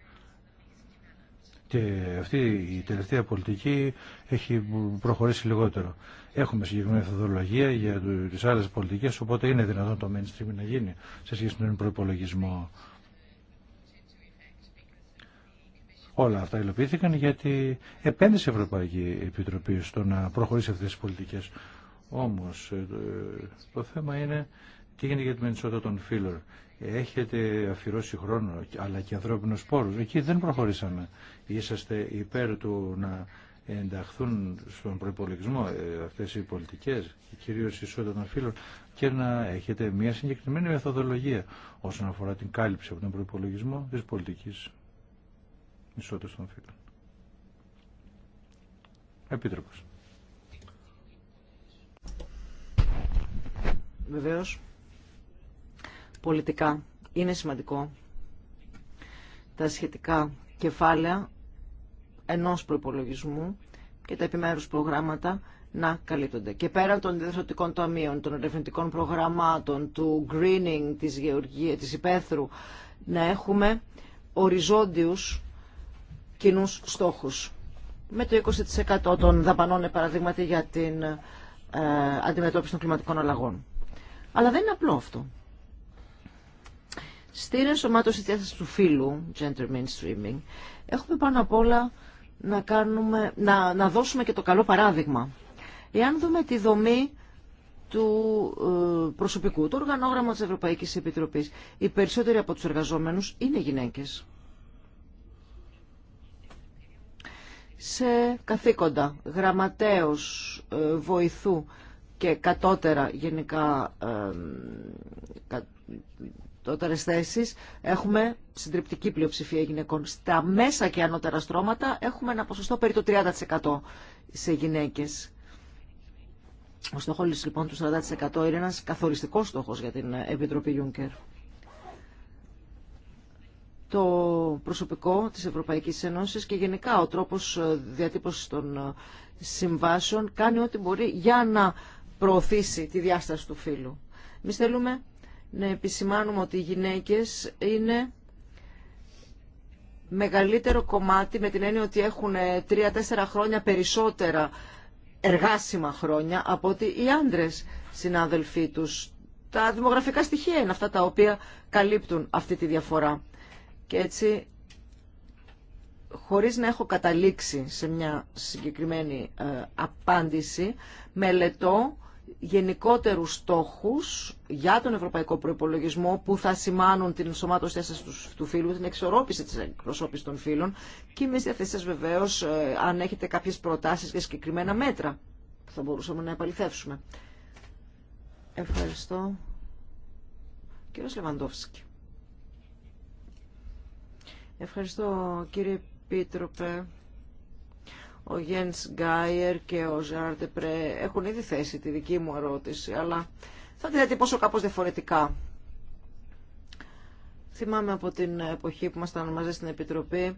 Και αυτή η τελευταία πολιτική έχει προχωρήσει λιγότερο. Έχουμε συγκεκριμένη μεθοδολογία για τι άλλε πολιτικέ, οπότε είναι δυνατόν το mainstream να γίνει σε σχέση με τον προπολογισμό. Όλα αυτά υλοποιήθηκαν γιατί επένδυσε η Ευρωπαϊκή Επιτροπή στο να προχωρήσει αυτέ τι πολιτικέ. Όμω ε, το θέμα είναι τι γίνεται για τη μενισότητα των φίλων. έχετε αφιερώσει χρόνο αλλά και ανθρώπινου πόρου. Εκεί δεν προχωρήσαμε. Είσαστε υπέρ του να ενταχθούν στον προπολογισμό ε, αυτές οι πολιτικές, κυρίως η ισότητα των φύλων, και να έχετε μια συγκεκριμένη μεθοδολογία όσον αφορά την κάλυψη από τον προπολογισμό της πολιτικής ισότητας των φύλων. Επίτροπος. Βεβαίως, πολιτικά είναι σημαντικό τα σχετικά κεφάλαια ενός προϋπολογισμού και τα επιμέρους προγράμματα να καλύπτονται. Και πέραν των διευθυντικών ταμείων, των ερευνητικών προγραμμάτων, του greening της γεωργίας, της υπαίθρου, να έχουμε οριζόντιους κοινού στόχους. Με το 20% των δαπανών, παραδείγματι, για την ε, αντιμετώπιση των κλιματικών αλλαγών. Αλλά δεν είναι απλό αυτό. Στην ενσωμάτωση της του φύλου, gender mainstreaming, έχουμε πάνω απ' όλα να, κάνουμε, να, να δώσουμε και το καλό παράδειγμα. Εάν δούμε τη δομή του ε, προσωπικού, του οργανόγραμμα της Ευρωπαϊκής Επιτροπής, οι περισσότεροι από τους εργαζόμενους είναι γυναίκες. Σε καθήκοντα, γραμματέως, ε, βοηθού και κατώτερα γενικά ε, ανώτερε θέσει έχουμε συντριπτική πλειοψηφία γυναικών. Στα μέσα και ανώτερα στρώματα έχουμε ένα ποσοστό περί το 30% σε γυναίκε. Ο στόχο λοιπόν του 40% είναι ένα καθοριστικό στόχο για την Επιτροπή Juncker. Το προσωπικό της Ευρωπαϊκής Ένωση και γενικά ο τρόπος διατύπωση των συμβάσεων κάνει ό,τι μπορεί για να προωθήσει τη διάσταση του φύλου. Εμεί θέλουμε να επισημάνουμε ότι οι γυναίκες είναι μεγαλύτερο κομμάτι με την έννοια ότι έχουν 3-4 ε, χρόνια περισσότερα εργάσιμα χρόνια από ότι οι άντρες συνάδελφοί τους. Τα δημογραφικά στοιχεία είναι αυτά τα οποία καλύπτουν αυτή τη διαφορά. Και έτσι, χωρίς να έχω καταλήξει σε μια συγκεκριμένη ε, απάντηση, μελετώ γενικότερους στόχους για τον ευρωπαϊκό προπολογισμό που θα σημάνουν την ενσωμάτωση του φίλου, την εξορρόπηση της εκπροσώπηση των φύλων και εμείς βεβαίω βεβαίως ε, αν έχετε κάποιες προτάσεις για συγκεκριμένα μέτρα που θα μπορούσαμε να επαληθεύσουμε. Ευχαριστώ. Κύριο Λεβαντόφσκι. Ευχαριστώ κύριε Πίτροπε. Ο Γιένς Γκάιερ και ο Ζεράρντε έχουν ήδη θέσει τη δική μου ερώτηση, αλλά θα την διατυπώσω κάπως διαφορετικά. Θυμάμαι από την εποχή που ήμασταν μαζί στην Επιτροπή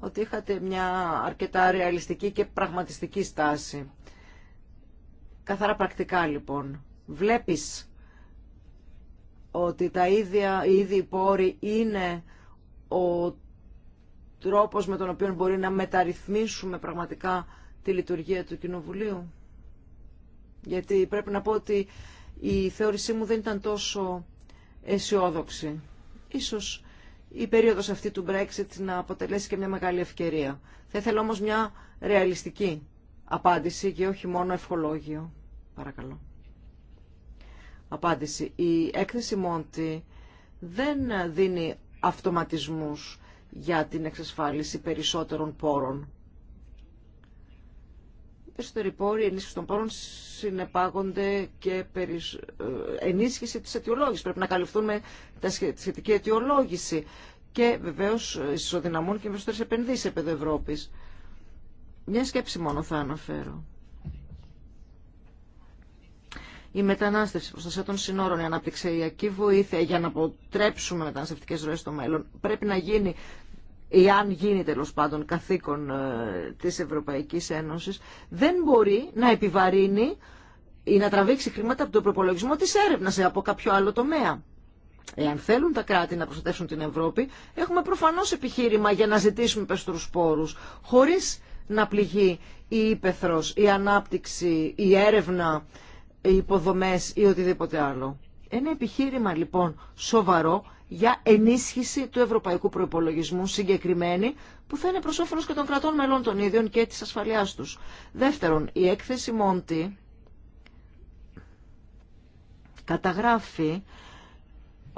ότι είχατε μια αρκετά ρεαλιστική και πραγματιστική στάση. Καθαρά πρακτικά λοιπόν. Βλέπεις ότι τα ίδια, οι ίδιοι είναι ο τρόπος με τον οποίο μπορεί να μεταρρυθμίσουμε πραγματικά τη λειτουργία του Κοινοβουλίου. Γιατί πρέπει να πω ότι η θεώρησή μου δεν ήταν τόσο αισιόδοξη. Ίσως η περίοδος αυτή του Brexit να αποτελέσει και μια μεγάλη ευκαιρία. Θα ήθελα όμως μια ρεαλιστική απάντηση και όχι μόνο ευχολόγιο. Παρακαλώ. Απάντηση. Η έκθεση Μόντι δεν δίνει αυτοματισμούς για την εξασφάλιση περισσότερων πόρων. Οι περισσότεροι πόροι, ενίσχυση των πόρων συνεπάγονται και περισ... Ε, ενίσχυση της αιτιολόγησης. Πρέπει να καλυφθούν με τα σχετική αιτιολόγηση και βεβαίως ισοδυναμούν και περισσότερες επενδύσεις επί Ευρώπης. Μια σκέψη μόνο θα αναφέρω η μετανάστευση, η προστασία των συνόρων, η αναπτυξιακή βοήθεια για να αποτρέψουμε μεταναστευτικέ ροέ στο μέλλον πρέπει να γίνει ή αν γίνει τέλο πάντων καθήκον ε, της Ευρωπαϊκής Ένωσης, δεν μπορεί να επιβαρύνει ή να τραβήξει χρήματα από τον προπολογισμό της έρευνας ή από κάποιο άλλο τομέα. Εάν θέλουν τα κράτη να προστατεύσουν την Ευρώπη, έχουμε προφανώς επιχείρημα για να ζητήσουμε πεστρούς πόρους, χωρίς να πληγεί η ύπεθρος, η ανάπτυξη, η έρευνα, υποδομές ή οτιδήποτε άλλο. Ένα επιχείρημα λοιπόν σοβαρό για ενίσχυση του ευρωπαϊκού προϋπολογισμού συγκεκριμένη που θα είναι προς όφελος και των κρατών μελών των ίδιων και της ασφαλείας τους. Δεύτερον, η έκθεση Μόντι καταγράφει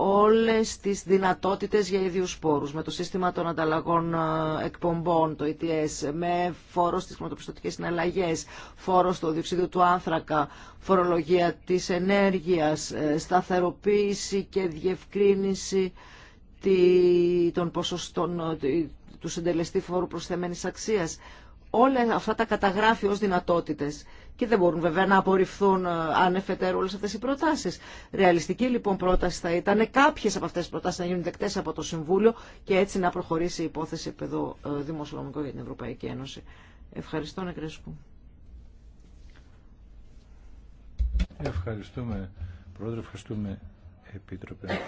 όλες τις δυνατότητες για ίδιους πόρους, με το σύστημα των ανταλλαγών ε, εκπομπών, το ETS, με φόρο στις χρηματοπιστωτικές συναλλαγές, φόρο στο διοξίδιο του άνθρακα, φορολογία της ενέργειας, ε, σταθεροποίηση και διευκρίνηση των ποσοστών ε, του συντελεστή φόρου προσθεμένης αξίας. Όλα αυτά τα καταγράφει ως δυνατότητες και δεν μπορούν βέβαια να απορριφθούν ε, ανεφετέρου όλε αυτέ οι προτάσει. Ρεαλιστική λοιπόν πρόταση θα ήταν κάποιε από αυτέ τι προτάσει να γίνουν δεκτέ από το Συμβούλιο και έτσι να προχωρήσει η υπόθεση εδώ ε, δημοσιονομικό για την Ευρωπαϊκή Ένωση. Ευχαριστώ, Νεκρέσκου. Ευχαριστούμε, Πρόεδρε, ευχαριστούμε, Επίτροπε.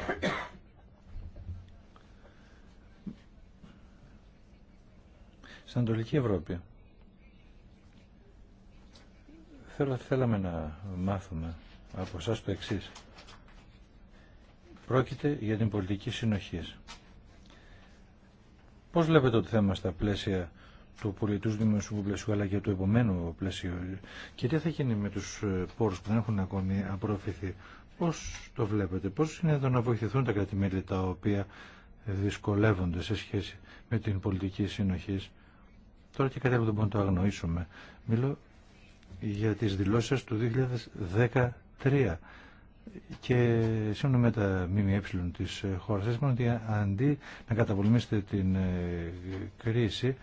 Στην Ανατολική Ευρώπη Θέλω, θέλαμε να μάθουμε από εσά το εξή. Πρόκειται για την πολιτική συνοχή. Πώς βλέπετε το θέμα στα πλαίσια του πολιτού δημοσίου πλαισίου αλλά και του επομένου πλαισίου και τι θα γίνει με τους ε, πόρους που δεν έχουν ακόμη απορροφηθεί. Πώς το βλέπετε, πώς είναι εδώ να βοηθηθούν τα κρατημέλη τα οποία δυσκολεύονται σε σχέση με την πολιτική συνοχή. Τώρα και κάτι που δεν μπορούμε να το αγνοήσουμε. Μιλώ για τις δηλώσεις του 2013 και σύμφωνα με τα ΜΜΕ της χώρας σας ότι αντί να καταπολεμήσετε την ε, κρίση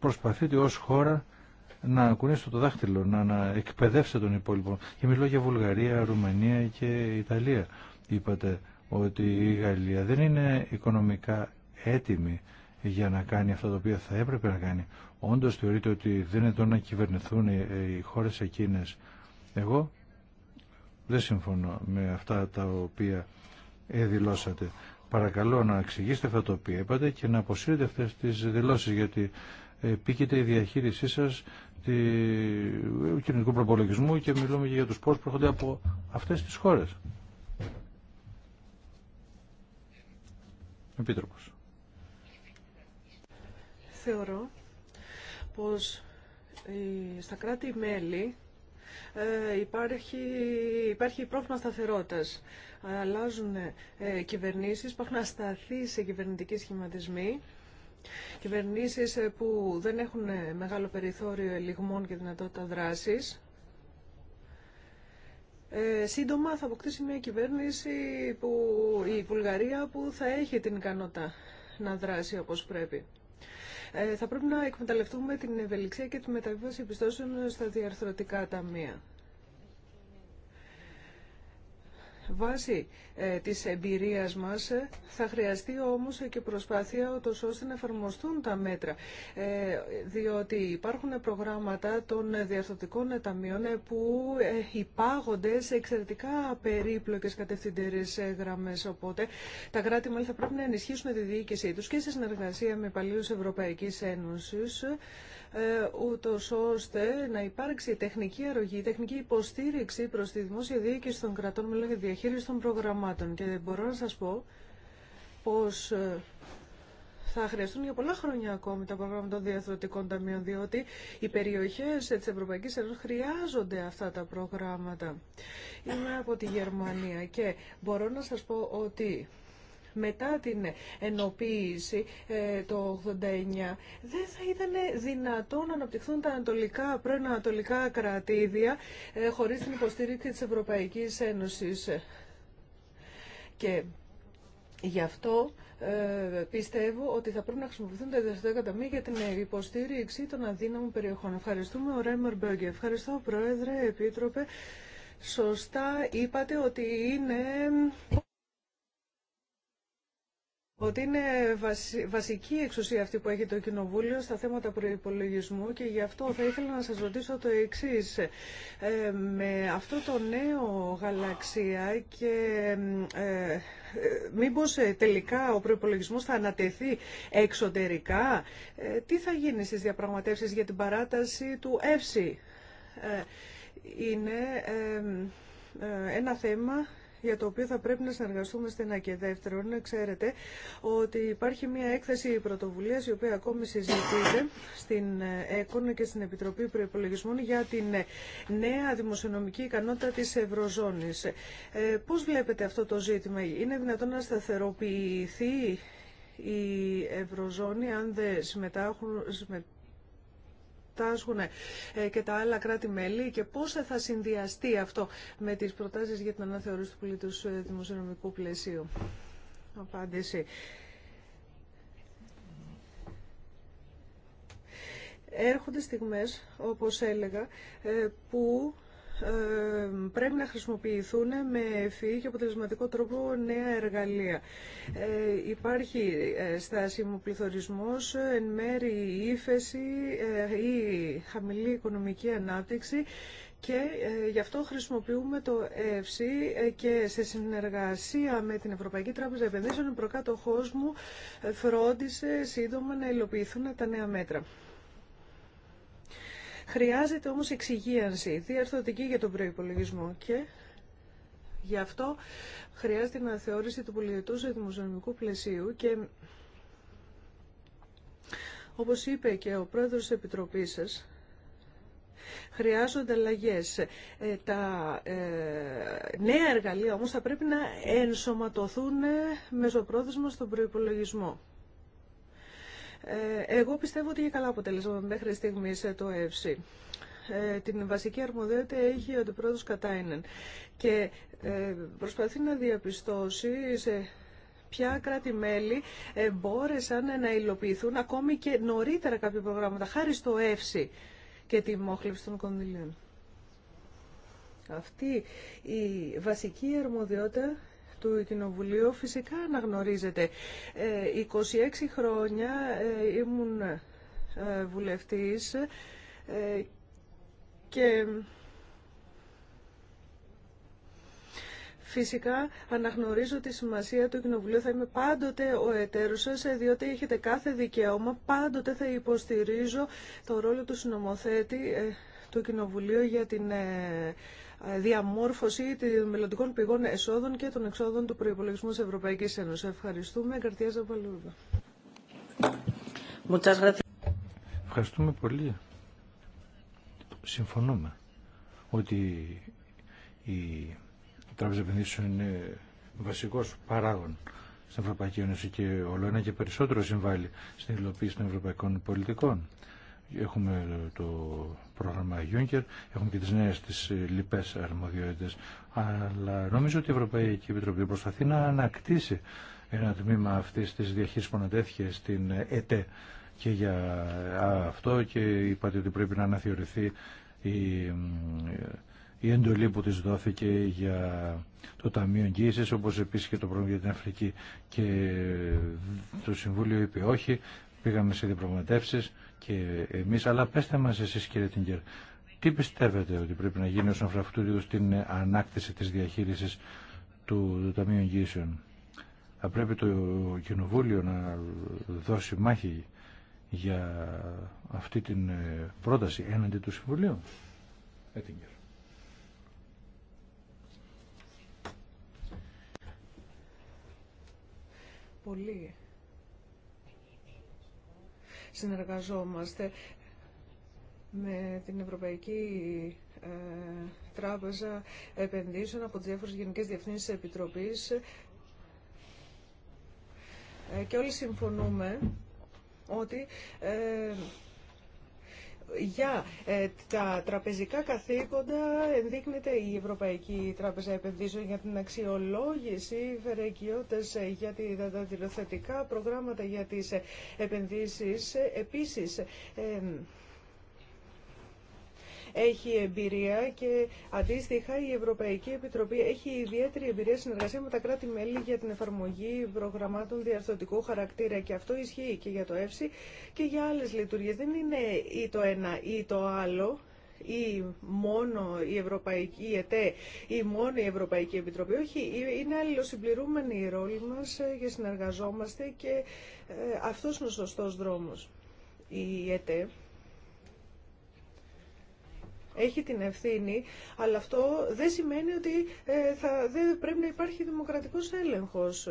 προσπαθείτε ως χώρα να κουνήσετε το δάχτυλο, να, να εκπαιδεύσετε τον υπόλοιπο. Και μιλώ για Βουλγαρία, Ρουμανία και Ιταλία. Είπατε ότι η Γαλλία δεν είναι οικονομικά έτοιμη για να κάνει αυτό το οποίο θα έπρεπε να κάνει όντως θεωρείτε ότι δεν είναι να κυβερνηθούν οι χώρες εκείνες. Εγώ δεν συμφωνώ με αυτά τα οποία δηλώσατε. Παρακαλώ να εξηγήσετε αυτά τα οποία είπατε και να αποσύρετε αυτές τις δηλώσεις γιατί ε, πήγεται η διαχείρισή σας ε, του κοινωνικού προπολογισμού και μιλούμε και για τους πόρους που από αυτές τις χώρες. Επίτροπος. Θεωρώ πως ε, στα κράτη-μέλη ε, υπάρχει, υπάρχει πρόβλημα σταθερότητας. Αλλάζουν ε, κυβερνήσεις, έχουν ασταθεί σε κυβερνητικοί σχηματισμοί. Κυβερνήσεις που δεν έχουν μεγάλο περιθώριο ελιγμών και δυνατότητα δράσης. Ε, σύντομα θα αποκτήσει μια κυβέρνηση που η Βουλγαρία που θα έχει την ικανότητα να δράσει όπως πρέπει. Ε, θα πρέπει να εκμεταλλευτούμε την ευελιξία και τη μεταβίβαση επιστώσεων στα διαρθρωτικά ταμεία. Βάσει ε, της εμπειρίας μας ε, θα χρειαστεί όμως και προσπάθεια ώστε να εφαρμοστούν τα μέτρα. Ε, διότι υπάρχουν προγράμματα των διαρθωτικών ταμείων ε, που ε, υπάγονται σε εξαιρετικά περίπλοκες κατευθυντήρες γραμμές. Οπότε τα κράτη θα πρέπει να ενισχύσουν τη διοίκησή τους και σε συνεργασία με υπαλλήλους Ευρωπαϊκής Ένωσης ε, ούτως ώστε να υπάρξει τεχνική αρρωγή, τεχνική υποστήριξη προ τη δημόσια διοίκηση των κρατών με λόγια διαχείριση των προγραμμάτων. Και μπορώ να σα πω πως ε, θα χρειαστούν για πολλά χρόνια ακόμη τα προγράμματα των διαθροτικών ταμείων, διότι οι περιοχές τη Ευρωπαϊκή Ένωση χρειάζονται αυτά τα προγράμματα. Είμαι από τη Γερμανία και μπορώ να σα πω ότι μετά την ενοποίηση ε, το 89 δεν θα ήταν δυνατόν να αναπτυχθούν τα ανατολικά, πρώην κρατήδια ε, χωρίς την υποστήριξη της Ευρωπαϊκής Ένωσης. Και γι' αυτό ε, πιστεύω ότι θα πρέπει να χρησιμοποιηθούν τα δευτερόλεπτα εκατομμύρια για την υποστήριξη των αδύναμων περιοχών. Ευχαριστούμε, ο Ρέμερ Μπέγκε. Ευχαριστώ, Πρόεδρε, Επίτροπε. Σωστά είπατε ότι είναι ότι είναι βασική εξουσία αυτή που έχει το Κοινοβούλιο στα θέματα προϋπολογισμού και γι' αυτό θα ήθελα να σας ρωτήσω το εξής. Ε, με αυτό το νέο γαλαξία και ε, ε μήπως ε, τελικά ο προϋπολογισμός θα ανατεθεί εξωτερικά, τι θα γίνει στις διαπραγματεύσεις για την παράταση του ΕΦΣΥ. Είναι ένα θέμα για το οποίο θα πρέπει να συνεργαστούμε στενά. Και δεύτερον, ξέρετε ότι υπάρχει μια έκθεση πρωτοβουλία η οποία ακόμη συζητείται στην ε, ΕΚΟΝ και στην Επιτροπή Προπολογισμών για την ε, νέα δημοσιονομική ικανότητα τη Ευρωζώνη. Ε, Πώ βλέπετε αυτό το ζήτημα, Είναι δυνατόν να σταθεροποιηθεί η Ευρωζώνη αν δεν συμμετάχουν συμμετάσχουν ε, και τα άλλα κράτη-μέλη και πώς θα συνδυαστεί αυτό με τις προτάσεις για την αναθεωρήση του πολιτικού ε, δημοσιονομικού πλαισίου. Απάντηση. Έρχονται στιγμές, όπως έλεγα, ε, που ε, πρέπει να χρησιμοποιηθούν με ευφυή και αποτελεσματικό τρόπο νέα εργαλεία. Ε, υπάρχει ε, στάσιμο πληθωρισμός, εν μέρη ύφεση ή χαμηλή οικονομική ανάπτυξη και γι' αυτό χρησιμοποιούμε το ΕΦΣΙ και σε συνεργασία με την Ευρωπαϊκή Τράπεζα Επενδύσεων, ο προκάτοχός μου φρόντισε σύντομα να υλοποιηθούν τα νέα μέτρα. Χρειάζεται όμως εξυγίανση, διαρθρωτική για τον προϋπολογισμό και γι' αυτό χρειάζεται να θεώρηση του του δημοσιονομικού πλαισίου και όπως είπε και ο πρόεδρος της Επιτροπής σας, χρειάζονται αλλαγέ. Ε, τα ε, νέα εργαλεία όμως θα πρέπει να ενσωματωθούν μεσοπρόθεσμα στον προϋπολογισμό. Ε, εγώ πιστεύω ότι είχε καλά αποτελέσματα μέχρι στιγμή ε, το ΕΦΣΥ. Την βασική αρμοδιότητα έχει ο αντιπρόεδρος Κατάινεν και ε, προσπαθεί να διαπιστώσει σε ποια κράτη-μέλη μπόρεσαν να υλοποιηθούν ακόμη και νωρίτερα κάποια προγράμματα, χάρη στο ΕΦΣΥ και τη μόχλευση των κονδυλίων. Αυτή η βασική αρμοδιότητα του Κοινοβουλίου φυσικά αναγνωρίζεται. 26 ε, χρόνια ε, ήμουν ε, βουλευτής και Φυσικά αναγνωρίζω τη σημασία του Κοινοβουλίου. Θα είμαι πάντοτε ο εταίρος σας, διότι έχετε κάθε δικαίωμα. Πάντοτε θα υποστηρίζω το ρόλο του συνομοθέτη του Κοινοβουλίου για την διαμόρφωση των μελλοντικών πηγών εσόδων και των εξόδων του προπολογισμού τη Ευρωπαϊκής Ένωση. Ευχαριστούμε. Καρτιά Ζαμπαλούδα. Ευχαριστούμε πολύ. Συμφωνούμε ότι η Τράπεζα Επενδύσεων είναι βασικό παράγον στην Ευρωπαϊκή Ένωση και όλο ένα και περισσότερο συμβάλλει στην υλοποίηση των ευρωπαϊκών πολιτικών. Έχουμε το πρόγραμμα Juncker, έχουμε και τις νέες τις ε, λοιπές αρμοδιότητες. Αλλά νομίζω ότι η Ευρωπαϊκή Επιτροπή προσπαθεί να ανακτήσει ένα τμήμα αυτής της διαχείρισης που ανατέθηκε στην ΕΤΕ και για αυτό και είπατε ότι πρέπει να αναθεωρηθεί η, ε, η εντολή που της δόθηκε για το Ταμείο Εγγύησης, όπως επίσης και το πρόγραμμα για την Αφρική. Και το Συμβούλιο είπε όχι, πήγαμε σε διαπραγματεύσεις και εμείς, αλλά πέστε μας εσείς κύριε Τινγκερ, τι πιστεύετε ότι πρέπει να γίνει όσον αφορά αυτού την ανάκτηση της διαχείρισης του Ταμείου Εγγύσεων. Θα πρέπει το Κοινοβούλιο να δώσει μάχη για αυτή την ε, πρόταση έναντι του Συμβουλίου. Έτιγκερ. Ε, Πολύ συνεργαζόμαστε με την Ευρωπαϊκή ε, Τράπεζα Επενδύσεων από τις διάφορες Γενικές Διευθύνσεις Επιτροπής ε, και όλοι συμφωνούμε ότι ε, για ε, τα τραπεζικά καθήκοντα ενδείκνεται η Ευρωπαϊκή Τράπεζα Επενδύσεων για την αξιολόγηση βερεκιώτες ε, για τα δηλωθετικά προγράμματα για τις ε, επενδύσεις. Επίσης, έχει εμπειρία και αντίστοιχα η Ευρωπαϊκή Επιτροπή έχει ιδιαίτερη εμπειρία συνεργασία με τα κράτη-μέλη για την εφαρμογή προγραμμάτων διαρθωτικού χαρακτήρα και αυτό ισχύει και για το ΕΦΣΥ και για άλλες λειτουργίες. Δεν είναι ή το ένα ή το άλλο ή μόνο η Ευρωπαϊκή η ΕΤΕ ή μόνο η Ευρωπαϊκή Επιτροπή. Όχι, είναι αλληλοσυμπληρουμενη η ρολη μας και συνεργαζόμαστε και ε, αυτός είναι ο σωστός δρόμος. Η ΕΤΕ έχει την ευθύνη, αλλά αυτό δεν σημαίνει ότι ε, θα, δεν πρέπει να υπάρχει δημοκρατικός έλεγχος.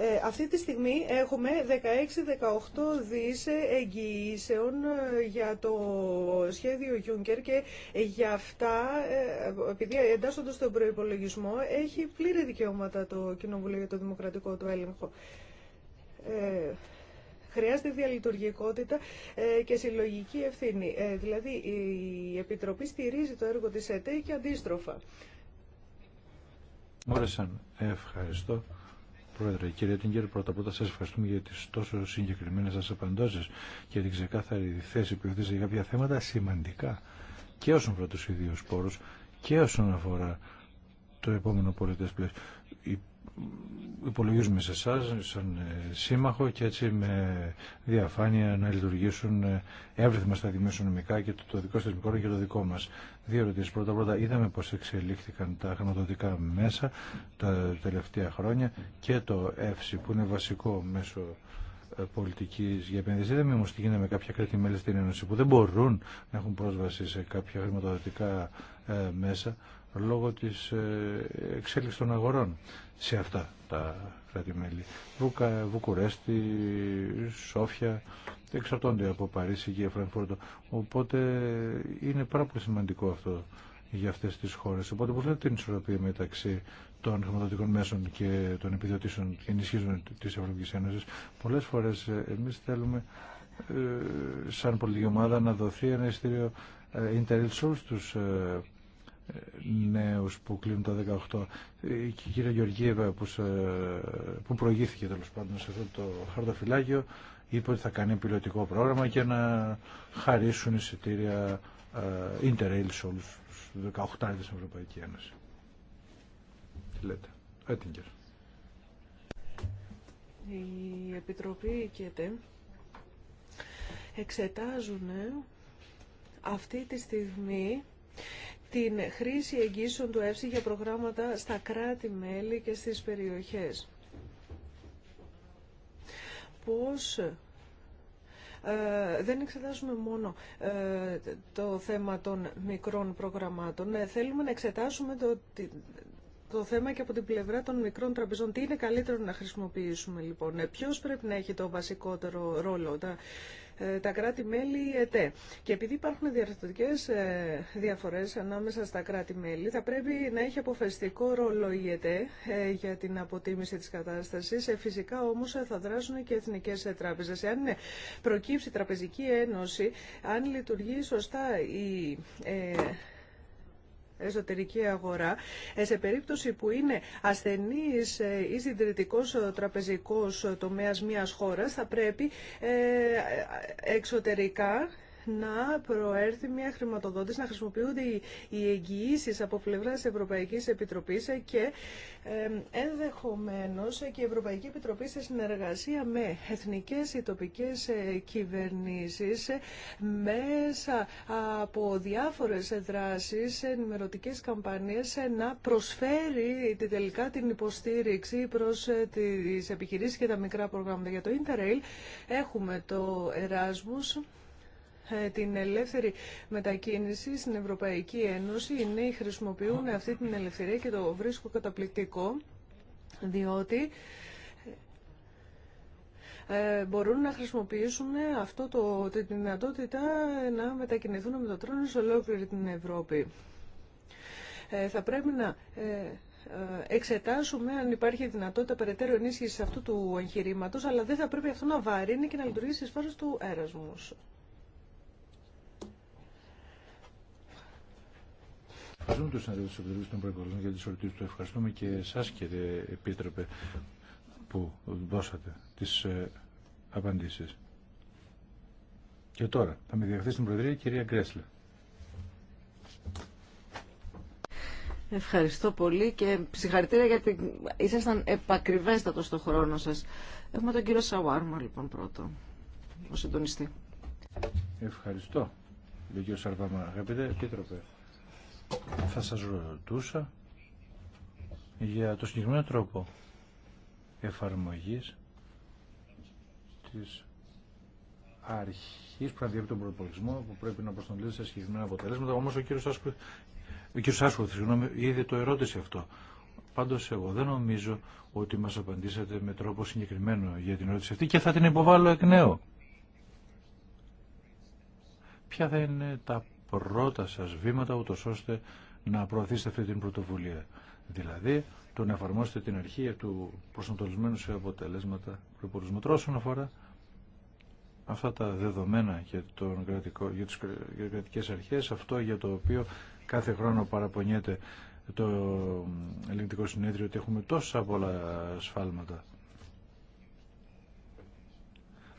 Ε, αυτή τη στιγμή έχουμε 16-18 δις εγγυήσεων ε, για το σχέδιο Juncker και για αυτά, ε, επειδή εντάσσονται στον προϋπολογισμό, έχει πλήρη δικαιώματα το Κοινοβουλίο για το Δημοκρατικό του έλεγχο. Ε, Χρειάζεται διαλειτουργικότητα ε, και συλλογική ευθύνη. Ε, δηλαδή, η Επιτροπή στηρίζει το έργο της ΕΤΕ και αντίστροφα. Μόρεσαν. Ευχαριστώ. Πρόεδρε, κύριε Τίνγκερ, πρώτα απ' όλα σα ευχαριστούμε για τι τόσο συγκεκριμένε σα απαντώσει και την ξεκάθαρη θέση που έχετε για κάποια θέματα σημαντικά και όσον αφορά του ιδίου πόρου και όσον αφορά το επόμενο πολιτέ πλαίσιο υπολογίζουμε σε εσά σαν ε, σύμμαχο και έτσι με διαφάνεια να λειτουργήσουν ε, εύρυθμα στα νομικά και το, το δικό σα μικρό και το δικό μα. Δύο ερωτήσει. Πρώτα πρώτα, είδαμε πώ εξελίχθηκαν τα χρηματοδοτικά μέσα τα τελευταία χρόνια και το ΕΦΣΙ που είναι βασικό μέσο ε, πολιτική για επενδύσει. Είδαμε όμω τι γίνεται με κάποια κράτη-μέλη στην Ένωση που δεν μπορούν να έχουν πρόσβαση σε κάποια χρηματοδοτικά μέσα λόγω της ε, εξέλιξης των αγορών σε αυτά τα κράτη-μέλη. Βουκα, Βουκουρέστη, Σόφια, εξαρτώνται από Παρίσι και Φραγκφούρτο. Οπότε είναι πάρα πολύ σημαντικό αυτό για αυτές τις χώρες. Οπότε πώς λέτε την ισορροπία μεταξύ των χρηματοδοτικών μέσων και των επιδοτήσεων και ενισχύσεων της Ευρωπαϊκής Ένωσης. Πολλές φορές ε, εμείς θέλουμε ε, σαν πολιτική ομάδα να δοθεί ένα ειστήριο ε, interest στους νέους που κλείνουν τα 18. Ε, η κυρία Γεωργίευα ε, που, προηγήθηκε τέλο πάντων σε αυτό το χαρτοφυλάκιο είπε ότι θα κάνει πιλωτικό πρόγραμμα για να χαρίσουν εισιτήρια ε, Interrail σε όλους τους 18 στην Ευρωπαϊκή Ένωση. λέτε. Η Επιτροπή και εξετάζουν αυτή τη στιγμή την χρήση εγγύσεων του ΕΦΣΥ για προγράμματα στα κράτη-μέλη και στις περιοχές. Πώς ε, δεν εξετάζουμε μόνο ε, το θέμα των μικρών προγραμμάτων. Ε, θέλουμε να εξετάσουμε το, το θέμα και από την πλευρά των μικρών τραπεζών. Τι είναι καλύτερο να χρησιμοποιήσουμε λοιπόν. Ε, ποιος πρέπει να έχει το βασικότερο ρόλο. Τα τα κράτη-μέλη ΕΤΕ. Και επειδή υπάρχουν διαρθρωτικές ε, διαφορές ανάμεσα στα κράτη-μέλη, θα πρέπει να έχει αποφασιστικό ρόλο η ΕΤΕ ε, για την αποτίμηση της κατάστασης. Ε, φυσικά όμως θα δράσουν και εθνικές τράπεζε. Εάν προκύψει τραπεζική ένωση, αν λειτουργεί σωστά η εσωτερική αγορά, ε, σε περίπτωση που είναι ασθενής ε, ή συντηρητικό ε, τραπεζικός τομέα μιας χώρα, θα πρέπει εξωτερικά να προέρθει μια χρηματοδότηση, να χρησιμοποιούνται οι εγγυήσει από πλευρά τη Ευρωπαϊκή Επιτροπή και ενδεχομένω και η Ευρωπαϊκή Επιτροπή σε συνεργασία με εθνικέ ή τοπικέ ε, κυβερνήσει ε, μέσα από διάφορε δράσει, ενημερωτικέ καμπανίε ε, να προσφέρει τελικά την υποστήριξη προ τι επιχειρήσει και τα μικρά προγράμματα. Για το Interrail έχουμε το Erasmus ε, την ελεύθερη μετακίνηση στην Ευρωπαϊκή Ένωση. Οι νέοι χρησιμοποιούν αυτή την ελευθερία και το βρίσκω καταπληκτικό, διότι ε, μπορούν να χρησιμοποιήσουν αυτό το, τη δυνατότητα να μετακινηθούν με το τρόνο σε ολόκληρη την Ευρώπη. Ε, θα πρέπει να εξετάσουμε αν υπάρχει δυνατότητα περαιτέρω ενίσχυση αυτού του εγχειρήματο, αλλά δεν θα πρέπει αυτό να βαρύνει και να λειτουργήσει ει του έρασμου. Ευχαριστούμε του συναδέλφου τη Επιτροπή των Προεκολών για τι ερωτήσει του. Ευχαριστούμε και εσά, κύριε Επίτροπε, που δώσατε τι ε, απαντήσει. Και τώρα θα με διαχθεί στην Προεδρία η κυρία Γκρέσλε. Ευχαριστώ πολύ και συγχαρητήρια γιατί ήσασταν επακριβέστατο στο χρόνο σα. Έχουμε τον κύριο Σαουάρμα λοιπόν πρώτο, ο συντονιστή. Ευχαριστώ, τον κύριο Σαρβάμα. Αγαπητέ Επίτροπε, θα σας ρωτούσα για το συγκεκριμένο τρόπο εφαρμογής της αρχής που να τον προπολογισμό που πρέπει να προστατεύεται σε συγκεκριμένα αποτελέσματα. Όμως ο κύριος Άσκου, ο κύριος ήδη το ερώτησε αυτό. Πάντως εγώ δεν νομίζω ότι μας απαντήσατε με τρόπο συγκεκριμένο για την ερώτηση αυτή και θα την υποβάλω εκ νέου. Ποια θα είναι τα πρώτα σας βήματα ούτως ώστε να προωθήσετε αυτή την πρωτοβουλία. Δηλαδή, το να εφαρμόσετε την αρχή του προσανατολισμένου σε αποτελέσματα προπολισμού. Όσον αφορά αυτά τα δεδομένα για, τον κρατικό, για τις κρατικές αρχές, αυτό για το οποίο κάθε χρόνο παραπονιέται το ελληνικό συνέδριο ότι έχουμε τόσα πολλά σφάλματα.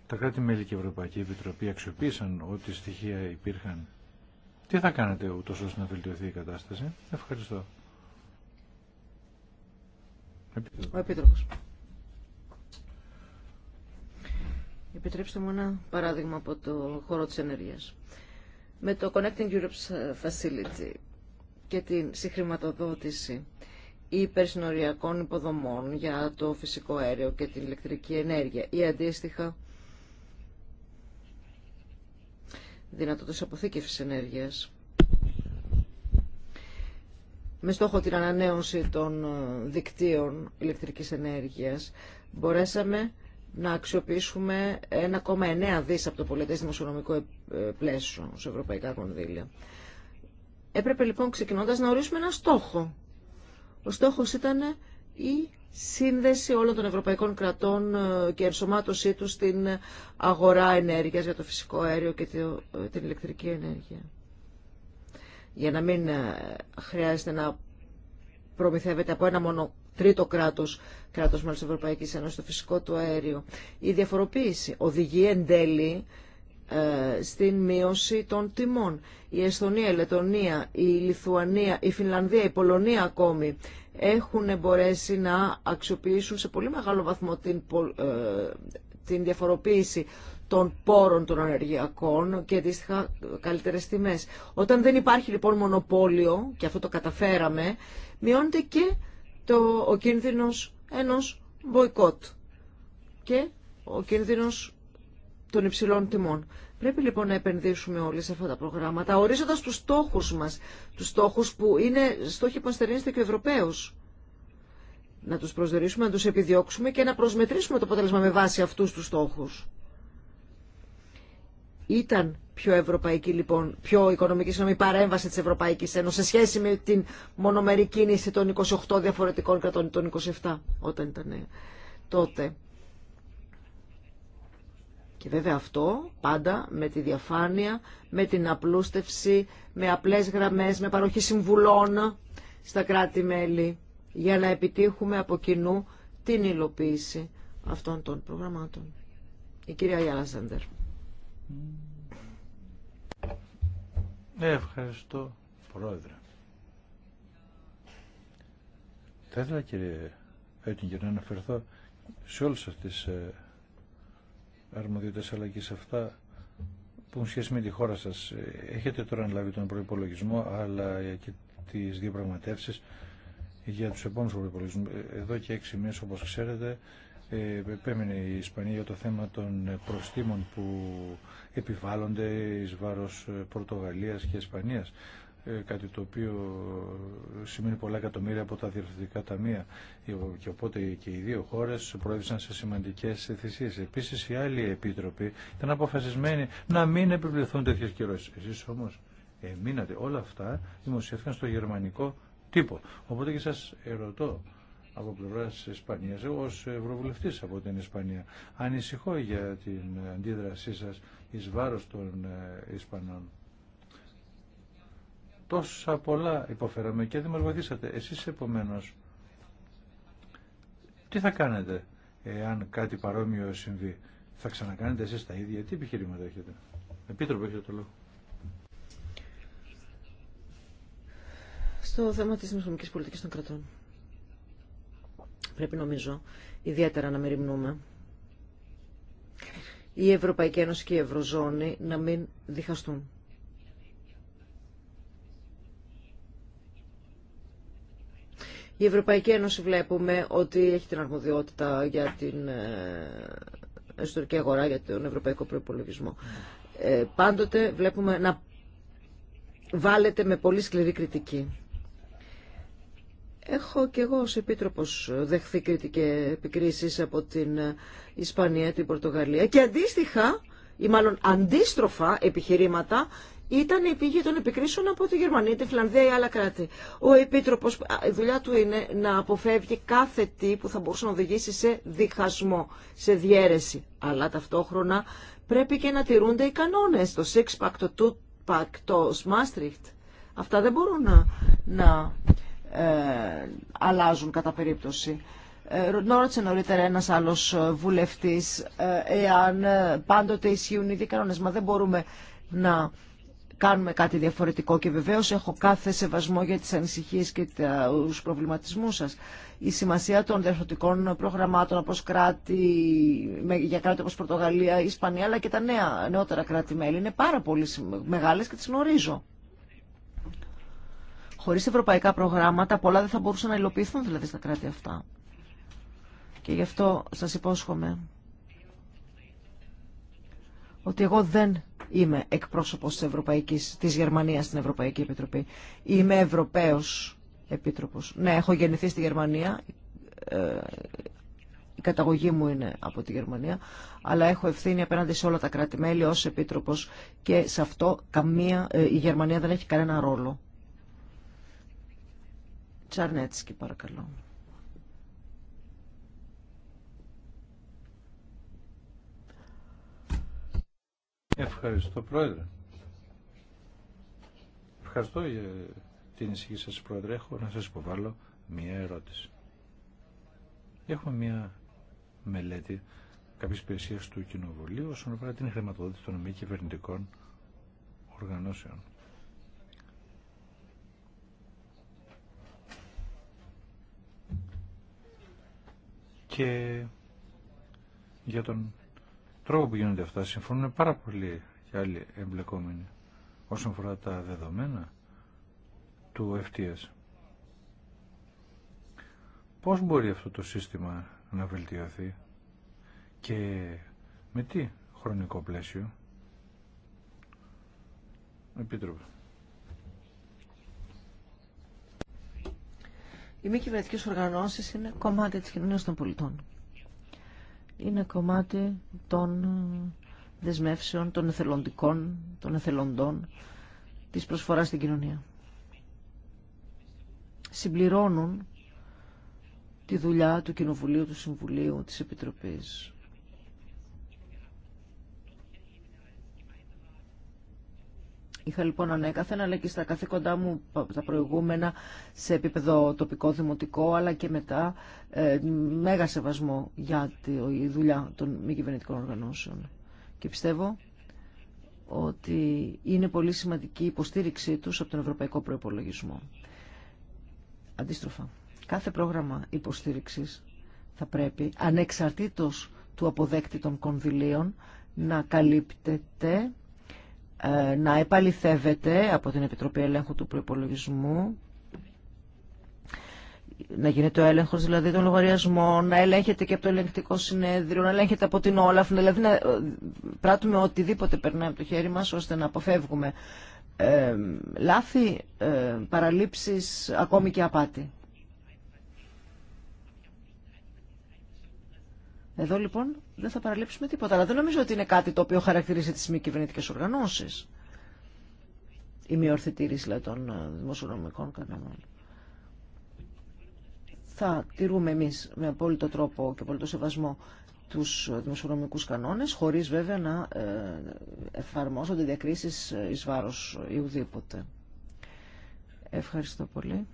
Τα κράτη-μέλη και η Ευρωπαϊκή Επιτροπή αξιοποίησαν ό,τι στοιχεία υπήρχαν τι θα κάνετε ούτω ώστε να βελτιωθεί η κατάσταση. Ευχαριστώ. Ο Επίτροπος. Επιτρέψτε μου ένα παράδειγμα από το χώρο της ενέργειας. Με το Connecting Europe Facility και την συγχρηματοδότηση υπερσυνοριακών υποδομών για το φυσικό αέριο και την ηλεκτρική ενέργεια ή αντίστοιχα δυνατότητες αποθήκευσης ενέργειας με στόχο την ανανέωση των ε, δικτύων ηλεκτρικής ενέργειας μπορέσαμε να αξιοποιήσουμε 1,9 δις από το πολιτές δημοσιονομικό ε, πλαίσιο σε ευρωπαϊκά κονδύλια. Έπρεπε λοιπόν ξεκινώντας να ορίσουμε ένα στόχο. Ο στόχος ήταν η σύνδεση όλων των ευρωπαϊκών κρατών ε, και ενσωμάτωσή τους στην αγορά ενέργειας για το φυσικό αέριο και ε, την ηλεκτρική ενέργεια. Για να μην ε, χρειάζεται να προμηθεύεται από ένα μόνο τρίτο κράτος, κράτος μάλιστα Ευρωπαϊκής Ένωσης, το φυσικό του αέριο. Η διαφοροποίηση οδηγεί εν τέλει στην μείωση των τιμών. Η Εσθονία, η Λετωνία, η Λιθουανία, η Φινλανδία, η Πολωνία ακόμη έχουν μπορέσει να αξιοποιήσουν σε πολύ μεγάλο βαθμό την, ε, την διαφοροποίηση των πόρων των ενεργειακών και αντίστοιχα καλύτερες τιμές. Όταν δεν υπάρχει λοιπόν μονοπόλιο, και αυτό το καταφέραμε, μειώνεται και το, ο κίνδυνος ενός μποϊκότ και ο κίνδυνος των υψηλών τιμών. Πρέπει λοιπόν να επενδύσουμε όλοι σε αυτά τα προγράμματα, ορίζοντα του στόχου μα, του στόχου που είναι στόχοι που αστερνίζεται και ο Ευρωπαίος. Να του προσδιορίσουμε, να του επιδιώξουμε και να προσμετρήσουμε το αποτέλεσμα με βάση αυτού του στόχου. Ήταν πιο ευρωπαϊκή λοιπόν, πιο οικονομική συγγνώμη, παρέμβαση της Ευρωπαϊκής Ένωσης σε σχέση με την μονομερή κίνηση των 28 διαφορετικών κρατών, των 27 όταν ήταν ε, τότε. Και βέβαια αυτό πάντα με τη διαφάνεια, με την απλούστευση, με απλές γραμμές, με παροχή συμβουλών στα κράτη-μέλη για να επιτύχουμε από κοινού την υλοποίηση αυτών των προγραμμάτων. Η κυρία Γιάννα Σέντερ. Ναι, ευχαριστώ, Πρόεδρε. Θα ήθελα, κύριε Έτυγκερ, να αναφερθώ σε όλες αυτές τις ε, αρμοδιότητε αλλά και σε αυτά που έχουν σχέση με τη χώρα σας. Έχετε τώρα αναλάβει τον προπολογισμό, αλλά και τις διαπραγματεύσει για τους επόμενου προπολογισμού. Εδώ και έξι μήνες όπως ξέρετε ε, επέμενε η Ισπανία για το θέμα των προστήμων που επιβάλλονται ει βάρος Πορτογαλίας και Ισπανίας. Ε, κάτι το οποίο σημαίνει πολλά εκατομμύρια από τα διευθυντικά ταμεία ε, και οπότε και οι δύο χώρες προέβησαν σε σημαντικές θυσίες. Επίσης οι άλλοι επίτροποι ήταν αποφασισμένοι να μην επιβληθούν τέτοιες κυρώσεις. Εσείς όμως εμείνατε όλα αυτά δημοσιεύθηκαν στο γερμανικό τύπο. Οπότε και σας ερωτώ από πλευρά τη Ισπανία, εγώ ω Ευρωβουλευτή από την Ισπανία. Ανησυχώ για την αντίδρασή σα ει βάρο των ε, Ισπανών τόσα πολλά υποφέραμε και δεν μας βοηθήσατε. Εσείς επομένως, τι θα κάνετε εάν κάτι παρόμοιο συμβεί. Θα ξανακάνετε εσείς τα ίδια. Τι επιχειρήματα έχετε. Επίτροπο έχετε το λόγο. Στο θέμα της νοσομικής πολιτικής των κρατών. Πρέπει νομίζω ιδιαίτερα να μεριμνούμε η Ευρωπαϊκή Ένωση και η Ευρωζώνη να μην διχαστούν. Η Ευρωπαϊκή Ένωση βλέπουμε ότι έχει την αρμοδιότητα για την ε, εσωτερική αγορά, για τον ευρωπαϊκό προπολογισμό. Ε, πάντοτε βλέπουμε να βάλετε με πολύ σκληρή κριτική. Έχω και εγώ ως επίτροπος δεχθεί κριτική ε, επικρίσεις από την Ισπανία, την Πορτογαλία και αντίστοιχα ή μάλλον αντίστροφα επιχειρήματα ήταν η πηγή των επικρίσεων από τη Γερμανία, τη Φιλανδία ή άλλα κράτη. Ο Επίτροπος, η δουλειά του είναι να αποφεύγει κάθε τι που θα μπορούσε να οδηγήσει σε διχασμό, σε διέρεση. Αλλά ταυτόχρονα πρέπει και να τηρούνται οι κανόνε το six pack, το two το Maastricht. Αυτά δεν μπορούν να, ε, αλλάζουν κατά περίπτωση. Ε, Ρώτησε νωρίτερα ένας άλλος ε, βουλευτής εάν πάντοτε ισχύουν οι κανόνες, μα δεν μπορούμε να κάνουμε κάτι διαφορετικό και βεβαίως έχω κάθε σεβασμό για τις ανησυχίες και τους προβληματισμούς σας. Η σημασία των διαφορετικών προγραμμάτων όπως κράτη, για κράτη όπως Πορτογαλία, Ισπανία αλλά και τα νέα, νεότερα κράτη-μέλη είναι πάρα πολύ μεγάλες και τις γνωρίζω. Χωρίς ευρωπαϊκά προγράμματα πολλά δεν θα μπορούσαν να υλοποιηθούν δηλαδή στα κράτη αυτά. Και γι' αυτό σας υπόσχομαι ότι εγώ δεν είμαι εκπρόσωπος της, Ευρωπαϊκής, της Γερμανίας στην Ευρωπαϊκή Επιτροπή. Είμαι Ευρωπαίος Επίτροπος. Ναι, έχω γεννηθεί στη Γερμανία, ε, η καταγωγή μου είναι από τη Γερμανία, αλλά έχω ευθύνη απέναντι σε όλα τα κράτη-μέλη ως Επίτροπος και σε αυτό καμία, ε, η Γερμανία δεν έχει κανένα ρόλο. Τσαρνέτσκι παρακαλώ. Ευχαριστώ Πρόεδρε. Ευχαριστώ για την ισχύ σας Πρόεδρε. Έχω να σας υποβάλω μία ερώτηση. Έχουμε μία μελέτη κάποιες υπηρεσίες του Κοινοβουλίου όσον αφορά την χρηματοδότηση των μη κυβερνητικών οργανώσεων. Και για τον τρόπο που γίνονται αυτά συμφωνούν πάρα πολύ και άλλοι εμπλεκόμενοι όσον αφορά τα δεδομένα του FTS. Πώς μπορεί αυτό το σύστημα να βελτιωθεί και με τι χρονικό πλαίσιο. Επίτροπε. Οι μη κυβερνητικέ οργανώσει είναι κομμάτι τη κοινωνία των πολιτών είναι κομμάτι των δεσμεύσεων, των εθελοντικών, των εθελοντών, της προσφοράς στην κοινωνία. Συμπληρώνουν τη δουλειά του Κοινοβουλίου, του Συμβουλίου, της Επιτροπής. Είχα λοιπόν ανέκαθεν αλλά και στα καθήκοντά μου τα προηγούμενα σε επίπεδο τοπικό, δημοτικό αλλά και μετά ε, μέγα σεβασμό για τη δουλειά των μη κυβερνητικών οργανώσεων. Και πιστεύω ότι είναι πολύ σημαντική η υποστήριξή τους από τον Ευρωπαϊκό Προϋπολογισμό. Αντίστροφα, κάθε πρόγραμμα υποστήριξης θα πρέπει, ανεξαρτήτως του αποδέκτη των κονδυλίων, να καλύπτεται ε, να επαληθεύεται από την Επιτροπή Ελέγχου του Προϋπολογισμού να γίνεται ο έλεγχο δηλαδή των λογαριασμών, να ελέγχεται και από το ελεγκτικό συνέδριο, να ελέγχεται από την Όλαφ, δηλαδή να ε, πράττουμε οτιδήποτε περνάει από το χέρι μα ώστε να αποφεύγουμε ε, λάθη, ε, ακόμη και απάτη. Εδώ λοιπόν δεν θα παραλείψουμε τίποτα. Αλλά δεν νομίζω ότι είναι κάτι το οποίο χαρακτηρίζει τι μη κυβερνητικέ οργανώσεις. Η μειορθητήρηση δηλαδή, των ε, δημοσιονομικών κανόνων. Θα τηρούμε εμεί με απόλυτο τρόπο και απόλυτο σεβασμό του ε, δημοσιονομικού κανόνε, χωρί βέβαια να ε, εφαρμόζονται διακρίσεις εις βάρος ουδήποτε. Ευχαριστώ πολύ.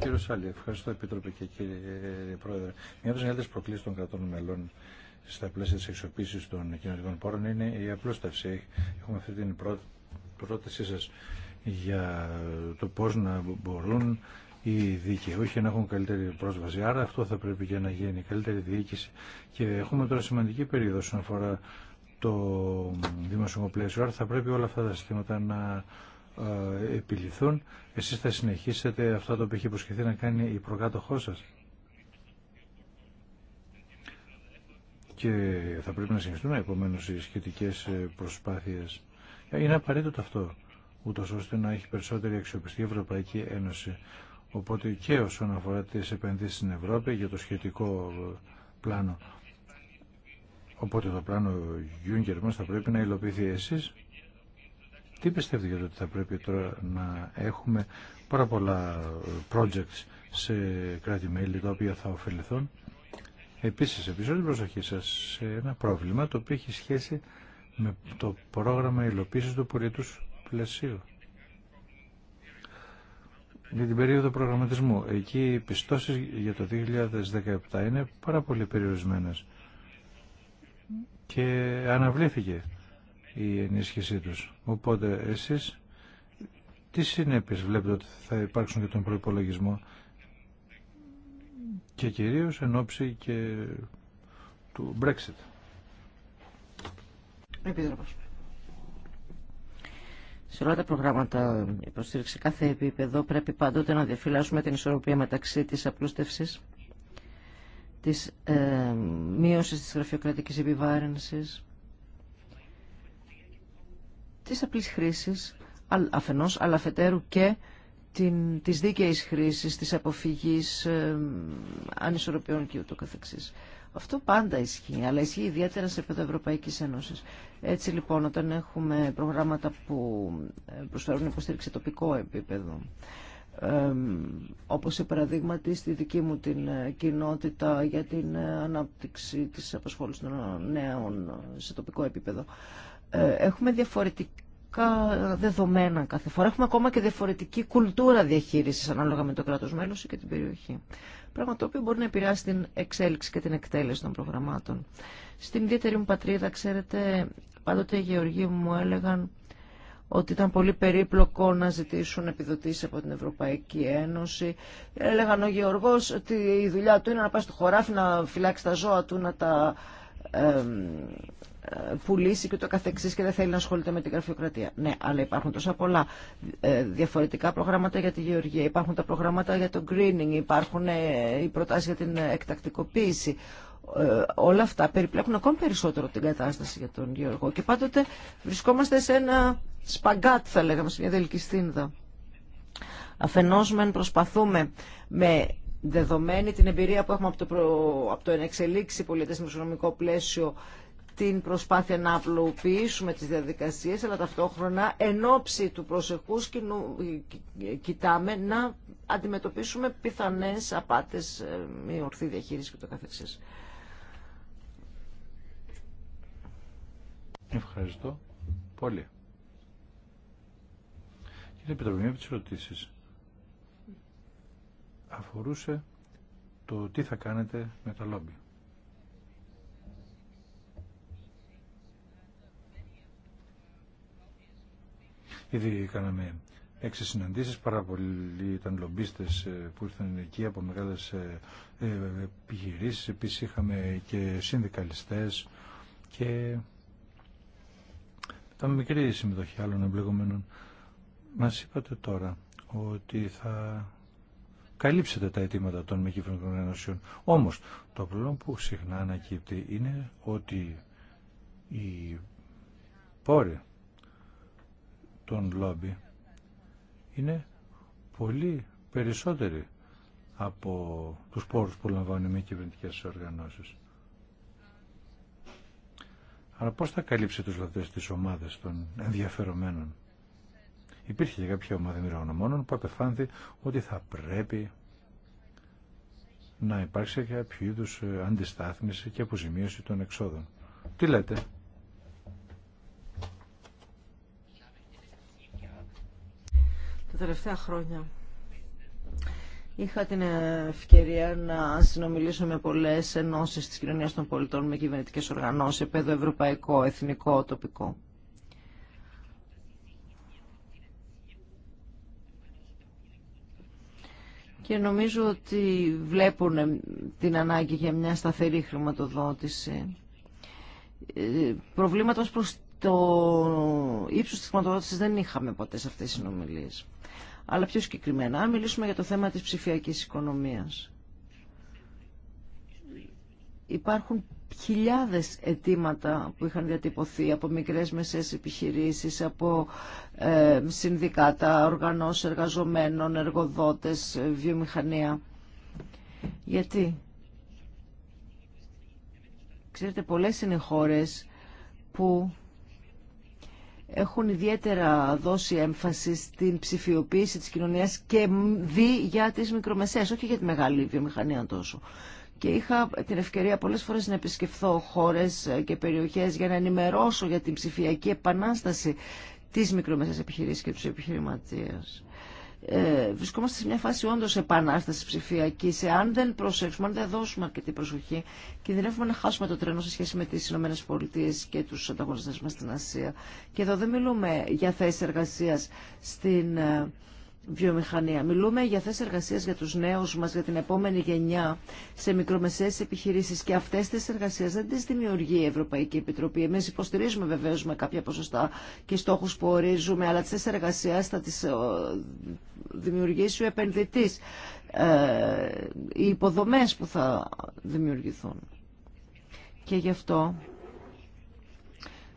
Κύριε Σάλλη, ευχαριστώ Επίτροπε και κύριε Πρόεδρε. Μια από τι μεγαλύτερε προκλήσει των κρατών μελών στα πλαίσια της εξοπλίσης των κοινωνικών πόρων είναι η απλούσταυση. Έχουμε αυτή την πρότασή σας για το πώς να μπορούν οι δικαιούχοι να έχουν καλύτερη πρόσβαση. Άρα αυτό θα πρέπει και να γίνει, καλύτερη διοίκηση. Και έχουμε τώρα σημαντική περίοδο όσον αφορά το δημοσιογραφικό πλαίσιο. Άρα θα πρέπει όλα αυτά τα συστήματα να ε, επιληθούν. Εσείς θα συνεχίσετε αυτά το οποίο έχει υποσχεθεί να κάνει η προκάτοχό σας. και θα πρέπει να συνιστούν επομένω οι σχετικέ ε, προσπάθειε. Είναι απαραίτητο αυτό, ούτω ώστε να έχει περισσότερη αξιοπιστία η Ευρωπαϊκή Ένωση. Οπότε και όσον αφορά τι επενδύσει στην Ευρώπη για το σχετικό ε, πλάνο. Οπότε το πλάνο Γιούγκερ μα θα πρέπει να υλοποιηθεί εσείς. Τι πιστεύετε για το ότι θα πρέπει τώρα να έχουμε πάρα πολλά ε, projects σε κράτη-μέλη τα οποία θα ωφεληθούν. Επίσης, επίσης την προσοχή σας σε ένα πρόβλημα το οποίο έχει σχέση με το πρόγραμμα υλοποίησης του πολιτού πλαισίου. Για την περίοδο προγραμματισμού, εκεί οι πιστώσεις για το 2017 είναι πάρα πολύ περιορισμένες και αναβλήθηκε η ενίσχυσή τους. Οπότε εσείς τι συνέπειες βλέπετε ότι θα υπάρξουν για τον προϋπολογισμό και κυρίως εν ώψη και του Brexit. Επίτροπος. Σε όλα τα προγράμματα υποστήριξη κάθε επίπεδο πρέπει πάντοτε να διαφυλάσσουμε την ισορροπία μεταξύ της απλούστευσης, της ε, μείωσης της γραφειοκρατικής επιβάρυνσης, της απλής χρήσης αφενός αλλά αφετέρου και την, της δίκαιης χρήσης, της αποφυγής ε, ανισορροπιών και ούτω καθεξής. Αυτό πάντα ισχύει, αλλά ισχύει ιδιαίτερα σε επίπεδο Ευρωπαϊκής Ένωσης. Έτσι λοιπόν, όταν έχουμε προγράμματα που ε, προσφέρουν υποστήριξη τοπικό επίπεδο, ε, όπως σε παραδείγματι στη δική μου την ε, κοινότητα για την ε, ανάπτυξη της απασχόλησης των νέων σε τοπικό επίπεδο, έχουμε διαφορετικά δεδομένα κάθε φορά. Έχουμε ακόμα και διαφορετική κουλτούρα διαχείρισης ανάλογα με το κράτος μέλος και την περιοχή. Πράγμα το οποίο μπορεί να επηρεάσει την εξέλιξη και την εκτέλεση των προγραμμάτων. Στην ιδιαίτερη μου πατρίδα, ξέρετε, πάντοτε οι γεωργοί μου έλεγαν ότι ήταν πολύ περίπλοκο να ζητήσουν επιδοτήσεις από την Ευρωπαϊκή Ένωση. Έλεγαν ο Γεωργός ότι η δουλειά του είναι να πάει στο χωράφι, να φυλάξει τα ζώα του, να τα πουλήσει και το καθεξής και δεν θέλει να ασχολείται με την γραφειοκρατία. Ναι, αλλά υπάρχουν τόσα πολλά ε, διαφορετικά προγράμματα για τη γεωργία, υπάρχουν τα προγράμματα για το greening, υπάρχουν ε, οι προτάσεις για την εκτακτικοποίηση. Ε, όλα αυτά περιπλέκουν ακόμη περισσότερο την κατάσταση για τον Γεωργό και πάντοτε βρισκόμαστε σε ένα σπαγκάτ θα λέγαμε, σε μια δελκυστίνδα. Αφενός μεν προσπαθούμε με δεδομένη την εμπειρία που έχουμε από το, προ... από το πολιτισμικό πλαίσιο την προσπάθεια να απλοποιήσουμε τις διαδικασίες, αλλά ταυτόχρονα εν ώψη του προσεχούς ε, κοιτάμε να αντιμετωπίσουμε πιθανές απάτες ε, με ορθή διαχείριση και το καθεξής. Ευχαριστώ πολύ. Κύριε Επιτροπή, μία από τις ερωτήσεις αφορούσε το τι θα κάνετε με τα λόμπι. Ήδη κάναμε έξι συναντήσεις, πάρα πολλοί ήταν λομπίστες ε, που ήρθαν εκεί από μεγάλες ε, ε, επιχειρήσεις. Επίσης είχαμε και συνδικαλιστές και τα μικρή συμμετοχή άλλων εμπλεγωμένων. Μας είπατε τώρα ότι θα καλύψετε τα αιτήματα των μη κυβερνητικών Όμως, το πρόβλημα που συχνά ανακύπτει είναι ότι οι πόροι των λόμπι είναι πολύ περισσότεροι από τους πόρους που λαμβάνουν οι μη κυβερνητικέ οργανώσεις. Αλλά πώς θα καλύψει τους λατές τις ομάδες των ενδιαφερομένων. Υπήρχε και κάποια ομάδα μοιραγωνομόνων που απεφάνθη ότι θα πρέπει να υπάρξει κάποιο είδου ε, αντιστάθμιση και αποζημίωση των εξόδων. Τι λέτε. τελευταία χρόνια είχα την ευκαιρία να συνομιλήσω με πολλές ενώσεις της κοινωνίας των πολιτών, με κυβερνητικές οργανώσεις, επέδο ευρωπαϊκό, εθνικό, τοπικό. Και νομίζω ότι βλέπουν την ανάγκη για μια σταθερή χρηματοδότηση ε, προβλήματα ως προς το ύψο τη χρηματοδότησης δεν είχαμε ποτέ σε αυτές τις συνομιλίες. Αλλά πιο συγκεκριμένα, αν μιλήσουμε για το θέμα της ψηφιακή οικονομίας, υπάρχουν χιλιάδες αιτήματα που είχαν διατυπωθεί από μικρές μεσές επιχειρήσεις, από ε, συνδικάτα, οργανώσεις εργαζομένων, εργοδότες, ε, βιομηχανία. Γιατί, ξέρετε, πολλές είναι χώρες που έχουν ιδιαίτερα δώσει έμφαση στην ψηφιοποίηση της κοινωνίας και δι για τις μικρομεσαίες, όχι για τη μεγάλη βιομηχανία τόσο. Και είχα την ευκαιρία πολλές φορές να επισκεφθώ χώρες ε, και περιοχές για να ενημερώσω για την ψηφιακή επανάσταση της μικρομεσαίας επιχειρήσης και τους επιχειρηματίες ε, βρισκόμαστε σε μια φάση όντω επανάσταση ψηφιακή. αν δεν προσέξουμε, αν δεν δώσουμε αρκετή προσοχή, κινδυνεύουμε να χάσουμε το τρένο σε σχέση με τι ΗΠΑ και του ανταγωνιστέ μα στην Ασία. Και εδώ δεν μιλούμε για θέσει εργασία στην ε, βιομηχανία. Μιλούμε για θέσει εργασία για του νέου μα, για την επόμενη γενιά σε μικρομεσαίε επιχειρήσει και αυτέ τι εργασίε δεν τι δημιουργεί η Ευρωπαϊκή Επιτροπή. Εμεί υποστηρίζουμε βεβαίω με κάποια ποσοστά και στόχου που ορίζουμε, αλλά τι θέσει εργασία θα τι ε, δημιουργήσει ο επενδυτή. Ε, οι υποδομέ που θα δημιουργηθούν. Και γι' αυτό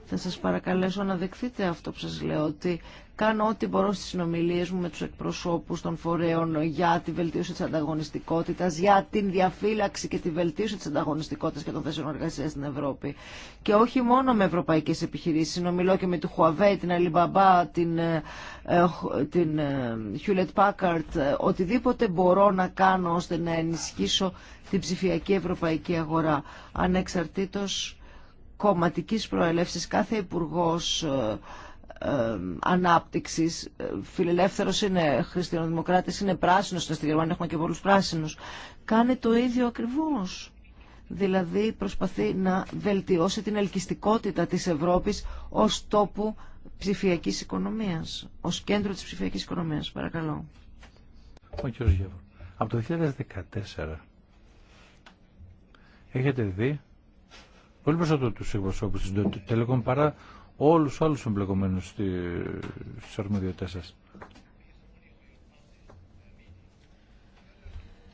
θα σας παρακαλέσω να δεχτείτε αυτό που σας λέω ότι κάνω ό,τι μπορώ στις συνομιλίες μου με τους εκπροσώπους των φορέων για τη βελτίωση της ανταγωνιστικότητας, για την διαφύλαξη και τη βελτίωση της ανταγωνιστικότητας και των θέσεων εργασίας στην Ευρώπη. Και όχι μόνο με ευρωπαϊκές επιχειρήσεις, συνομιλώ και με τη Huawei, την Alibaba, την, ε, ε, την ε, Hewlett Packard, οτιδήποτε μπορώ να κάνω ώστε να ενισχύσω την ψηφιακή ευρωπαϊκή αγορά, ανεξαρτήτως κομματικής προελευση κάθε υπουργό. Ε, Ανάπτυξη. Ε, φιλελεύθερος είναι χριστιανοδημοκράτη, είναι πράσινος, στη Γερμανία έχουμε και πολλού πράσινους. Κάνει το ίδιο ακριβώς. Δηλαδή προσπαθεί να βελτιώσει την ελκυστικότητα της Ευρώπης ως τόπου ψηφιακής οικονομίας, ως κέντρο της ψηφιακής οικονομίας. Παρακαλώ. Ο κ. Γεύρο, από το 2014 έχετε δει πολύ περισσότερο τους εκπροσώπους της παρά όλους τους άλλους εμπλεκομένους στις αρμοδιότητες σας.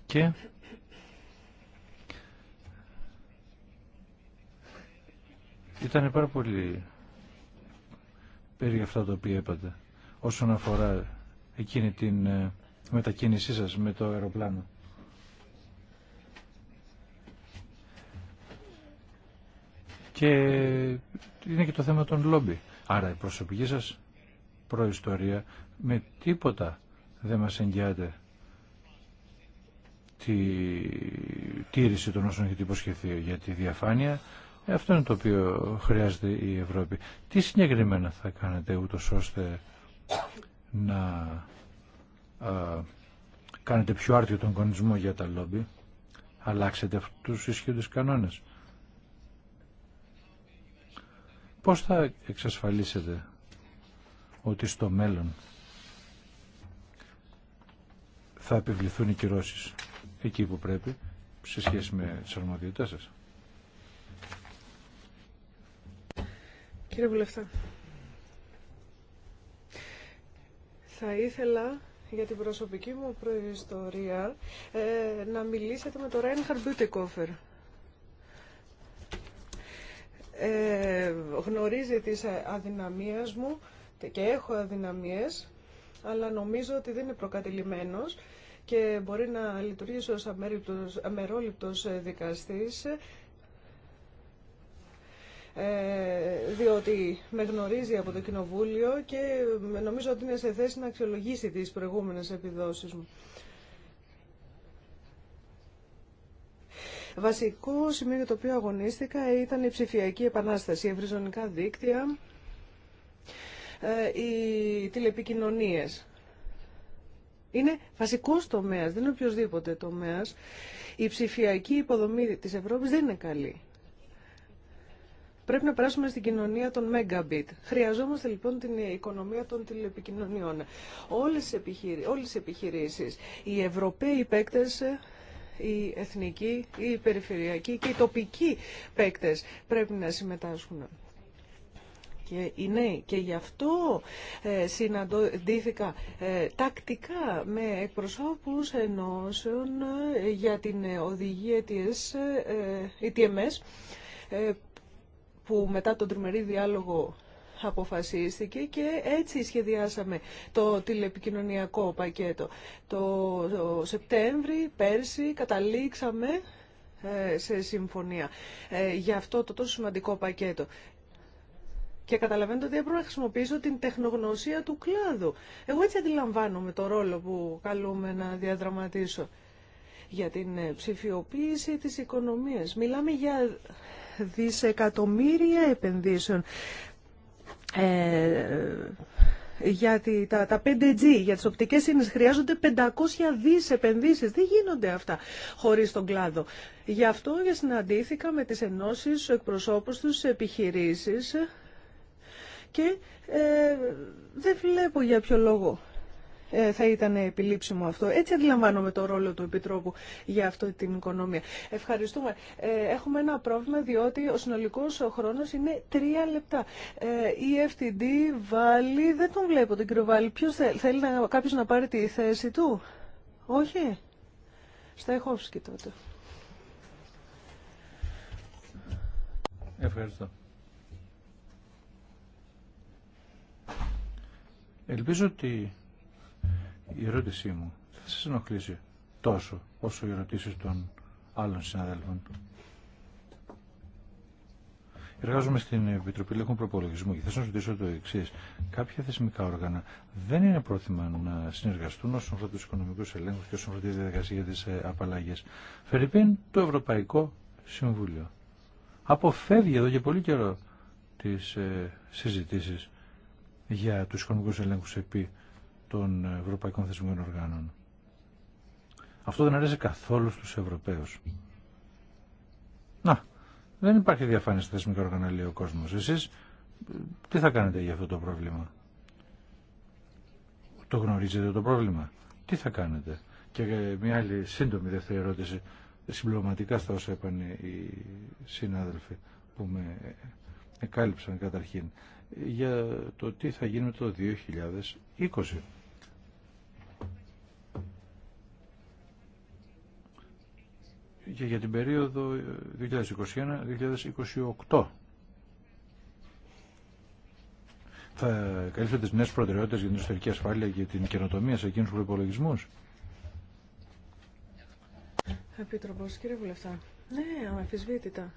Και ήταν πάρα πολύ περί αυτά τα οποία είπατε όσον αφορά εκείνη την ε, μετακίνησή σας με το αεροπλάνο. Και είναι και το θέμα των λόμπι. Άρα η προσωπική σας προϊστορία με τίποτα δεν μας εγγυάται τη τήρηση των όσων έχετε υποσχεθεί για τη διαφάνεια. Αυτό είναι το οποίο χρειάζεται η Ευρώπη. Τι συγκεκριμένα θα κάνετε ούτως ώστε να κάνετε πιο άρτιο τον κονισμό για τα λόμπι, αλλάξετε αυτούς τους ισχύοντες κανόνες. Πώς θα εξασφαλίσετε ότι στο μέλλον θα επιβληθούν οι κυρώσεις εκεί που πρέπει σε σχέση με τις αρμοδιότητές σας. Κύριε Βουλευτά, θα ήθελα για την προσωπική μου προϊστορία ε, να μιλήσετε με τον Ρέινχαρντ Μπιούτεκόφερ. Ε, γνωρίζει τις αδυναμίες μου και έχω αδυναμίες, αλλά νομίζω ότι δεν είναι προκατηλημένος και μπορεί να λειτουργήσει ως αμερόληπτος δικαστής ε, διότι με γνωρίζει από το Κοινοβούλιο και νομίζω ότι είναι σε θέση να αξιολογήσει τις προηγούμενες επιδόσεις μου. Βασικό σημείο για το οποίο αγωνίστηκα ήταν η ψηφιακή επανάσταση, η ευρυζωνικά δίκτυα, ε, οι τηλεπικοινωνίες. Είναι βασικός τομέας, δεν είναι οποιοδήποτε τομέας. Η ψηφιακή υποδομή της Ευρώπης δεν είναι καλή. Πρέπει να περάσουμε στην κοινωνία των Megabit. Χρειαζόμαστε λοιπόν την οικονομία των τηλεπικοινωνιών. Όλες όλες τις επιχειρήσεις, οι Ευρωπαίοι παίκτες ε, οι εθνικοί, οι περιφερειακοί και οι τοπικοί παίκτες πρέπει να συμμετάσχουν και οι Και γι' αυτό ε, συναντήθηκα ε, τακτικά με εκπροσώπους ενώσεων ε, για την ε, οδηγία ETS, ETMS που μετά τον τριμερή διάλογο αποφασίστηκε και έτσι σχεδιάσαμε το τηλεπικοινωνιακό πακέτο. Το Σεπτέμβρη, πέρσι, καταλήξαμε ε, σε συμφωνία ε, για αυτό το τόσο σημαντικό πακέτο. Και καταλαβαίνετε ότι έπρεπε να χρησιμοποιήσω την τεχνογνωσία του κλάδου. Εγώ έτσι αντιλαμβάνομαι το ρόλο που καλούμε να διαδραματίσω. Για την ε, ψηφιοποίηση της οικονομίας. Μιλάμε για δισεκατομμύρια επενδύσεων ε, για τα, τα 5G, για τις οπτικές σύνδεσεις χρειάζονται 500 δις επενδύσεις. Δεν γίνονται αυτά χωρίς τον κλάδο. Γι' αυτό για συναντήθηκα με τις ενώσεις εκπροσώπους τους επιχειρήσεις και ε, δεν βλέπω για ποιο λόγο ε, θα ήταν επιλήψιμο αυτό. Έτσι αντιλαμβάνομαι το ρόλο του Επιτρόπου για αυτή την οικονομία. Ευχαριστούμε. Ε, έχουμε ένα πρόβλημα διότι ο συνολικός χρόνος είναι τρία λεπτά. Ε, η FTD βάλει... δεν τον βλέπω τον κύριο Βάλη. Ποιος θέλει, να, κάποιος να πάρει τη θέση του. Όχι. Σταϊχόφσκι τότε. Ευχαριστώ. Ελπίζω ότι η ερώτησή μου θα σας ενοχλήσει τόσο όσο οι ερωτήσει των άλλων συναδέλφων. Εργάζομαι στην Επιτροπή Λέχων Προπολογισμού και θα σα ρωτήσω το εξή. Κάποια θεσμικά όργανα δεν είναι πρόθυμα να συνεργαστούν όσον αφορά του οικονομικού ελέγχου και όσον αφορά τη διαδικασία για τι ε, απαλλαγέ. Φερρυπίν, το Ευρωπαϊκό Συμβούλιο. Αποφεύγει εδώ και πολύ καιρό τι ε, συζητήσει για του οικονομικού ελέγχου επί των Ευρωπαϊκών Θεσμικών Οργάνων. Αυτό δεν αρέσει καθόλου στους Ευρωπαίους. Να, δεν υπάρχει διαφάνεια στα θεσμικά οργάνα, λέει ο κόσμος. Εσείς τι θα κάνετε για αυτό το πρόβλημα. Το γνωρίζετε το πρόβλημα. Τι θα κάνετε. Και ε, μια άλλη σύντομη δεύτερη ερώτηση, συμπληρωματικά στα όσα είπαν οι συνάδελφοι που με ε, εκάλυψαν καταρχήν, για το τι θα γίνει το 2020. και για την περίοδο 2021-2028. Ε, Θα καλύψετε τις νέες προτεραιότητες για την ιστορική ασφάλεια και την καινοτομία σε εκείνους τους κύριε Βουλευτά. Ναι, αμφισβήτητα.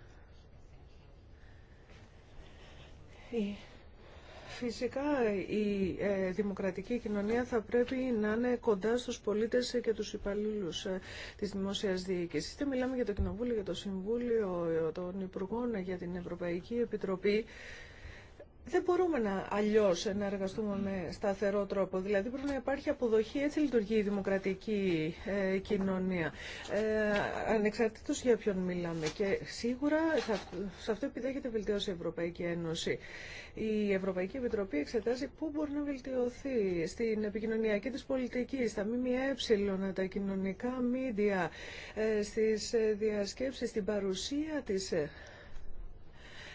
Φυσικά η ε, δημοκρατική κοινωνία θα πρέπει να είναι κοντά στους πολίτες και τους υπαλλήλους ε, της δημόσιας διοίκησης. Είτε μιλάμε για το Κοινοβούλιο, για το Συμβούλιο ε, των Υπουργών, για την Ευρωπαϊκή Επιτροπή δεν μπορούμε να αλλιώς να εργαστούμε με σταθερό τρόπο. Δηλαδή πρέπει να υπάρχει αποδοχή, έτσι λειτουργεί η δημοκρατική ε, κοινωνία. Ε, ανεξαρτήτως για ποιον μιλάμε. Και σίγουρα σε αυτό, επιδέχεται βελτιώσει η Ευρωπαϊκή Ένωση. Η Ευρωπαϊκή Επιτροπή εξετάζει πού μπορεί να βελτιωθεί στην επικοινωνιακή της πολιτική, στα ΜΜΕ, τα κοινωνικά μίντια, ε, στις ε, διασκέψεις, στην παρουσία της ε,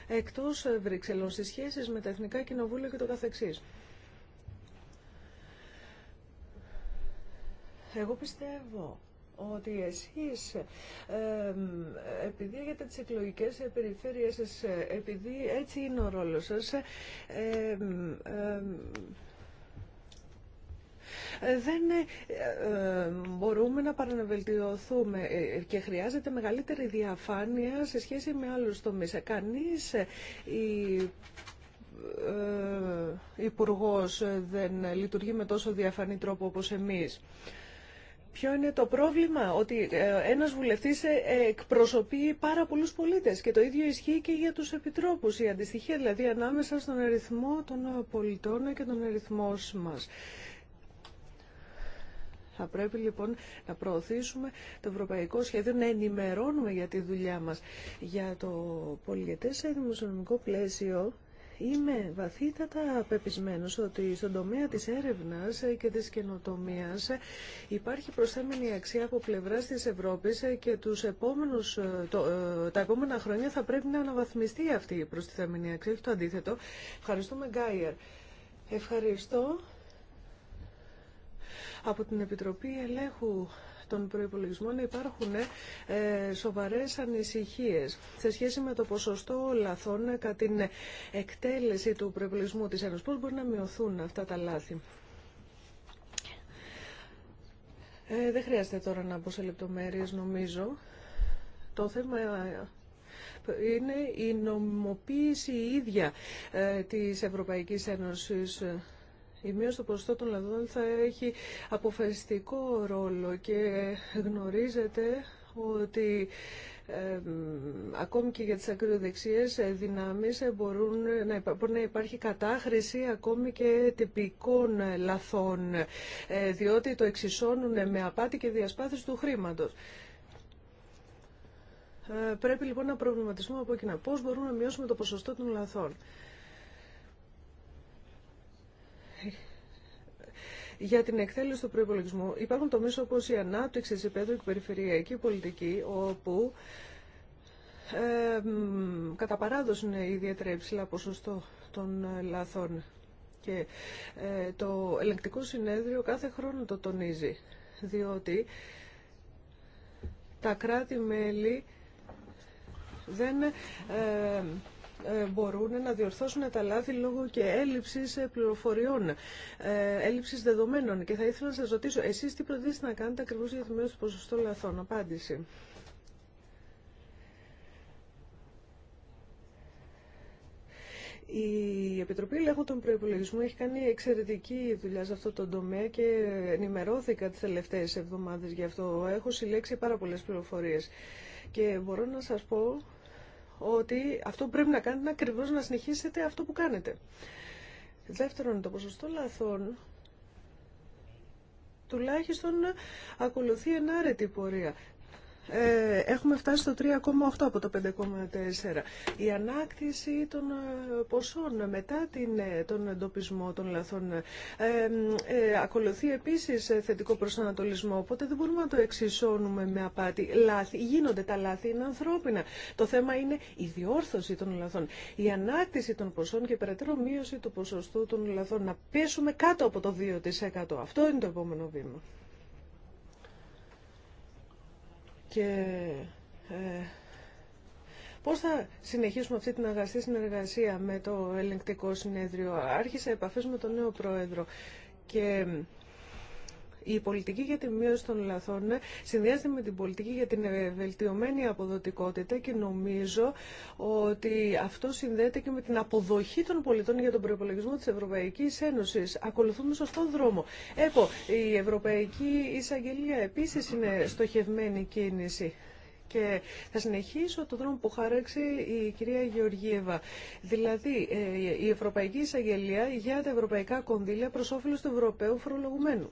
εκτός Βρυξελών στις σχέσεις με τα Εθνικά Κοινοβούλια και το καθεξής. Εγώ πιστεύω ότι εσείς, επειδή έχετε τις εκλογικές περιφέρειες σας, επειδή έτσι είναι ο ρόλος σας, ε, δεν ε, ε, μπορούμε να παραναβελτιωθούμε και χρειάζεται μεγαλύτερη διαφάνεια σε σχέση με άλλους τομείς. Κανείς η υπουργό δεν λειτουργεί με τόσο διαφανή τρόπο όπως εμείς. Ποιο είναι το πρόβλημα, ότι ένας βουλευτής εκπροσωπεί πάρα πολλούς πολίτες και το ίδιο ισχύει και για τους επιτρόπους, η αντιστοιχία δηλαδή ανάμεσα στον αριθμό των πολιτών και τον αριθμό μας. Θα πρέπει λοιπόν να προωθήσουμε το ευρωπαϊκό σχέδιο, να ενημερώνουμε για τη δουλειά μας. Για το σε δημοσιονομικό πλαίσιο Είμαι βαθύτατα απεπισμένος ότι στον τομέα της έρευνας και της καινοτομίας υπάρχει προσθέμενη αξία από πλευράς της Ευρώπης και τους επόμενους, ε, το, ε, τα επόμενα χρόνια θα πρέπει να αναβαθμιστεί αυτή η προσθεμένη αξία, το αντίθετο. Ευχαριστούμε Γκάιερ. Ευχαριστώ. Από την Επιτροπή Ελέγχου των Προϋπολογισμών υπάρχουν ε, σοβαρές ανησυχίες σε σχέση με το ποσοστό λαθών κατά την εκτέλεση του προϋπολογισμού της Ένωσης. Πώς μπορεί να μειωθούν αυτά τα λάθη. Ε, δεν χρειάζεται τώρα να πω σε λεπτομέρειες νομίζω. Το θέμα ε, είναι η νομοποίηση ίδια ε, της Ευρωπαϊκής Ένωσης ε, η μείωση του ποσοστό των λαδών θα έχει αποφασιστικό ρόλο και γνωρίζετε ότι ακόμη και για τις ακροδεξιές δυνάμεις μπορούν να, μπορεί να υπάρχει κατάχρηση ακόμη και τυπικών λαθών, ε, διότι το εξισώνουν με απάτη και διασπάθηση του χρήματος. Ε, πρέπει λοιπόν να προβληματιστούμε από κοινά πώς μπορούμε να μειώσουμε το ποσοστό των λαθών. Για την εκτέλεση του προπολογισμού υπάρχουν τομεί όπω η ανάπτυξη τη υπέδρου και η περιφερειακή πολιτική, όπου ε, κατά παράδοση είναι ιδιαίτερα υψηλά ποσοστό των λαθών. Και ε, το ελεγκτικό συνέδριο κάθε χρόνο το τονίζει, διότι τα κράτη-μέλη δεν ε, ε, μπορούν να διορθώσουν τα λάθη λόγω και έλλειψης ε, πληροφοριών, ε, έλλειψης δεδομένων. Και θα ήθελα να σα ρωτήσω, εσείς τι προτείνετε να κάνετε ακριβώς για τη μείωση του ποσοστού λαθών. Απάντηση. Η Επιτροπή Ελέγχου των Προπολογισμών έχει κάνει εξαιρετική δουλειά σε αυτό το τομέα και ενημερώθηκα τις τελευταίες εβδομάδες γι' αυτό. Έχω συλλέξει πάρα πολλέ πληροφορίες και μπορώ να σας πω ότι αυτό που πρέπει να κάνετε είναι ακριβώ να συνεχίσετε αυτό που κάνετε. Δεύτερον, το ποσοστό λαθών τουλάχιστον ακολουθεί ενάρετη πορεία. Ε, έχουμε φτάσει στο 3,8 από το 5,4. Η ανάκτηση των ε, ποσών μετά την, ε, τον εντοπισμό των λαθών ε, ακολουθεί επίσης θετικό προσανατολισμό, οπότε δεν μπορούμε να το εξισώνουμε με απάτη. Λάθη, γίνονται τα λάθη, είναι ανθρώπινα. Το θέμα είναι η διόρθωση των λαθών, η ανάκτηση των ποσών και η περαιτέρω μείωση του ποσοστού των λαθών. Να πέσουμε κάτω από το 2%. Αυτό είναι το επόμενο βήμα. Και ε, πώς θα συνεχίσουμε αυτή την αγαστή συνεργασία με το ελεγκτικό συνέδριο. Άρχισε επαφές με τον νέο πρόεδρο και η πολιτική για τη μείωση των λαθών ναι, συνδυάζεται με την πολιτική για την βελτιωμένη αποδοτικότητα και νομίζω ότι αυτό συνδέεται και με την αποδοχή των πολιτών για τον προπολογισμό τη Ευρωπαϊκή Ένωση. Ακολουθούμε σωστό δρόμο. ΕΠΟ, η Ευρωπαϊκή Εισαγγελία επίση είναι στοχευμένη κίνηση και θα συνεχίσω τον δρόμο που χάραξε η κυρία Γεωργίευα. Δηλαδή, ε, η Ευρωπαϊκή Εισαγγελία για τα ευρωπαϊκά κονδύλια προ όφελο του Ευρωπαίου φορολογουμένου.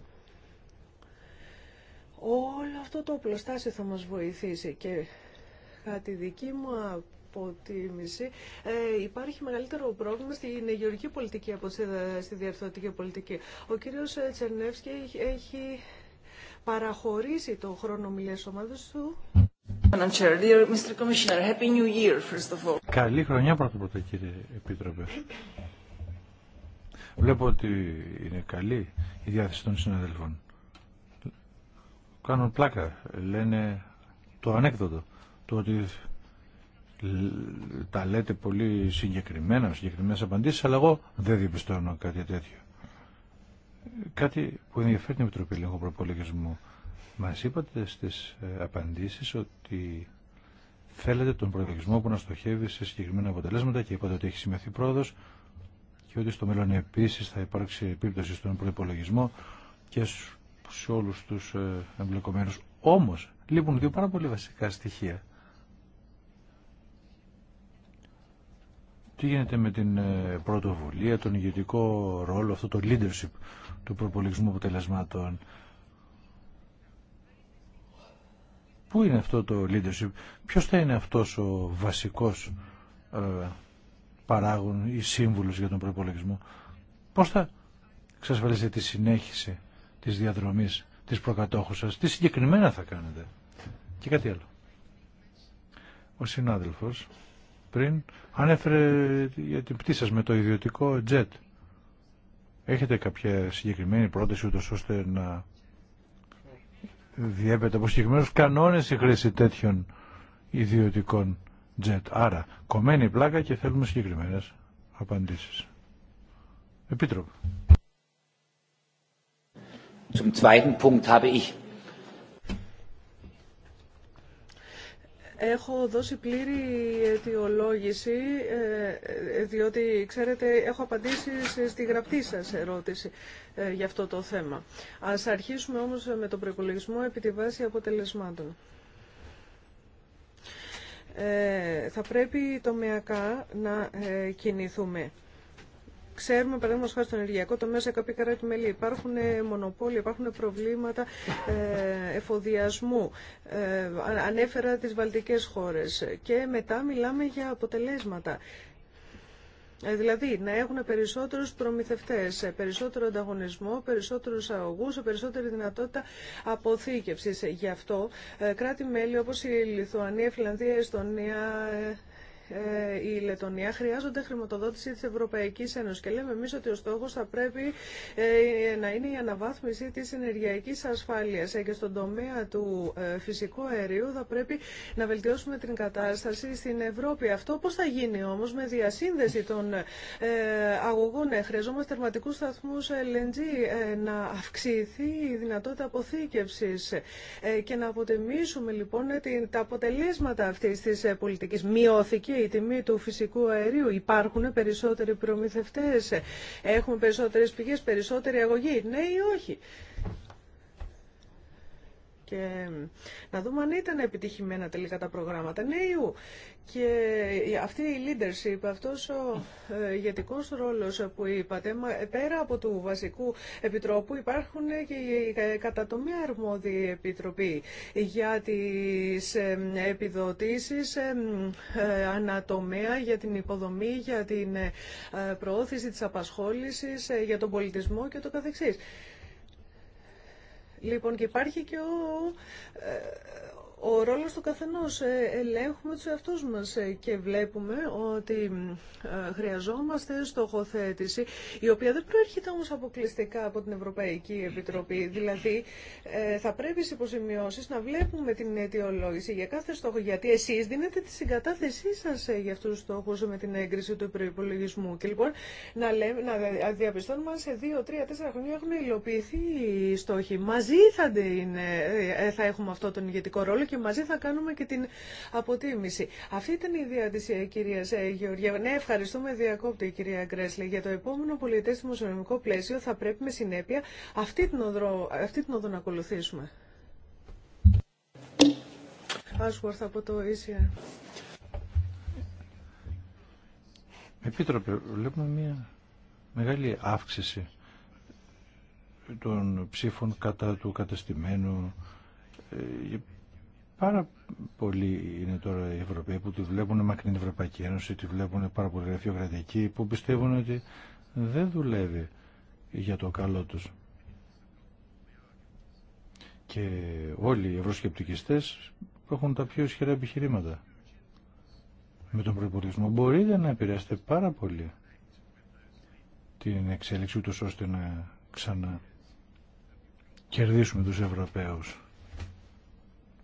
Όλο αυτό το οπλοστάσιο θα μας βοηθήσει και κατά τη δική μου αποτίμηση ε, υπάρχει μεγαλύτερο πρόβλημα στην γεωργική πολιτική από στη διαρθρωτική πολιτική. Ο κύριος ε, Τσερνεύσκη έχει παραχωρήσει το χρόνο μιλές ομάδος του. Καλή χρονιά πρώτα πρώτα κύριε Επίτροπε. Βλέπω ότι είναι καλή η διάθεση των συναδελφών κάνουν πλάκα. Λένε το ανέκδοτο. Το ότι τα λέτε πολύ συγκεκριμένα, συγκεκριμένε απαντήσεις, αλλά εγώ δεν διαπιστώνω κάτι τέτοιο. Κάτι που ενδιαφέρει την Επιτροπή Προπολογισμού. Μας είπατε στις ε, απαντήσεις ότι θέλετε τον προπολογισμό που να στοχεύει σε συγκεκριμένα αποτελέσματα και είπατε ότι έχει σημειωθεί πρόοδο και ότι στο μέλλον επίσης θα υπάρξει επίπτωση στον προπολογισμό και σε όλους τους ε, εμπλεκομένους. Όμως, λείπουν δύο πάρα πολύ βασικά στοιχεία. Τι γίνεται με την ε, πρωτοβουλία, τον ηγετικό ρόλο, αυτό το leadership του προπολογισμού αποτελεσμάτων. Πού είναι αυτό το leadership, ποιος θα είναι αυτός ο βασικός ε, παράγων ή σύμβουλος για τον προπολογισμό. Πώς θα εξασφαλίζεται τη συνέχιση της διαδρομής της προκατόχου σας. Τι συγκεκριμένα θα κάνετε. Και κάτι άλλο. Ο συνάδελφος πριν ανέφερε για την πτή σας με το ιδιωτικό jet. Έχετε κάποια συγκεκριμένη πρόταση ούτως ώστε να διέπεται από συγκεκριμένους κανόνες η χρήση τέτοιων ιδιωτικών jet. Άρα, κομμένη πλάκα και θέλουμε συγκεκριμένες απαντήσεις. Επίτροπο. Zum zweiten Punkt habe ich Έχω δώσει πλήρη αιτιολόγηση, ε, διότι, ξέρετε, έχω απαντήσει στη γραπτή σας ερώτηση ε, για αυτό το θέμα. Ας αρχίσουμε όμως με τον προπολογισμό επί τη βάση αποτελεσμάτων. Ε, θα πρέπει τομεακά να κινηθούμε. Ξέρουμε, παραδείγματο χάρη στον ενεργειακό τομέα, σε κάποια κράτη-μέλη υπάρχουν ε, μονοπόλια, υπάρχουν προβλήματα ε, εφοδιασμού. Ε, ανέφερα τι βαλτικέ χώρε. Και μετά μιλάμε για αποτελέσματα. Δηλαδή να έχουν περισσότερους προμηθευτές, περισσότερο ανταγωνισμό, περισσότερους αγωγούς, περισσότερη δυνατότητα αποθήκευσης. Γι' αυτό κράτη-μέλη όπως η Λιθουανία, η Φιλανδία, η Εστονία, ε, η Λετωνία χρειάζονται χρηματοδότηση της Ευρωπαϊκής Ένωσης και λέμε εμείς ότι ο στόχος θα πρέπει ε, να είναι η αναβάθμιση της ενεργειακής ασφάλειας ε, και στον τομέα του φυσικού αερίου θα πρέπει να βελτιώσουμε την κατάσταση στην Ευρώπη. Αυτό πώς θα γίνει όμως με διασύνδεση των αγωγών. Χρειαζόμαστε τερματικούς σταθμούς LNG να αυξηθεί η δυνατότητα αποθήκευσης και να αποτεμήσουμε λοιπόν τα αποτελέσματα αυτής της πολιτικής μειώθηκε η τιμή του φυσικού αερίου. Υπάρχουν περισσότεροι προμηθευτές, έχουμε περισσότερες πηγές, περισσότερη αγωγή. Ναι ή όχι και να δούμε αν ήταν επιτυχημένα τελικά τα προγράμματα νέου. Ναι, και αυτή η leadership, αυτός ο ε, ηγετικό ρόλος που είπατε, πέρα από του βασικού επιτρόπου υπάρχουν και οι ε, κατατομία αρμόδιοι επιτροποί για τις ε, επιδοτήσεις ανατομέα, για την υποδομή, για την προώθηση της απασχόλησης, για τον πολιτισμό και το καθεξής. Λοιπόν, και υπάρχει και ο, ε, ο ρόλος του καθενός. Ε, ελέγχουμε τους εαυτούς μας ε, και βλέπουμε ότι ε, χρειαζόμαστε στοχοθέτηση, η οποία δεν προέρχεται όμως αποκλειστικά από την Ευρωπαϊκή Επιτροπή. Δηλαδή, θα πρέπει στις υποσημειώσεις να βλέπουμε την αιτιολόγηση για κάθε στόχο, γιατί εσείς δίνετε τη συγκατάθεσή σας για αυτούς τους στόχους με την έγκριση του προπολογισμού. Και λοιπόν, να, λέμε, να διαπιστώνουμε αν σε δύο, τρία, τέσσερα χρόνια έχουν υλοποιηθεί οι στόχοι. Μαζί θα, θα έχουμε αυτό τον ηγετικό ρόλο και μαζί θα κάνουμε και την αποτίμηση. Αυτή ήταν η ιδέα τη ε, κυρία ε, Γεωργία. Ναι, ευχαριστούμε διακόπτη κυρία Γκρέσλη. Για το επόμενο πολιτές δημοσιονομικό πλαίσιο θα πρέπει με συνέπεια αυτή την οδρο αυτή την οδό να ακολουθήσουμε. Ashworth από το ECR. Επίτροπε, βλέπουμε μια μεγάλη αύξηση των ψήφων κατά του κατεστημένου ε, Πάρα πολλοί είναι τώρα οι Ευρωπαίοι που τη βλέπουν μακρινή την Ευρωπαϊκή Ένωση, τη βλέπουν πάρα πολύ γραφειοκρατική, που πιστεύουν ότι δεν δουλεύει για το καλό τους. Και όλοι οι ευρωσκεπτικιστές έχουν τα πιο ισχυρά επιχειρήματα με τον προπολογισμό. Μπορείτε να επηρεάσετε πάρα πολύ την εξέλιξη ούτως ώστε να ξανακερδίσουμε τους Ευρωπαίους.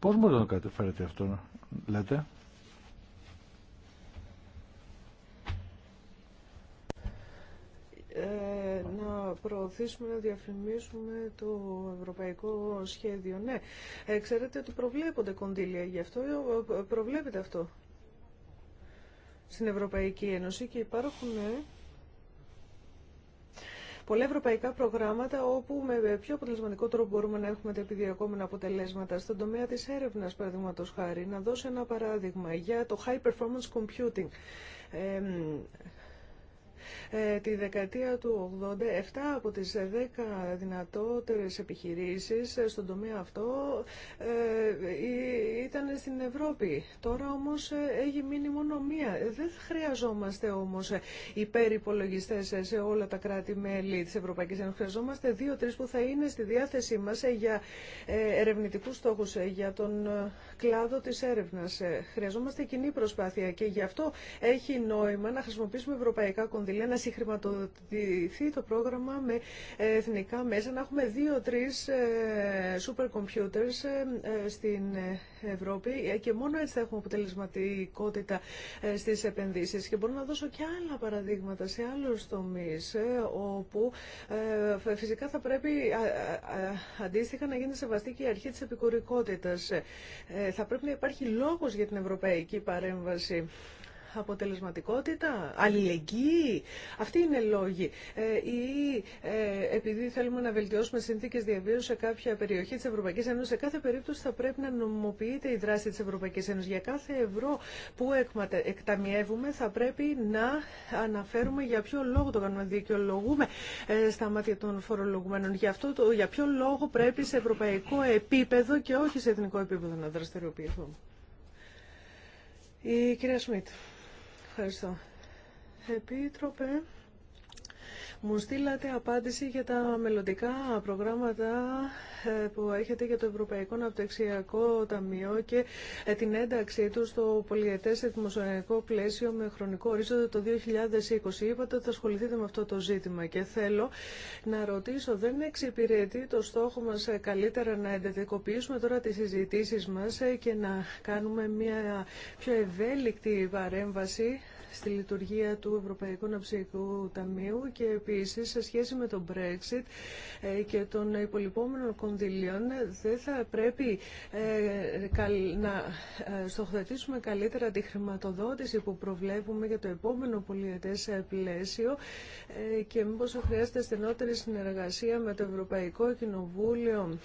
Πώς μπορείτε να το καταφέρετε αυτό, λέτε. Ε, να προωθήσουμε, να διαφημίσουμε το ευρωπαϊκό σχέδιο. Ναι, ε, ξέρετε ότι προβλέπονται κονδύλια γι' αυτό, ε, Προβλέπετε αυτό στην Ευρωπαϊκή Ένωση και υπάρχουν ε, πολλά ευρωπαϊκά προγράμματα όπου με πιο αποτελεσματικό τρόπο μπορούμε να έχουμε τα επιδιακόμενα αποτελέσματα. Στον τομέα της έρευνας, παραδείγματος χάρη, να δώσω ένα παράδειγμα για το High Performance Computing. Ε, τη δεκαετία του 80, από τις 10 δυνατότερες επιχειρήσεις στον τομέα αυτό ε, ήταν στην Ευρώπη. Τώρα όμως ε, έχει μείνει μόνο μία. Δεν χρειαζόμαστε όμως υπερυπολογιστές σε όλα τα κράτη-μέλη της Ευρωπαϊκής Ένωσης. Χρειαζόμαστε δύο-τρεις που θα είναι στη διάθεσή μας για ερευνητικούς στόχους, για τον κλάδο της έρευνας. Χρειαζόμαστε κοινή προσπάθεια και γι' αυτό έχει νόημα να χρησιμοποιήσουμε ευρωπαϊκά κονδύλια να συγχρηματοδοτηθεί το πρόγραμμα με εθνικά μέσα, να έχουμε δύο-τρεις σούπερ ε, ε, στην Ευρώπη ε, και μόνο έτσι θα έχουμε αποτελεσματικότητα στις επενδύσεις. Και μπορώ να δώσω και άλλα παραδείγματα σε άλλους τομείς όπου φυσικά θα πρέπει αντίστοιχα να γίνει σεβαστή και η αρχή της επικουρικότητας. Θα πρέπει να υπάρχει λόγος για την ευρωπαϊκή παρέμβαση αποτελεσματικότητα, αλληλεγγύη. Αυτοί είναι λόγοι. Ε, ή ε, επειδή θέλουμε να βελτιώσουμε Αυτή τη Ευρωπαϊκή Ένωση, σε κάθε περίπτωση θα πρέπει να νομιμοποιείται η δράση τη Ευρωπαϊκή Ένωση. Για κάθε ευρώ που εκταμιεύουμε θα πρέπει να αναφέρουμε για ποιο λόγο το κάνουμε. Δικαιολογούμε ε, στα μάτια των φορολογουμένων. Για, αυτό το, για ποιο λόγο πρέπει σε ευρωπαϊκό επίπεδο και όχι σε εθνικό επίπεδο να δραστηριοποιηθούμε. Η κυρία Σμίτ. Ευχαριστώ. Επίτροπε. Μου στείλατε απάντηση για τα μελλοντικά προγράμματα ε, που έχετε για το Ευρωπαϊκό Ναυτοεξιακό Ταμείο και ε, την ένταξή του στο πολιετές δημοσιονομικό πλαίσιο με χρονικό ορίζοντα το 2020. Είπατε ότι θα ασχοληθείτε με αυτό το ζήτημα και θέλω να ρωτήσω, δεν εξυπηρετεί το στόχο μας ε, καλύτερα να εντατικοποιήσουμε τώρα τις συζητήσεις μας και να κάνουμε μια πιο ευέλικτη παρέμβαση στη λειτουργία του Ευρωπαϊκού Ναυσιακού Ταμείου και επίσης σε σχέση με τον Brexit ε, και των υπολοιπόμενων κονδυλίων δεν θα πρέπει ε, να ε, στοχθετήσουμε καλύτερα τη χρηματοδότηση που προβλέπουμε για το επόμενο πολιετές πλαίσιο και μήπως χρειάζεται στενότερη συνεργασία με το Ευρωπαϊκό Κοινοβούλιο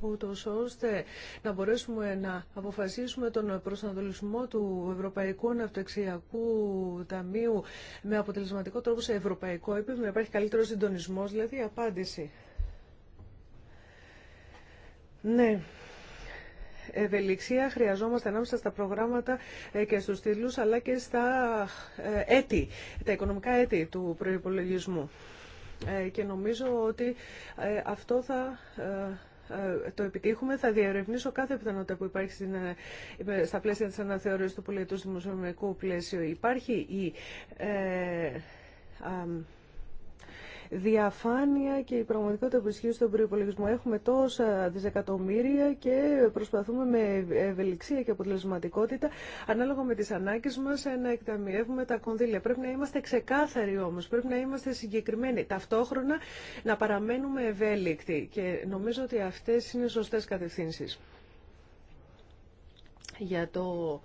ούτως ώστε να μπορέσουμε να αποφασίσουμε τον προσανατολισμό του Ευρωπαϊκού Ναυτοξιακού Ταμείου με αποτελεσματικό τρόπο σε ευρωπαϊκό επίπεδο, να υπάρχει καλύτερο συντονισμό, δηλαδή απάντηση. Ναι. Ευελιξία χρειαζόμαστε ανάμεσα στα προγράμματα ε, και στους τίτλους αλλά και στα ε, έτη, τα οικονομικά έτη του προϋπολογισμού. Ε, και νομίζω ότι αυτό θα ε, το επιτύχουμε, θα διερευνήσω κάθε πιθανότητα που υπάρχει στην, ε, στα πλαίσια της αναθεώρησης του πολιτού δημοσιονομικού πλαίσιο. Υπάρχει η ε, διαφάνεια και η πραγματικότητα που ισχύει στον προπολογισμό. Έχουμε τόσα δισεκατομμύρια και προσπαθούμε με ευελιξία και αποτελεσματικότητα, ανάλογα με τι ανάγκε μα, να εκταμιεύουμε τα κονδύλια. Πρέπει να είμαστε ξεκάθαροι όμω, πρέπει να είμαστε συγκεκριμένοι. Ταυτόχρονα να παραμένουμε ευέλικτοι και νομίζω ότι αυτέ είναι σωστέ κατευθύνσει. Για το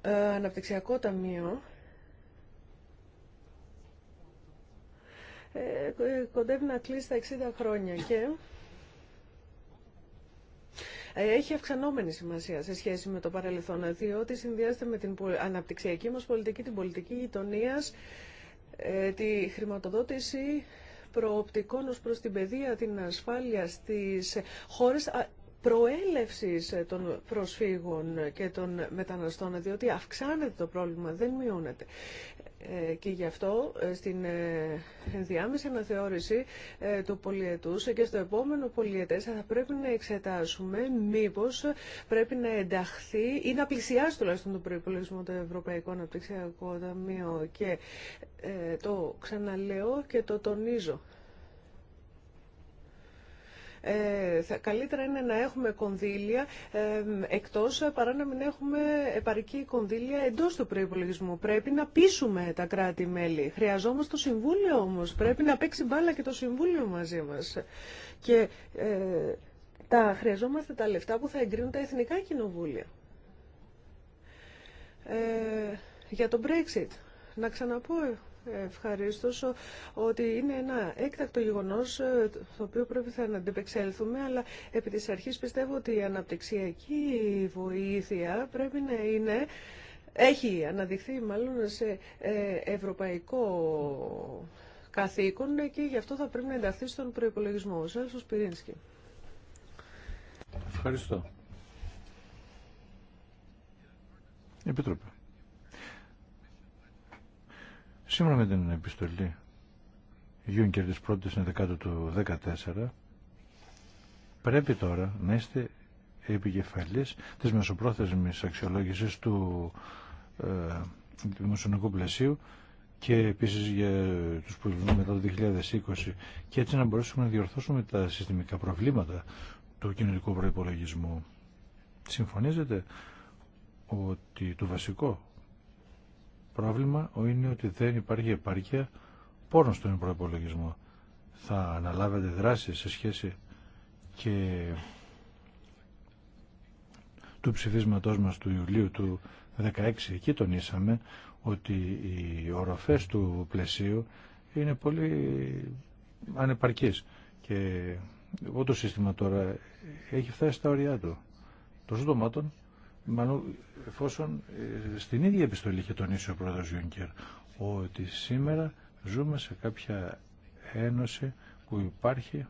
ε, αναπτυξιακό ταμείο, Ε, κοντεύει να κλείσει τα 60 χρόνια και έχει αυξανόμενη σημασία σε σχέση με το παρελθόν, διότι συνδυάζεται με την αναπτυξιακή μας πολιτική, την πολιτική γειτονία, ε, τη χρηματοδότηση προοπτικών ως προς την παιδεία, την ασφάλεια στις χώρες προέλευσης των προσφύγων και των μεταναστών, διότι αυξάνεται το πρόβλημα, δεν μειώνεται. Ε, και γι' αυτό ε, στην ε, διάμεση αναθεώρηση του πολιετούς και στο επόμενο πολιετές θα πρέπει να εξετάσουμε μήπως πρέπει να ενταχθεί ή να πλησιάσει τουλάχιστον τον προϋπολογισμό του Ευρωπαϊκού Αναπτυξιακού Ταμείου και το ξαναλέω και το τονίζω. Ε, θα, καλύτερα είναι να έχουμε κονδύλια ε, εκτός παρά να μην έχουμε επαρκή κονδύλια εντός του προϋπολογισμού. Πρέπει να πείσουμε τα κράτη-μέλη. Χρειαζόμαστε το Συμβούλιο όμως. Πρέπει να παίξει μπάλα και το Συμβούλιο μαζί μας. Και ε, τα χρειαζόμαστε τα λεφτά που θα εγκρίνουν τα εθνικά κοινοβούλια. Ε, για το Brexit. Να ξαναπώ Ευχαριστώ ότι είναι ένα έκτακτο γεγονός ε, το οποίο πρέπει θα να αντιπεξέλθουμε αλλά επί της αρχής πιστεύω ότι η αναπτυξιακή βοήθεια πρέπει να είναι, έχει αναδειχθεί μάλλον σε ε, ευρωπαϊκό καθήκον και γι' αυτό θα πρέπει να ενταχθεί στον προϋπολογισμό. Σέλσος Πυρίνσκι. Ευχαριστώ. Επιτροπή. Σήμερα με την επιστολή Γιούνκερ της πρώτης στην δεκάτω του 2014, πρέπει τώρα να είστε επικεφαλής της μεσοπρόθεσμης αξιολόγησης του ε, δημοσιονομικού πλαισίου και επίσης για τους βγουν μετά το 2020 και έτσι να μπορέσουμε να διορθώσουμε τα συστημικά προβλήματα του κοινωνικού προϋπολογισμού. Συμφωνίζετε ότι το βασικό πρόβλημα είναι ότι δεν υπάρχει επάρκεια πόρων στον προπολογισμό. Θα αναλάβετε δράση σε σχέση και του ψηφίσματός μας του Ιουλίου του 16 εκεί τονίσαμε ότι οι οροφές του πλαισίου είναι πολύ ανεπαρκείς και εγώ το σύστημα τώρα έχει φτάσει στα ωριά του. Το ζωτομάτων μάλλον εφόσον ε, στην ίδια επιστολή είχε τονίσει ο πρόεδρος Γιούνκερ ότι σήμερα ζούμε σε κάποια ένωση που υπάρχει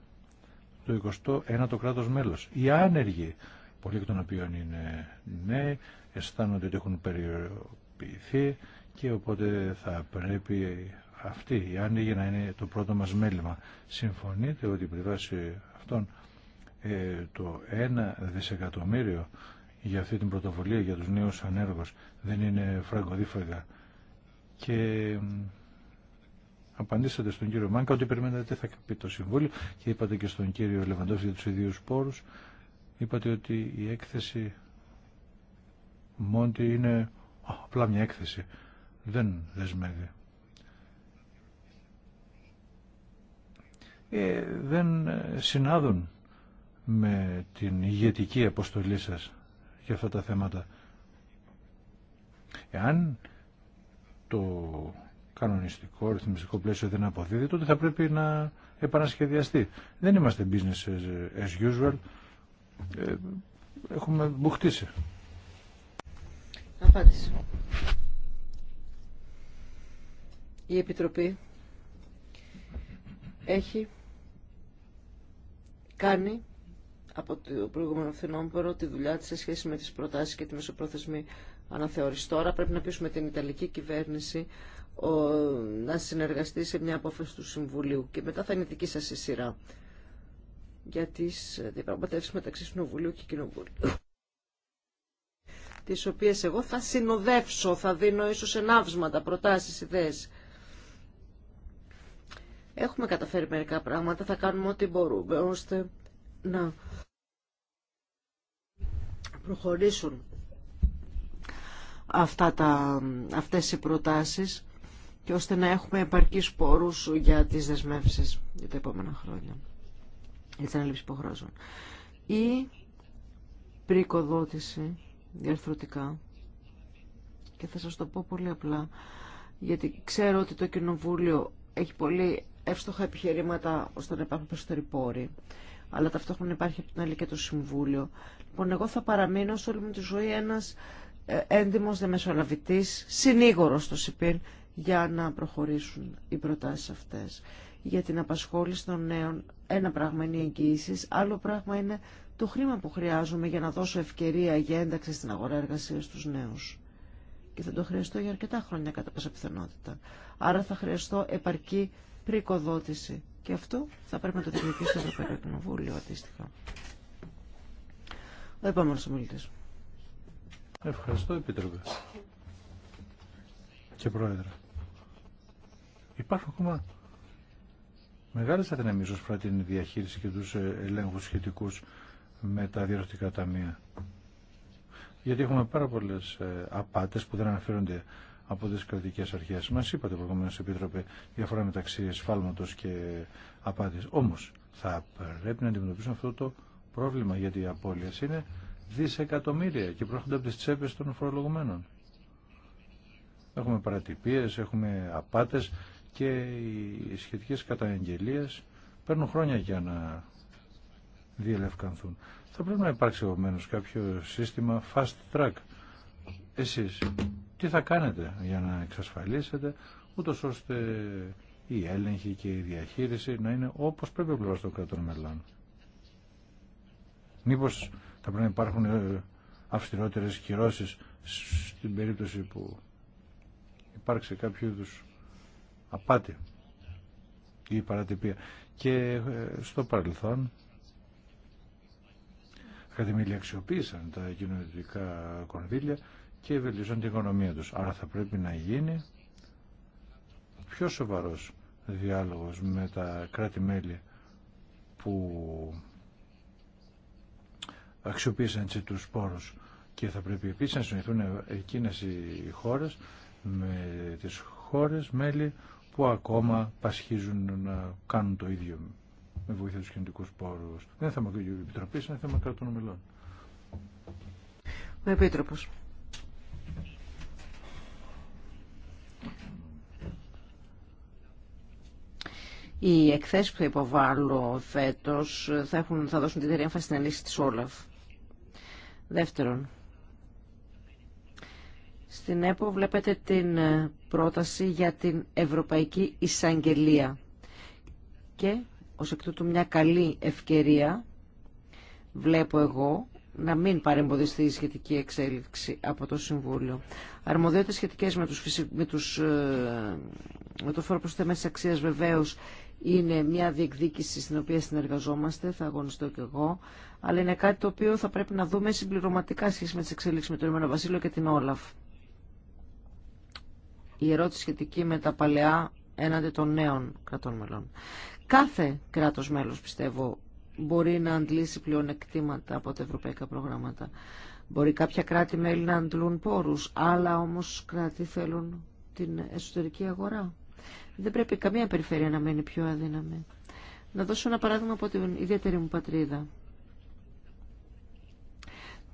το 21ο κράτος μέλος. Οι άνεργοι, πολλοί εκ των οποίων είναι νέοι, αισθάνονται ότι έχουν περιοριοποιηθεί και οπότε θα πρέπει αυτή η άνοιγη να είναι το πρώτο μας μέλημα. Συμφωνείτε ότι η αυτών ε, το 1 δισεκατομμύριο για αυτή την πρωτοβουλία για τους νέους ανέργους. Δεν είναι φραγκοδίφραγκα. Και απαντήσατε στον κύριο Μάνκα ότι περιμένετε τι θα πει το Συμβούλιο και είπατε και στον κύριο Λεβαντός για τους ιδίους πόρους. Είπατε ότι η έκθεση Μόντι είναι απλά μια έκθεση. Δεν δεσμεύει. Ε, δεν συνάδουν με την ηγετική αποστολή σας για αυτά τα θέματα. Εάν το κανονιστικό, ρυθμιστικό πλαίσιο δεν αποδίδει, τότε θα πρέπει να επανασχεδιαστεί. Δεν είμαστε business as usual. Ε, έχουμε μπουχτίσει. Απάντηση. Η Επιτροπή έχει κάνει από το προηγούμενο φθινόπωρο τη δουλειά της σε σχέση με τις προτάσεις και τη μεσοπρόθεσμη αναθεώρηση. Τώρα πρέπει να πείσουμε την Ιταλική κυβέρνηση να συνεργαστεί σε μια απόφαση του Συμβουλίου και μετά θα είναι δική σας η σειρά για τι διαπραγματεύσει μεταξύ Συνοβουλίου και Κοινοβουλίου τις οποίε εγώ θα συνοδεύσω, θα δίνω ίσω ενάυσματα, προτάσει ιδέε. Έχουμε καταφέρει μερικά πράγματα, θα κάνουμε ό,τι μπορούμε, ώστε να προχωρήσουν αυτά τα, αυτές οι προτάσεις και ώστε να έχουμε επαρκείς πόρους για τις δεσμεύσεις για τα επόμενα χρόνια, για την ανάληψη υποχρώσεων Η πρικοδότηση διαρθρωτικά και θα σας το πω πολύ απλά γιατί ξέρω ότι το Κοινοβούλιο έχει πολύ εύστοχα επιχειρήματα ώστε να υπάρχουν περισσότεροι πόροι αλλά ταυτόχρονα υπάρχει από την άλλη και το Συμβούλιο. Λοιπόν, εγώ θα παραμείνω σε όλη μου τη ζωή ένας ε, έντιμος διαμεσολαβητή, συνήγορος στο ΣΥΠΗΝ, για να προχωρήσουν οι προτάσεις αυτές. Για την απασχόληση των νέων, ένα πράγμα είναι οι εγγύησεις, άλλο πράγμα είναι το χρήμα που χρειάζομαι για να δώσω ευκαιρία για ένταξη στην αγορά εργασία στους νέους. Και θα το χρειαστώ για αρκετά χρόνια κατά πάσα πιθανότητα. Άρα θα χρειαστώ επαρκή πρικοδότηση και αυτό θα πρέπει να το δημιουργήσει το Ευρωπαϊκό Κοινοβούλιο αντίστοιχα. Ο επόμενο ομιλητή. Ευχαριστώ, Επίτροπε. Και Πρόεδρε. Υπάρχουν ακόμα Μεγάλε αδυναμίε ω προ την διαχείριση και του ε, ελέγχου σχετικού με τα διαρροτικά ταμεία. Γιατί έχουμε πάρα πολλέ ε, απάτες που δεν αναφέρονται από τι κρατικέ αρχέ, μα είπατε προηγουμένω, Επίτροπε, διαφορά μεταξύ σφάλματο και απάτη. Όμω, θα πρέπει να αντιμετωπίσουμε αυτό το πρόβλημα, γιατί οι απώλειε είναι δισεκατομμύρια και προέρχονται από τις τσέπες των φορολογουμένων. Έχουμε παρατυπίες, έχουμε απάτε και οι σχετικέ καταγγελίε παίρνουν χρόνια για να διελευκανθούν. Θα πρέπει να υπάρξει επομένω κάποιο σύστημα fast track. Εσείς τι θα κάνετε για να εξασφαλίσετε ούτω ώστε η έλεγχη και η διαχείριση να είναι όπως πρέπει ο πλευράς των κρατών μελών. Μήπως θα πρέπει να υπάρχουν ε, αυστηρότερες κυρώσεις στην περίπτωση που υπάρξει κάποιο είδου απάτη ή παρατυπία. Και ε, στο παρελθόν ακαδημίλια αξιοποίησαν τα κοινωνικά κονδύλια και βελτιώσουν την οικονομία τους. Άρα θα πρέπει να γίνει πιο σοβαρός διάλογος με τα κράτη-μέλη που αξιοποίησαν έτσι τους πόρους και θα πρέπει επίσης να συνοηθούν εκείνες οι χώρες με τις χώρες μέλη που ακόμα πασχίζουν να κάνουν το ίδιο με βοήθεια τους κοινωνικούς πόρους. Δεν θα θέμα Επιτροπής, είναι θέμα κρατών μελών. Ο Επίτροπος. Οι εκθέσει που θα υποβάλω φέτος θα, θα δώσουν την έμφαση στην τη Όλαφ. Δεύτερον, στην ΕΠΟ βλέπετε την πρόταση για την Ευρωπαϊκή Εισαγγελία και ως εκ τούτου μια καλή ευκαιρία βλέπω εγώ να μην παρεμποδιστεί η σχετική εξέλιξη από το Συμβούλιο. Αρμοδιότητες σχετικές με, τους, με, τους, ε, με το φόρο είναι μια διεκδίκηση στην οποία συνεργαζόμαστε, θα αγωνιστώ και εγώ, αλλά είναι κάτι το οποίο θα πρέπει να δούμε συμπληρωματικά σχέση με τις εξελίξεις με τον Ηνωμένο Βασίλειο και την Όλαφ. Η ερώτηση σχετική με τα παλαιά έναντι των νέων κρατών μελών. Κάθε κράτος μέλος, πιστεύω, μπορεί να αντλήσει πλέον εκτήματα από τα ευρωπαϊκά προγράμματα. Μπορεί κάποια κράτη-μέλη να αντλούν πόρους, άλλα όμως κράτη θέλουν την εσωτερική αγορά. Δεν πρέπει καμία περιφέρεια να μένει πιο αδύναμη. Να δώσω ένα παράδειγμα από την ιδιαίτερη μου πατρίδα.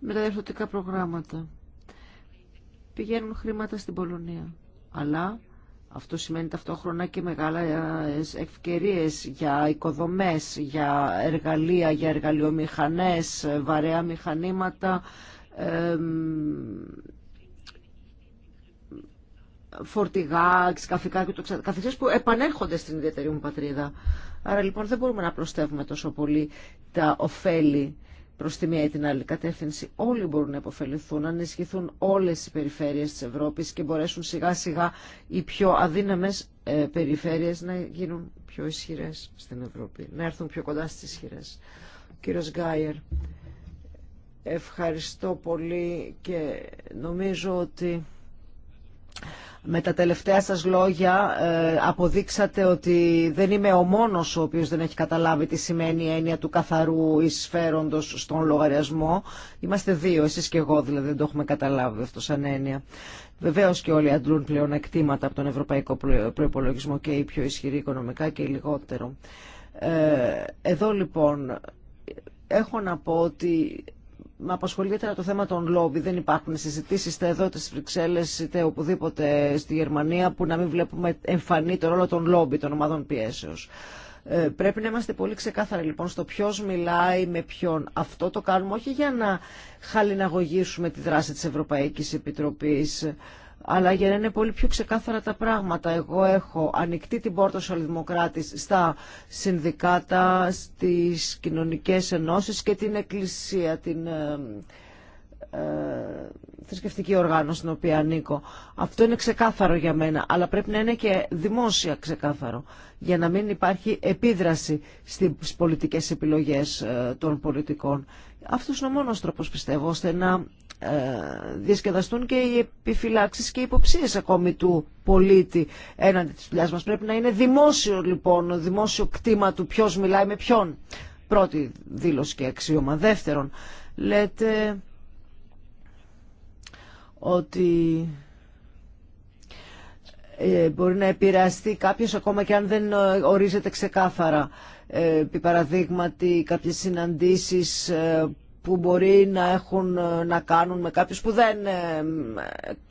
Με τα διευθυντικά προγράμματα. Πηγαίνουν χρήματα στην Πολωνία. Αλλά αυτό σημαίνει ταυτόχρονα και μεγάλα ευκαιρίε για οικοδομές, για εργαλεία, για εργαλειομηχανές, βαρέα μηχανήματα, φορτηγά, ξαφικά και το καθεξής που επανέρχονται στην ιδιαίτερη μου πατρίδα. Άρα λοιπόν δεν μπορούμε να προστεύουμε τόσο πολύ τα ωφέλη προ τη μία ή την άλλη κατεύθυνση. Όλοι μπορούν να υποφεληθούν, να ενισχυθούν όλες οι περιφέρειες της Ευρώπης και μπορέσουν σιγά σιγά οι πιο αδύναμες ε, περιφέρειες να γίνουν πιο ισχυρέ στην Ευρώπη, να έρθουν πιο κοντά στι ισχυρέ. Κύριο Γκάιερ, ευχαριστώ πολύ και νομίζω ότι με τα τελευταία σας λόγια ε, αποδείξατε ότι δεν είμαι ο μόνος ο οποίος δεν έχει καταλάβει τι σημαίνει η έννοια του καθαρού εισφέροντος στον λογαριασμό. Είμαστε δύο, εσείς και εγώ δηλαδή δεν το έχουμε καταλάβει αυτό σαν έννοια. Βεβαίω και όλοι αντλούν πλέον εκτήματα από τον ευρωπαϊκό προπολογισμό και οι πιο ισχυροί οικονομικά και οι λιγότερο. Ε, εδώ λοιπόν έχω να πω ότι με απασχολείται το θέμα των λόμπι. Δεν υπάρχουν συζητήσει είτε εδώ, είτε στις Βρυξέλλε, είτε οπουδήποτε στη Γερμανία που να μην βλέπουμε εμφανή το ρόλο των λόμπι, των ομάδων πιέσεως. Ε, πρέπει να είμαστε πολύ ξεκάθαροι λοιπόν στο ποιο μιλάει με ποιον. Αυτό το κάνουμε όχι για να χαλιναγωγήσουμε τη δράση τη Ευρωπαϊκή Επιτροπή αλλά για να είναι πολύ πιο ξεκάθαρα τα πράγματα. Εγώ έχω ανοιχτή την πόρτα σαλδημοκράτης στα συνδικάτα, στις κοινωνικές ενώσεις και την εκκλησία, την ε, ε, θρησκευτική οργάνωση στην οποία ανήκω. Αυτό είναι ξεκάθαρο για μένα, αλλά πρέπει να είναι και δημόσια ξεκάθαρο, για να μην υπάρχει επίδραση στις πολιτικές επιλογές ε, των πολιτικών. Αυτός είναι ο μόνος τρόπος πιστεύω ώστε να ε, διασκεδαστούν και οι επιφυλάξεις και οι υποψίες ακόμη του πολίτη έναντι της δουλειά μας. Πρέπει να είναι δημόσιο λοιπόν, δημόσιο κτήμα του ποιος μιλάει με ποιον. Πρώτη δήλωση και αξίωμα. Δεύτερον, λέτε ότι ε, μπορεί να επηρεαστεί κάποιος ακόμα και αν δεν ε, ορίζεται ξεκάθαρα. Ε, επί παραδείγματι κάποιες συναντήσεις που μπορεί να έχουν να κάνουν με κάποιους που δεν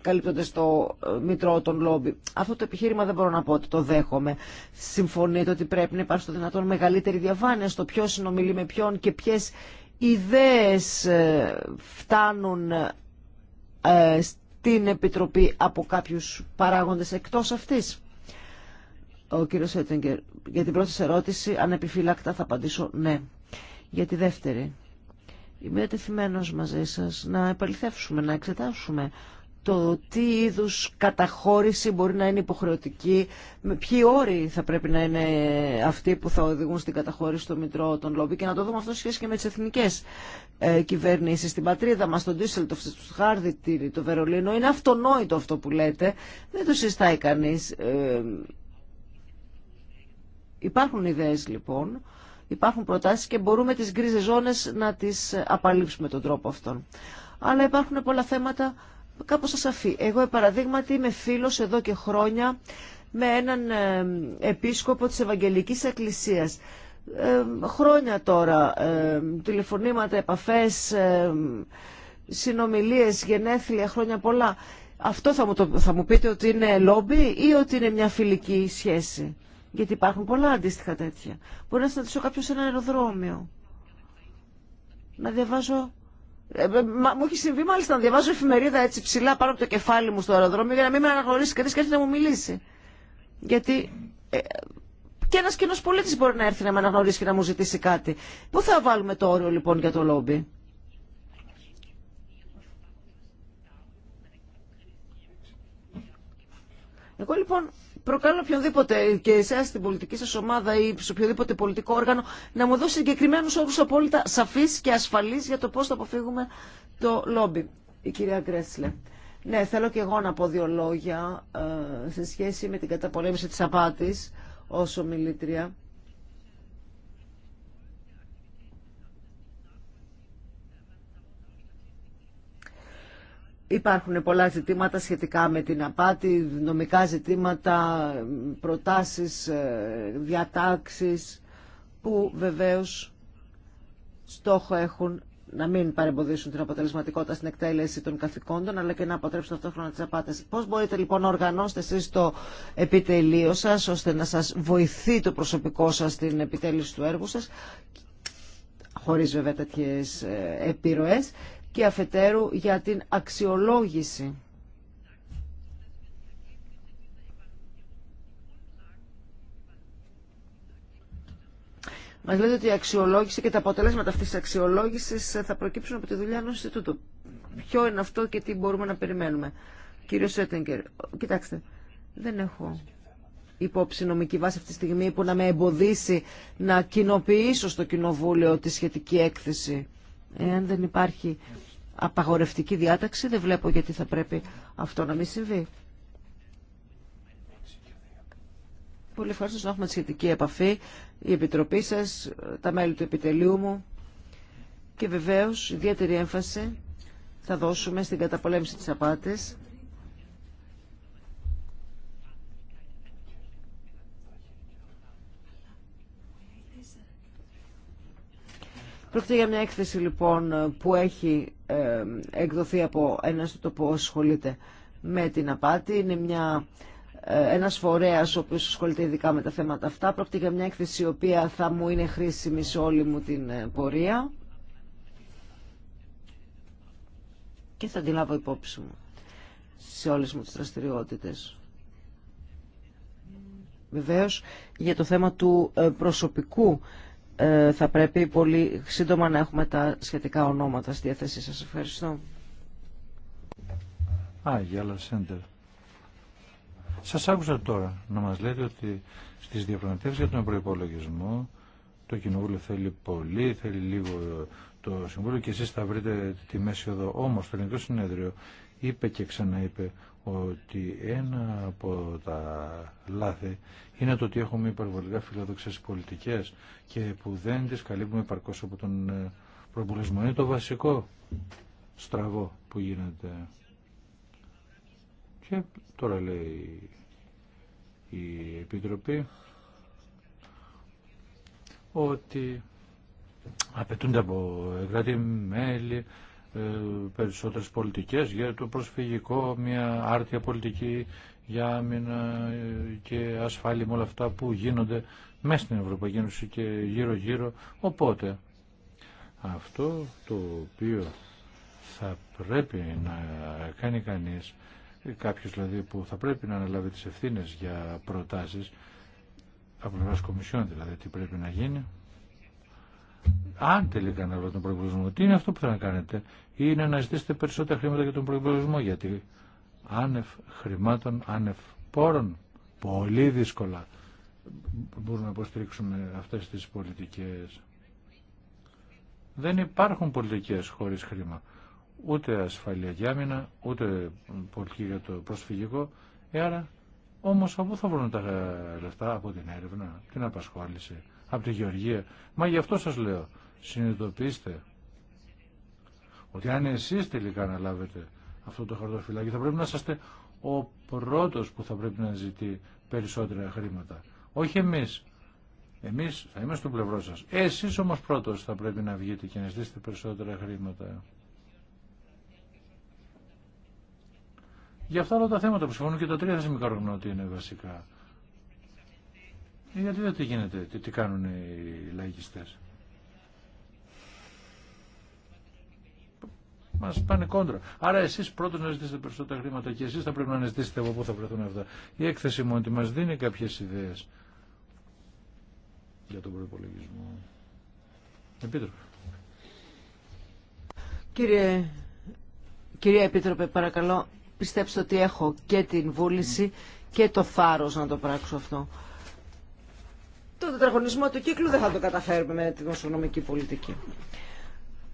καλύπτονται στο μητρό των λόμπι. Αυτό το επιχείρημα δεν μπορώ να πω ότι το δέχομαι. Συμφωνείτε ότι πρέπει να υπάρχει στο δυνατόν μεγαλύτερη διαφάνεια στο ποιο συνομιλεί με ποιον και ποιες ιδέες φτάνουν την Επιτροπή από κάποιους παράγοντες εκτός αυτής. Ο κύριος Έτεγκερ, για την πρώτη ερώτηση, ανεπιφύλακτα θα απαντήσω ναι. Για τη δεύτερη, είμαι ετεθειμένος μαζί σας να επαληθεύσουμε, να εξετάσουμε το τι είδους καταχώρηση μπορεί να είναι υποχρεωτική, με ποιοι όροι θα πρέπει να είναι αυτοί που θα οδηγούν στην καταχώρηση των Μητρό των λόμπι και να το δούμε αυτό σχέση και με τις εθνικές ε, κυβερνήσεις. Στην πατρίδα μας, τον Τίσελ, το Χάρδι το Βερολίνο, είναι αυτονόητο αυτό που λέτε, δεν το συστάει κανείς. Ε, υπάρχουν ιδέες λοιπόν, υπάρχουν προτάσεις και μπορούμε τις γκρίζες ζώνες να τις απαλείψουμε τον τρόπο αυτόν. Αλλά υπάρχουν πολλά θέματα κάπως ασαφή. Εγώ, παραδείγματι, είμαι φίλος εδώ και χρόνια με έναν ε, επίσκοπο της Ευαγγελικής Εκκλησίας. Ε, χρόνια τώρα, ε, τηλεφωνήματα, επαφές, ε, συνομιλίες, γενέθλια, χρόνια πολλά. Αυτό θα μου, το, θα μου πείτε ότι είναι λόμπι ή ότι είναι μια φιλική σχέση. Γιατί υπάρχουν πολλά αντίστοιχα τέτοια. Μπορεί να συναντήσω κάποιος σε ένα αεροδρόμιο. Να διαβάζω ε, ε, μου έχει συμβεί μάλιστα να διαβάζω εφημερίδα έτσι ψηλά πάνω από το κεφάλι μου στο αεροδρόμιο για να μην με αναγνωρίσει κανεί και έρθει να μου μιλήσει. Γιατί ε, και ένα κοινό πολίτη μπορεί να έρθει να με αναγνωρίσει και να μου ζητήσει κάτι. Πού θα βάλουμε το όριο λοιπόν για το λόμπι. Εγώ λοιπόν προκαλώ οποιονδήποτε και εσά στην πολιτική σα ομάδα ή σε οποιοδήποτε πολιτικό όργανο να μου δώσει συγκεκριμένου όρου απόλυτα σαφεί και ασφαλή για το πώ θα αποφύγουμε το λόμπι. Η κυρία Γκρέσλε. Ναι, θέλω και εγώ να πω δύο λόγια ε, σε σχέση με την καταπολέμηση της απάτης ως ομιλήτρια. Υπάρχουν πολλά ζητήματα σχετικά με την απάτη, νομικά ζητήματα, προτάσεις, ε, διατάξεις που βεβαίως στόχο έχουν να μην παρεμποδίσουν την αποτελεσματικότητα στην εκτέλεση των καθηκόντων, αλλά και να αποτρέψουν ταυτόχρονα τι απάτε. Πώ μπορείτε λοιπόν να οργανώσετε εσεί το επιτελείο σα, ώστε να σα βοηθεί το προσωπικό σα στην επιτέλεση του έργου σα, χωρί βέβαια τέτοιε επιρροέ, και αφετέρου για την αξιολόγηση. Μας λέτε ότι η αξιολόγηση και τα αποτελέσματα αυτής της αξιολόγησης θα προκύψουν από τη δουλειά ενό Ινστιτούτου. Ποιο είναι αυτό και τι μπορούμε να περιμένουμε. Κύριο Σέτεγκερ, κοιτάξτε, δεν έχω υπόψη νομική βάση αυτή τη στιγμή που να με εμποδίσει να κοινοποιήσω στο Κοινοβούλιο τη σχετική έκθεση. Εάν δεν υπάρχει απαγορευτική διάταξη, δεν βλέπω γιατί θα πρέπει αυτό να μην συμβεί. Πολύ ευχαριστώ να έχουμε τη σχετική επαφή, η Επιτροπή σας, τα μέλη του επιτελείου μου και βεβαίως ιδιαίτερη έμφαση θα δώσουμε στην καταπολέμηση της απάτης Πρόκειται για μια έκθεση λοιπόν που έχει ε, εκδοθεί από ένα ιστοτοπό που ασχολείται με την απάτη. Είναι μια, ε, ένας φορέας ο οποίος ασχολείται ειδικά με τα θέματα αυτά. Πρόκειται για μια έκθεση η οποία θα μου είναι χρήσιμη σε όλη μου την ε, πορεία και θα την λάβω υπόψη μου σε όλες μου τις δραστηριότητες. Βεβαίως για το θέμα του προσωπικού ε, θα πρέπει πολύ σύντομα να έχουμε τα σχετικά ονόματα στη διάθεσή σας. Ευχαριστώ. Α, Σέντερ. Σας άκουσα τώρα να μας λέτε ότι στις διαπραγματεύσεις για τον προϋπολογισμό το Κοινοβούλιο θέλει πολύ, θέλει λίγο το Συμβούλιο και εσείς θα βρείτε τη μέση εδώ. Όμως το Ελληνικό Συνέδριο είπε και ξαναείπε ότι ένα από τα λάθη είναι το ότι έχουμε υπερβολικά φιλοδοξές πολιτικές και που δεν τις καλύπτουμε παρκώς από τον ε, προπολισμό. Είναι το βασικό στραβό που γίνεται. Και τώρα λέει η Επιτροπή ότι απαιτούνται από κράτη μέλη ε, περισσότερες πολιτικές για το προσφυγικό, μια άρτια πολιτική για άμυνα ε, και ασφάλεια με όλα αυτά που γίνονται μέσα στην Ευρωπαϊκή Ένωση και γύρω-γύρω. Οπότε, αυτό το οποίο θα πρέπει να κάνει κανείς, κάποιος δηλαδή που θα πρέπει να αναλάβει τις ευθύνες για προτάσεις, από πλευράς Κομισιόν δηλαδή τι πρέπει να γίνει, αν τελικά να βρω τον προπολογισμό, τι είναι αυτό που θα κάνετε, είναι να ζητήσετε περισσότερα χρήματα για τον προπολογισμό, γιατί άνευ χρημάτων, άνευ πόρων, πολύ δύσκολα μπορούμε να υποστηρίξουμε αυτές τις πολιτικές. Δεν υπάρχουν πολιτικές χωρίς χρήμα. Ούτε ασφαλεία για άμυνα, ούτε πολιτική για το προσφυγικό. Ε, άρα, όμως, από θα βρουν τα λεφτά από την έρευνα, την απασχόληση, από τη Γεωργία. Μα γι' αυτό σας λέω, συνειδητοποιήστε ότι αν εσείς τελικά να λάβετε αυτό το χαρτοφυλάκι θα πρέπει να είστε ο πρώτος που θα πρέπει να ζητεί περισσότερα χρήματα. Όχι εμείς. Εμείς θα είμαστε στο πλευρό σας. Εσείς όμως πρώτος θα πρέπει να βγείτε και να ζητήσετε περισσότερα χρήματα. Γι' αυτά όλα τα θέματα που συμφωνούν και τα τρία θεσμικά ότι είναι βασικά. Ε, γιατί δεν τι γίνεται, τι, κάνουν οι λαϊκιστές. Μα πάνε κόντρα. Άρα εσεί πρώτο να ζητήσετε περισσότερα χρήματα και εσεί θα πρέπει να ζητήσετε από πού θα βρεθούν αυτά. Η έκθεση μου ότι μα δίνει κάποιε ιδέε για τον προπολογισμό. Επίτροπε. Κύριε, Κύριε Επίτροπε, παρακαλώ, πιστέψτε ότι έχω και την βούληση και το θάρρος να το πράξω αυτό το τετραγωνισμό του κύκλου δεν θα το καταφέρουμε με τη δημοσιονομική πολιτική.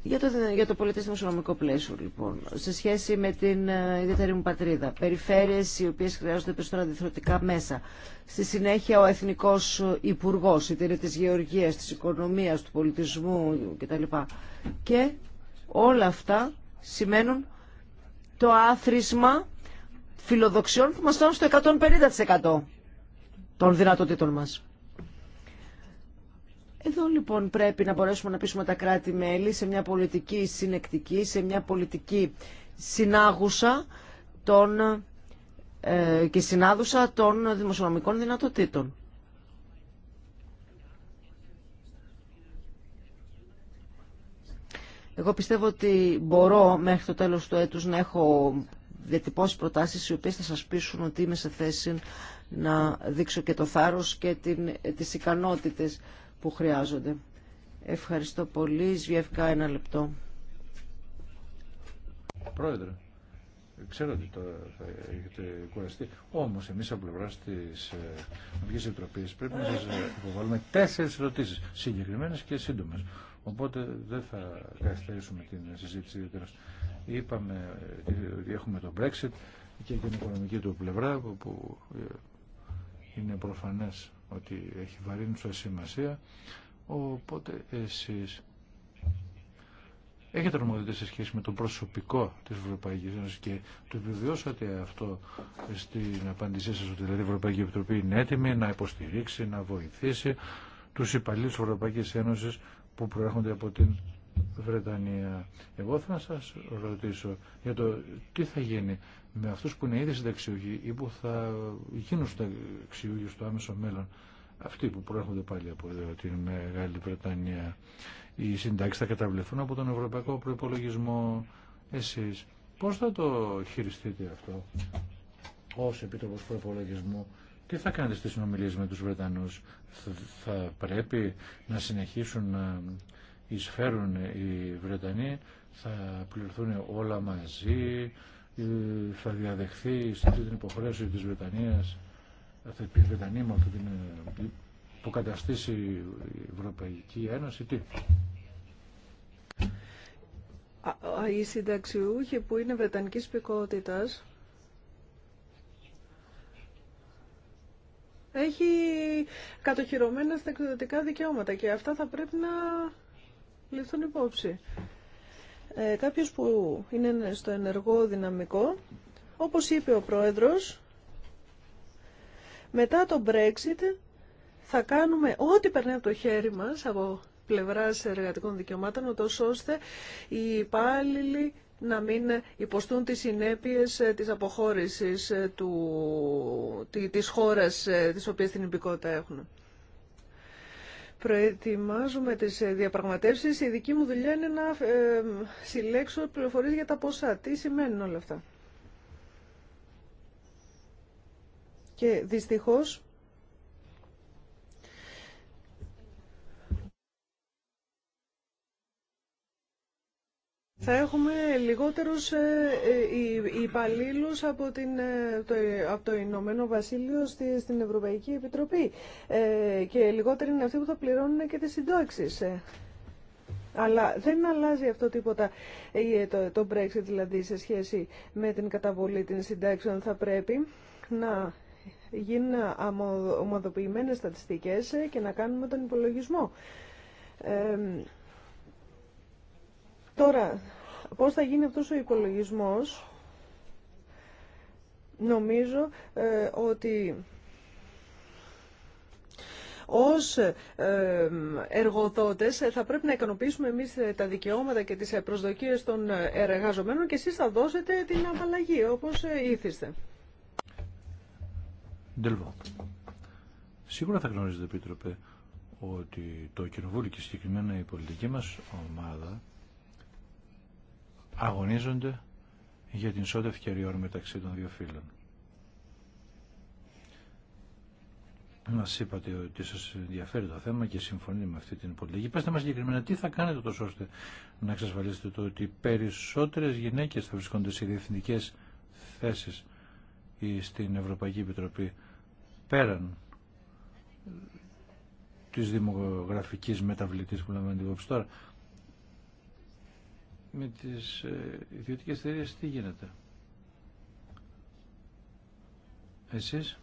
Για το, για το δημοσιονομικό πλαίσιο, λοιπόν, σε σχέση με την ε, ιδιαίτερη μου πατρίδα, περιφέρειες οι οποίε χρειάζονται περισσότερα αντιθρωτικά μέσα. Στη συνέχεια ο εθνικό υπουργό, η τήρη της Γεωργίας, τη Οικονομία, του Πολιτισμού κτλ. Και όλα αυτά σημαίνουν το άθροισμα φιλοδοξιών που μας φτάνουν στο 150% των δυνατοτήτων μας. Εδώ λοιπόν πρέπει να μπορέσουμε να πείσουμε τα κράτη-μέλη σε μια πολιτική συνεκτική, σε μια πολιτική συνάγουσα των, ε, και συνάδουσα των δημοσιονομικών δυνατοτήτων. Εγώ πιστεύω ότι μπορώ μέχρι το τέλος του έτους να έχω διατυπώσει προτάσεις οι οποίες θα σας πείσουν ότι είμαι σε θέση να δείξω και το θάρρος και την, τις ικανότητες που χρειάζονται. Ευχαριστώ πολύ. Σβιευκά ένα λεπτό. Πρόεδρε, ξέρω ότι το θα έχετε κουραστεί, όμως εμείς από πλευρά τη Ευρωπαϊκή Επιτροπή πρέπει να σα υποβάλουμε τέσσερι ερωτήσει, συγκεκριμένε και σύντομες. Οπότε δεν θα καθυστερήσουμε την συζήτηση ιδιαίτερα. Είπαμε ε, ότι έχουμε το Brexit και την οικονομική του πλευρά που ε, είναι προφανές ότι έχει βαρύνουσα σημασία, οπότε εσείς έχετε αρμοδιότητα σε σχέση με το προσωπικό της Ευρωπαϊκής Ένωσης και το επιβιώσατε αυτό στην απάντησή σας ότι δηλαδή η Ευρωπαϊκή Επιτροπή είναι έτοιμη να υποστηρίξει, να βοηθήσει τους υπαλλήλους της Ευρωπαϊκής Ένωσης που προέρχονται από την Βρετανία. Εγώ θα σας ρωτήσω για το τι θα γίνει με αυτού που είναι ήδη συνταξιούχοι ή που θα γίνουν συνταξιούχοι στο άμεσο μέλλον, αυτοί που προέρχονται πάλι από την Μεγάλη Βρετανία, οι συντάξει θα καταβληθούν από τον Ευρωπαϊκό Προπολογισμό. Εσείς Πώ θα το χειριστείτε αυτό ω Επίτροπο Προπολογισμού, τι θα κάνετε στις συνομιλίε με του Βρετανού. θα πρέπει να συνεχίσουν να εισφέρουν οι Βρετανοί, θα πληρωθούν όλα μαζί, θα διαδεχθεί στην την υποχρέωση της Βρετανίας θα πει Βρετανία την ε, που καταστήσει η Ευρωπαϊκή Ένωση τι οι συνταξιούχοι που είναι βρετανικής πικότητας έχει κατοχυρωμένα στα εκδοτικά δικαιώματα και αυτά θα πρέπει να ληφθούν υπόψη ε, κάποιος που είναι στο ενεργό δυναμικό, όπως είπε ο πρόεδρος, μετά το Brexit θα κάνουμε ό,τι περνάει από το χέρι μας από πλευράς εργατικών δικαιωμάτων, ώστε οι υπάλληλοι να μην υποστούν τις συνέπειες της αποχώρησης του, της χώρας ε, της οποίας την υπηκότητα έχουν προετοιμάζουμε τις ε, διαπραγματεύσεις. Η δική μου δουλειά είναι να ε, συλλέξω πληροφορίες για τα ποσά. Τι σημαίνουν όλα αυτά. Και δυστυχώς Θα έχουμε λιγότερους ε, ε, υπαλλήλου από, την, ε, από το Ηνωμένο Βασίλειο στη, στην Ευρωπαϊκή Επιτροπή και λιγότεροι είναι αυτοί που θα πληρώνουν και τις συντόξεις. Αλλά δεν αλλάζει αυτό τίποτα το, το Brexit δηλαδή σε σχέση με την καταβολή των συντάξεων θα πρέπει να γίνουν ομοδοποιημένες στατιστικές και να κάνουμε τον υπολογισμό. Τώρα, πώς θα γίνει αυτός ο υπολογισμός, νομίζω ε, ότι ως ε, εργοδότες ε, θα πρέπει να ικανοποιήσουμε εμείς ε, τα δικαιώματα και τις προσδοκίες των εργαζομένων και εσείς θα δώσετε την απαλλαγή όπως ήθιστε. Σίγουρα θα γνωρίζετε, Επίτροπε, ότι το Κοινοβούλιο και συγκεκριμένα η πολιτική μας ομάδα αγωνίζονται για την σώτα ευκαιριών μεταξύ των δύο φίλων. Μα είπατε ότι σα ενδιαφέρει το θέμα και συμφωνεί με αυτή την πολιτική. Πετε μα συγκεκριμένα τι θα κάνετε τόσο ώστε να εξασφαλίσετε το ότι περισσότερε γυναίκε θα βρισκόνται σε διευθυντικέ θέσει ή στην Ευρωπαϊκή Επιτροπή πέραν τη δημογραφική μεταβλητή που λέμε υπόψη τώρα με τις ε, ιδιωτικές εταιρείες τι γίνεται. Εσείς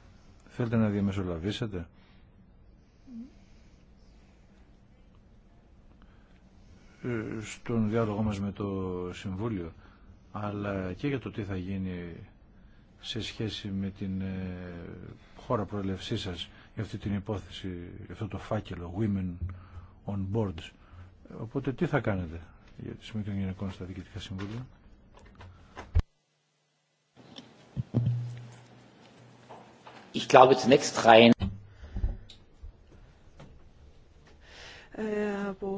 θέλετε να διαμεσολαβήσετε. Ε, στον διάλογο μας με το Συμβούλιο αλλά και για το τι θα γίνει σε σχέση με την ε, χώρα προελευσής σας για αυτή την υπόθεση, για αυτό το φάκελο Women on Boards. Οπότε τι θα κάνετε για τη συμμετοχή στα διοικητικά συμβούλια. Ich glaube, zunächst rein. Ε, από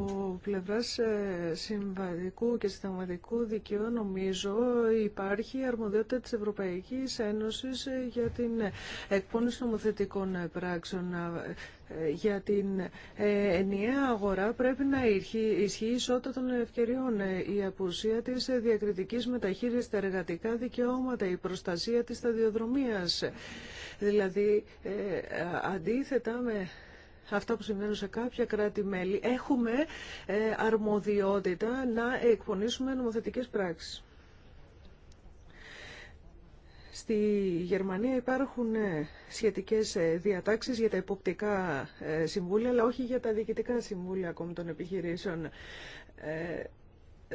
πλευράς ε, συμβατικού και συνταγματικού δικαίου νομίζω υπάρχει αρμοδιότητα της Ευρωπαϊκής Ένωσης ε, για την εκπόνηση νομοθετικών πράξεων για την ενιαία αγορά πρέπει να ισχύει ισότητα των ευκαιριών, η απουσία της διακριτικής μεταχείρισης στα εργατικά δικαιώματα, η προστασία της σταδιοδρομίας. Δηλαδή, αντίθετα με αυτά που συμβαίνουν σε κάποια κράτη-μέλη. Έχουμε ε, αρμοδιότητα να εκπονήσουμε νομοθετικές πράξεις. Στη Γερμανία υπάρχουν ε, σχετικές ε, διατάξεις για τα υποπτικά συμβούλια, αλλά όχι για τα διοικητικά συμβούλια ακόμη των επιχειρήσεων.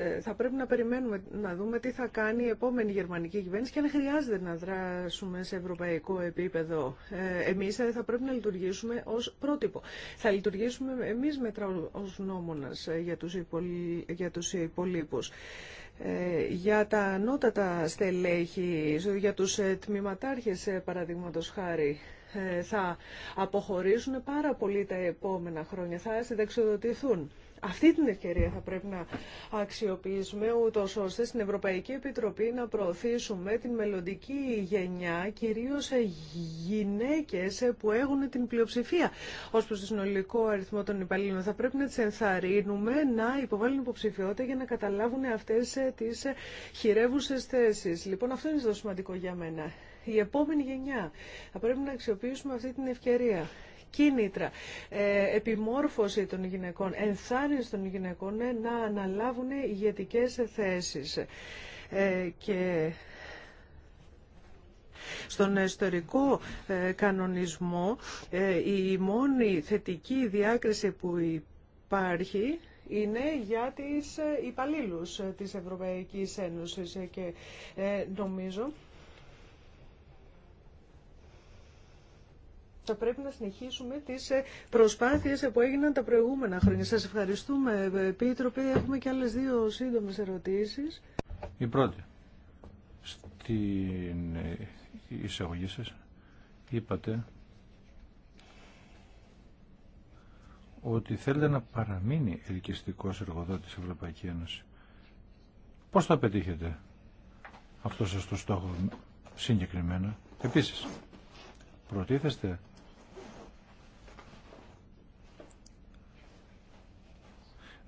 Ε, θα πρέπει να περιμένουμε να δούμε τι θα κάνει η επόμενη γερμανική κυβέρνηση και αν χρειάζεται να δράσουμε σε ευρωπαϊκό επίπεδο. Ε, εμείς ε, θα πρέπει να λειτουργήσουμε ως πρότυπο. Θα λειτουργήσουμε εμείς μέτρα ως νόμονας για τους, υπολ... για τους υπολείπους. για τα ανώτατα στελέχη, για τους τμήματάρχες παραδείγματος χάρη, θα αποχωρήσουν πάρα πολύ τα επόμενα χρόνια, θα συνταξιοδοτηθούν. Αυτή την ευκαιρία θα πρέπει να αξιοποιήσουμε ούτω ώστε στην Ευρωπαϊκή Επιτροπή να προωθήσουμε την μελλοντική γενιά, κυρίως γυναίκε που έχουν την πλειοψηφία ω προ το συνολικό αριθμό των υπαλλήλων. Θα πρέπει να τι ενθαρρύνουμε να υποβάλουν υποψηφιότητα για να καταλάβουν αυτέ τι χειρεύουσε θέσει. Λοιπόν, αυτό είναι το σημαντικό για μένα. Η επόμενη γενιά. Θα πρέπει να αξιοποιήσουμε αυτή την ευκαιρία κίνητρα, ε, επιμόρφωση των γυναικών, ενθάρρυνση των γυναικών ε, να αναλάβουν ηγετικές θέσεις. Ε, και στον ιστορικό κανονισμό η μόνη θετική διάκριση που υπάρχει είναι για τις υπαλλήλους της Ευρωπαϊκής Ένωσης και νομίζω θα πρέπει να συνεχίσουμε τις ε, προσπάθειες ε, που έγιναν τα προηγούμενα χρόνια. Σας ευχαριστούμε, ε, Επίτροπε. Έχουμε και άλλες δύο σύντομες ερωτήσεις. Η πρώτη. Στην εισαγωγή σας είπατε ότι θέλετε να παραμείνει ελκυστικός εργοδότης Ευρωπαϊκή Ένωση. Πώς θα πετύχετε αυτό σας το στόχο συγκεκριμένα. Επίσης, προτίθεστε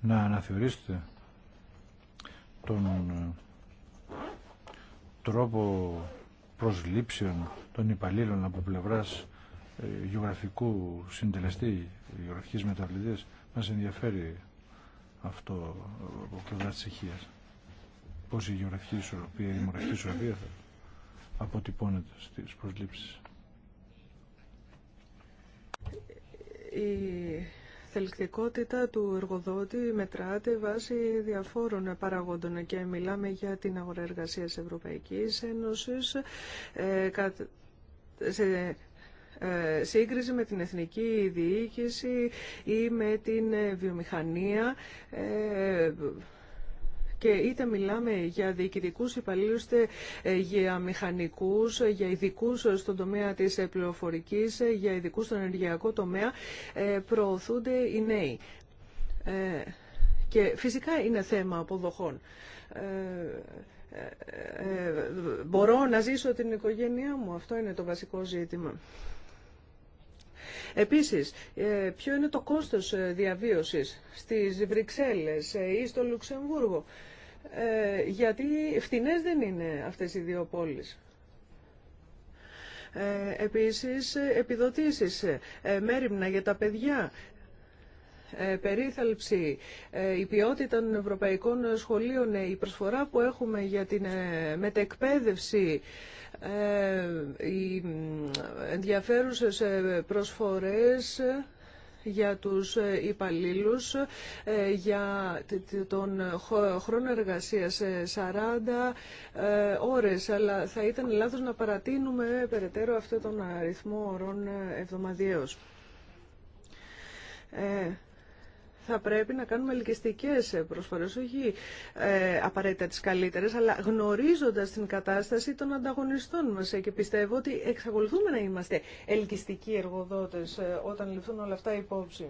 να αναθεωρήσετε τον ε, τρόπο προσλήψεων των υπαλλήλων από πλευράς ε, γεωγραφικού συντελεστή, γεωγραφικής μεταβλητής. Μας ενδιαφέρει αυτό ε, από πλευρά της ηχείας. Πώς η γεωγραφική ισορροπία, η δημογραφική ισορροπία θα αποτυπώνεται στις προσλήψεις θελκτικότητα του εργοδότη μετράται βάσει διαφόρων παραγόντων και μιλάμε για την αγορά εργασίας Ευρωπαϊκής Ένωσης ε, σε ε, σύγκριση με την εθνική διοίκηση ή με την ε, βιομηχανία και είτε μιλάμε για διοικητικού υπαλλήλου, είτε ε, για μηχανικού, ε, για ειδικού ε, στον τομέα τη πληροφορική, για ειδικού στον ενεργειακό τομέα, προωθούνται οι νέοι. Και φυσικά είναι θέμα αποδοχών. Μπορώ να ζήσω την οικογένειά μου. Αυτό είναι το βασικό ζήτημα. Επίσης, ποιο είναι το κόστος διαβίωσης στις Βρυξέλλες ή στο Λουξεμβούργο. Ε, γιατί φτηνές δεν είναι αυτές οι δύο πόλεις. Ε, επίσης, επιδοτήσεις, ε, μέρημνα για τα παιδιά, ε, περίθαλψη, ε, η ποιότητα των ευρωπαϊκών σχολείων, ε, η προσφορά που έχουμε για την μετεκπαίδευση, οι ενδιαφέρουσες προσφορές για τους ε, υπαλλήλους ε, για τον χρόνο εργασίας 40 ε, ώρες αλλά θα ήταν λάθος να παρατείνουμε περαιτέρω αυτόν τον αριθμό ώρων εβδομαδιαίως θα πρέπει να κάνουμε ελκυστικές προσφορέ. όχι ε, απαραίτητα τις καλύτερες, αλλά γνωρίζοντας την κατάσταση των ανταγωνιστών μας. Ε, και πιστεύω ότι εξακολουθούμε να είμαστε ελκυστικοί εργοδότες ε, όταν ληφθούν όλα αυτά υπόψη.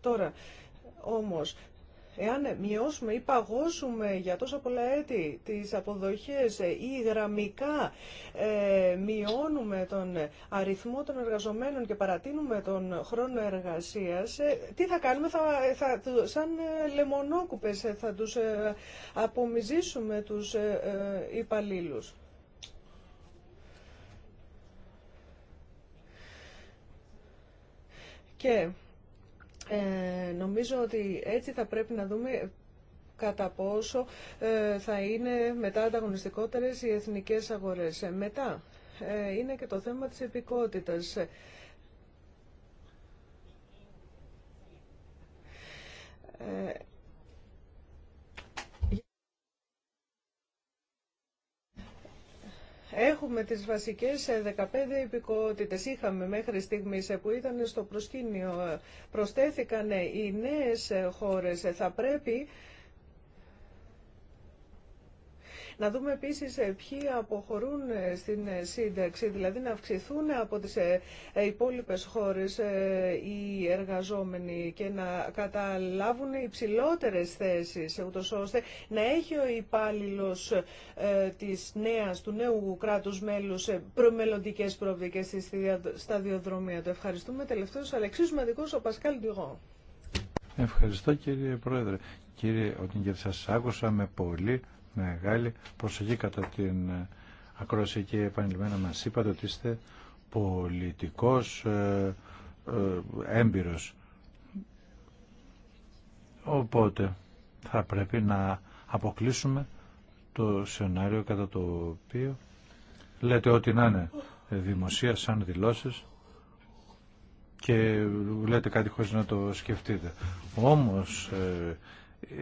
Τώρα, όμως, Εάν μειώσουμε ή παγώσουμε για τόσα πολλά έτη τις αποδοχές ε, ή γραμμικά ε, μειώνουμε τον αριθμό των εργαζομένων και παρατείνουμε τον χρόνο εργασίας, ε, τι θα κάνουμε, θα, θα, σαν λεμονόκουπες θα τους απομυζήσουμε τους υπαλλήλους. Και ε, νομίζω ότι έτσι θα πρέπει να δούμε κατά πόσο ε, θα είναι μετά ανταγωνιστικότερες οι εθνικές αγορές. Ε, μετά ε, είναι και το θέμα της επικότητας. Έχουμε τις βασικές 15 ε, υπηκότητες, είχαμε μέχρι στιγμής ε, που ήταν στο προσκήνιο. Ε, προσθέθηκαν οι νέες χώρες. Θα πρέπει Να δούμε επίσης ε, ποιοι αποχωρούν ε, στην ε, σύνταξη, δηλαδή να αυξηθούν από τις υπόλοιπες χώρες οι εργαζόμενοι και να καταλάβουν υψηλότερες θέσεις, ούτως ώστε να έχει ο υπάλληλο της νέας, του νέου κράτους μέλους προμελλοντικές προοπτικές στη σταδιοδρομία του. Ευχαριστούμε. Τελευταίος αλλά ο Πασκάλ Ντιγό. Ευχαριστώ κύριε Πρόεδρε. Κύριε Οτίνγκερ, σας άκουσα με πολύ μεγάλη προσοχή κατά την ε, ακρόση και επανειλημμένα μας είπατε ότι είστε πολιτικός ε, ε, έμπειρος. Οπότε θα πρέπει να αποκλείσουμε το σενάριο κατά το οποίο λέτε ότι να είναι ε, δημοσία σαν δηλώσεις και λέτε κάτι χωρίς να το σκεφτείτε. Όμως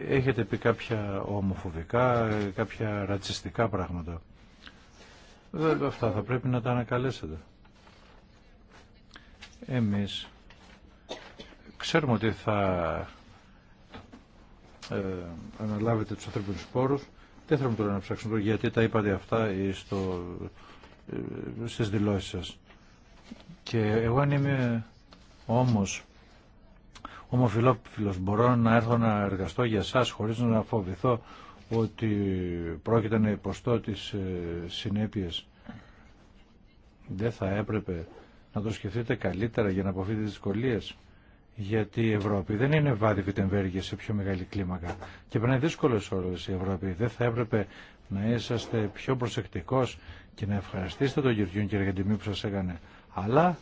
έχετε πει κάποια ομοφοβικά, κάποια ρατσιστικά πράγματα. Δεν, αυτά θα πρέπει να τα ανακαλέσετε. Εμείς ξέρουμε ότι θα ε, αναλάβετε τους ανθρώπινους πόρους. Δεν θέλουμε τώρα να ψάξουμε γιατί τα είπατε αυτά στο, ε, στις δηλώσεις σας. Και εγώ αν είμαι όμως ομοφιλόφιλος μπορώ να έρθω να εργαστώ για σας χωρίς να φοβηθώ ότι πρόκειται να υποστώ τις ε, συνέπειες. Δεν θα έπρεπε να το σκεφτείτε καλύτερα για να αποφύγετε τις δυσκολίες. Γιατί η Ευρώπη δεν είναι βάδι Βιτεμβέργη σε πιο μεγάλη κλίμακα. Και περνάει δύσκολες ώρε η Ευρώπη. Δεν θα έπρεπε να είσαστε πιο προσεκτικό και να ευχαριστήσετε τον Γεωργιούν και για την τιμή που σας έκανε. Αλλά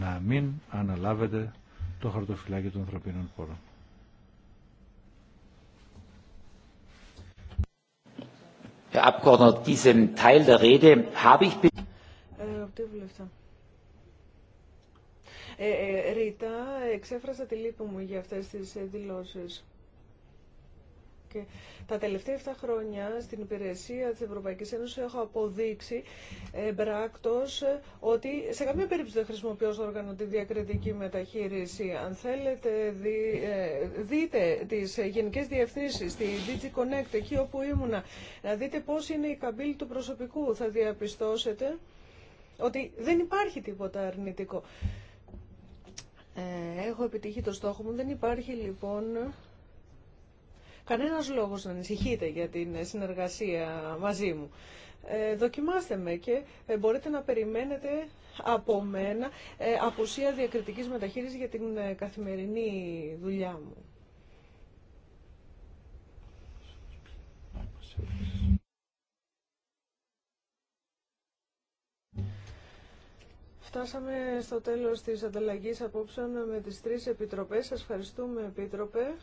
να μην αναλάβετε το χαρτοφυλάκιο των ανθρωπίνων πόρων. Ρίτα, εξέφρασα τη λύπη μου για αυτές τις ε, δηλώσεις. Και τα τελευταία 7 χρόνια στην υπηρεσία της Ευρωπαϊκής Ένωσης έχω αποδείξει εμπράκτος ότι σε καμία περίπτωση δεν χρησιμοποιώ στο όργανο τη διακριτική μεταχείριση. Αν θέλετε ε, δείτε τις γενικές διευθύνσεις, στη DigiConnect, εκεί όπου ήμουνα, να δείτε πώς είναι η καμπύλη του προσωπικού. Θα διαπιστώσετε ότι δεν υπάρχει τίποτα αρνητικό. Ε, έχω επιτυχεί το στόχο μου. Δεν υπάρχει λοιπόν κανένας λόγος να ανησυχείτε για την συνεργασία μαζί μου. Ε, δοκιμάστε με και ε, μπορείτε να περιμένετε από μένα ε, απουσία διακριτικής μεταχείρισης για την ε, καθημερινή δουλειά μου. Φτάσαμε στο τέλος της ανταλλαγής απόψεων με τις τρεις επιτροπές. Σας ευχαριστούμε, Επίτροπε.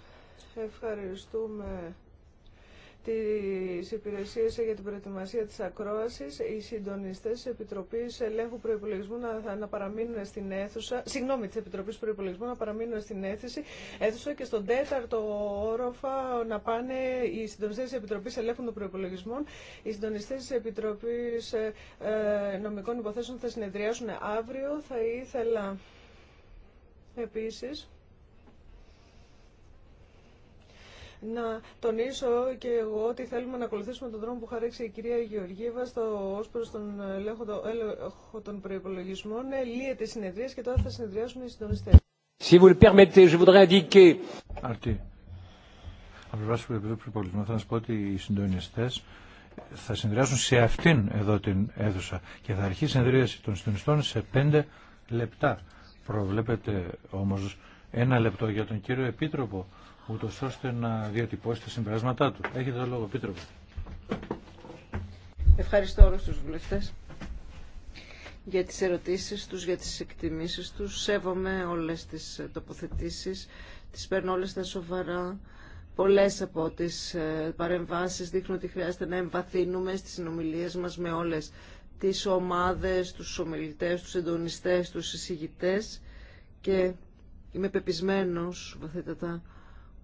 Ευχαριστούμε τις υπηρεσίες για την προετοιμασία της ακρόασης. Οι συντονιστές της Επιτροπής Ελέγχου Προϋπολογισμού να, να παραμείνουν στην αίθουσα, συγγνώμη, Επιτροπής Προϋπολογισμού να παραμείνουν στην αίθουση, αίθουσα και στον τέταρτο όροφα να πάνε οι συντονιστές της Επιτροπής Ελέγχου των Οι συντονιστές της Επιτροπής ε, ε, Νομικών Υποθέσεων θα συνεδριάσουν αύριο. Θα ήθελα επίσης να τονίσω και εγώ ότι θέλουμε να ακολουθήσουμε τον δρόμο που χαρέξει η κυρία Γεωργίευα στο ω προ τον έλεγχο των προπολογισμών. Ε, λύεται η συνεδρία και τώρα θα συνεδριάσουν οι συντονιστέ. Si vous le permettez, je voudrais indiquer. Αρτή. Από πλευρά του Προπολογισμού, θα σα πω ότι οι συντονιστέ θα συνδυάσουν σε αυτήν εδώ την αίθουσα και θα αρχίσει η συνεδρίαση των συντονιστών σε πέντε λεπτά. Προβλέπετε όμως ένα λεπτό για τον κύριο Επίτροπο ούτω ώστε να διατυπώσει τα συμπεράσματά του. Έχετε το λόγο, Πίτροπε. Ευχαριστώ όλους τους βουλευτές για τις ερωτήσεις τους, για τις εκτιμήσεις τους. Σέβομαι όλες τις τοποθετήσεις, τις παίρνω όλες τα σοβαρά. Πολλές από τις ε, παρεμβάσεις δείχνουν ότι χρειάζεται να εμβαθύνουμε στις συνομιλίες μας με όλες τις ομάδες, τους ομιλητές, τους εντονιστές, τους εισηγητές και είμαι πεπισμένος βαθύτατα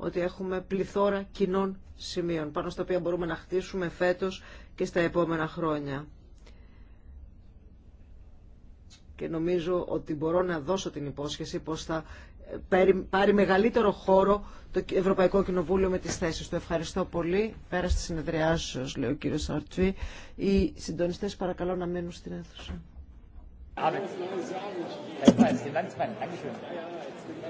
ότι έχουμε πληθώρα κοινών σημείων, πάνω στα οποία μπορούμε να χτίσουμε φέτος και στα επόμενα χρόνια. Και νομίζω ότι μπορώ να δώσω την υπόσχεση πως θα ε, πάρει μεγαλύτερο χώρο το Ευρωπαϊκό Κοινοβούλιο με τις θέσεις του. Ευχαριστώ πολύ. Πέρα στη Συνεδριάσεως, λέει ο κύριος Αρτουή. Οι συντονιστές παρακαλώ να μένουν στην αίθουσα.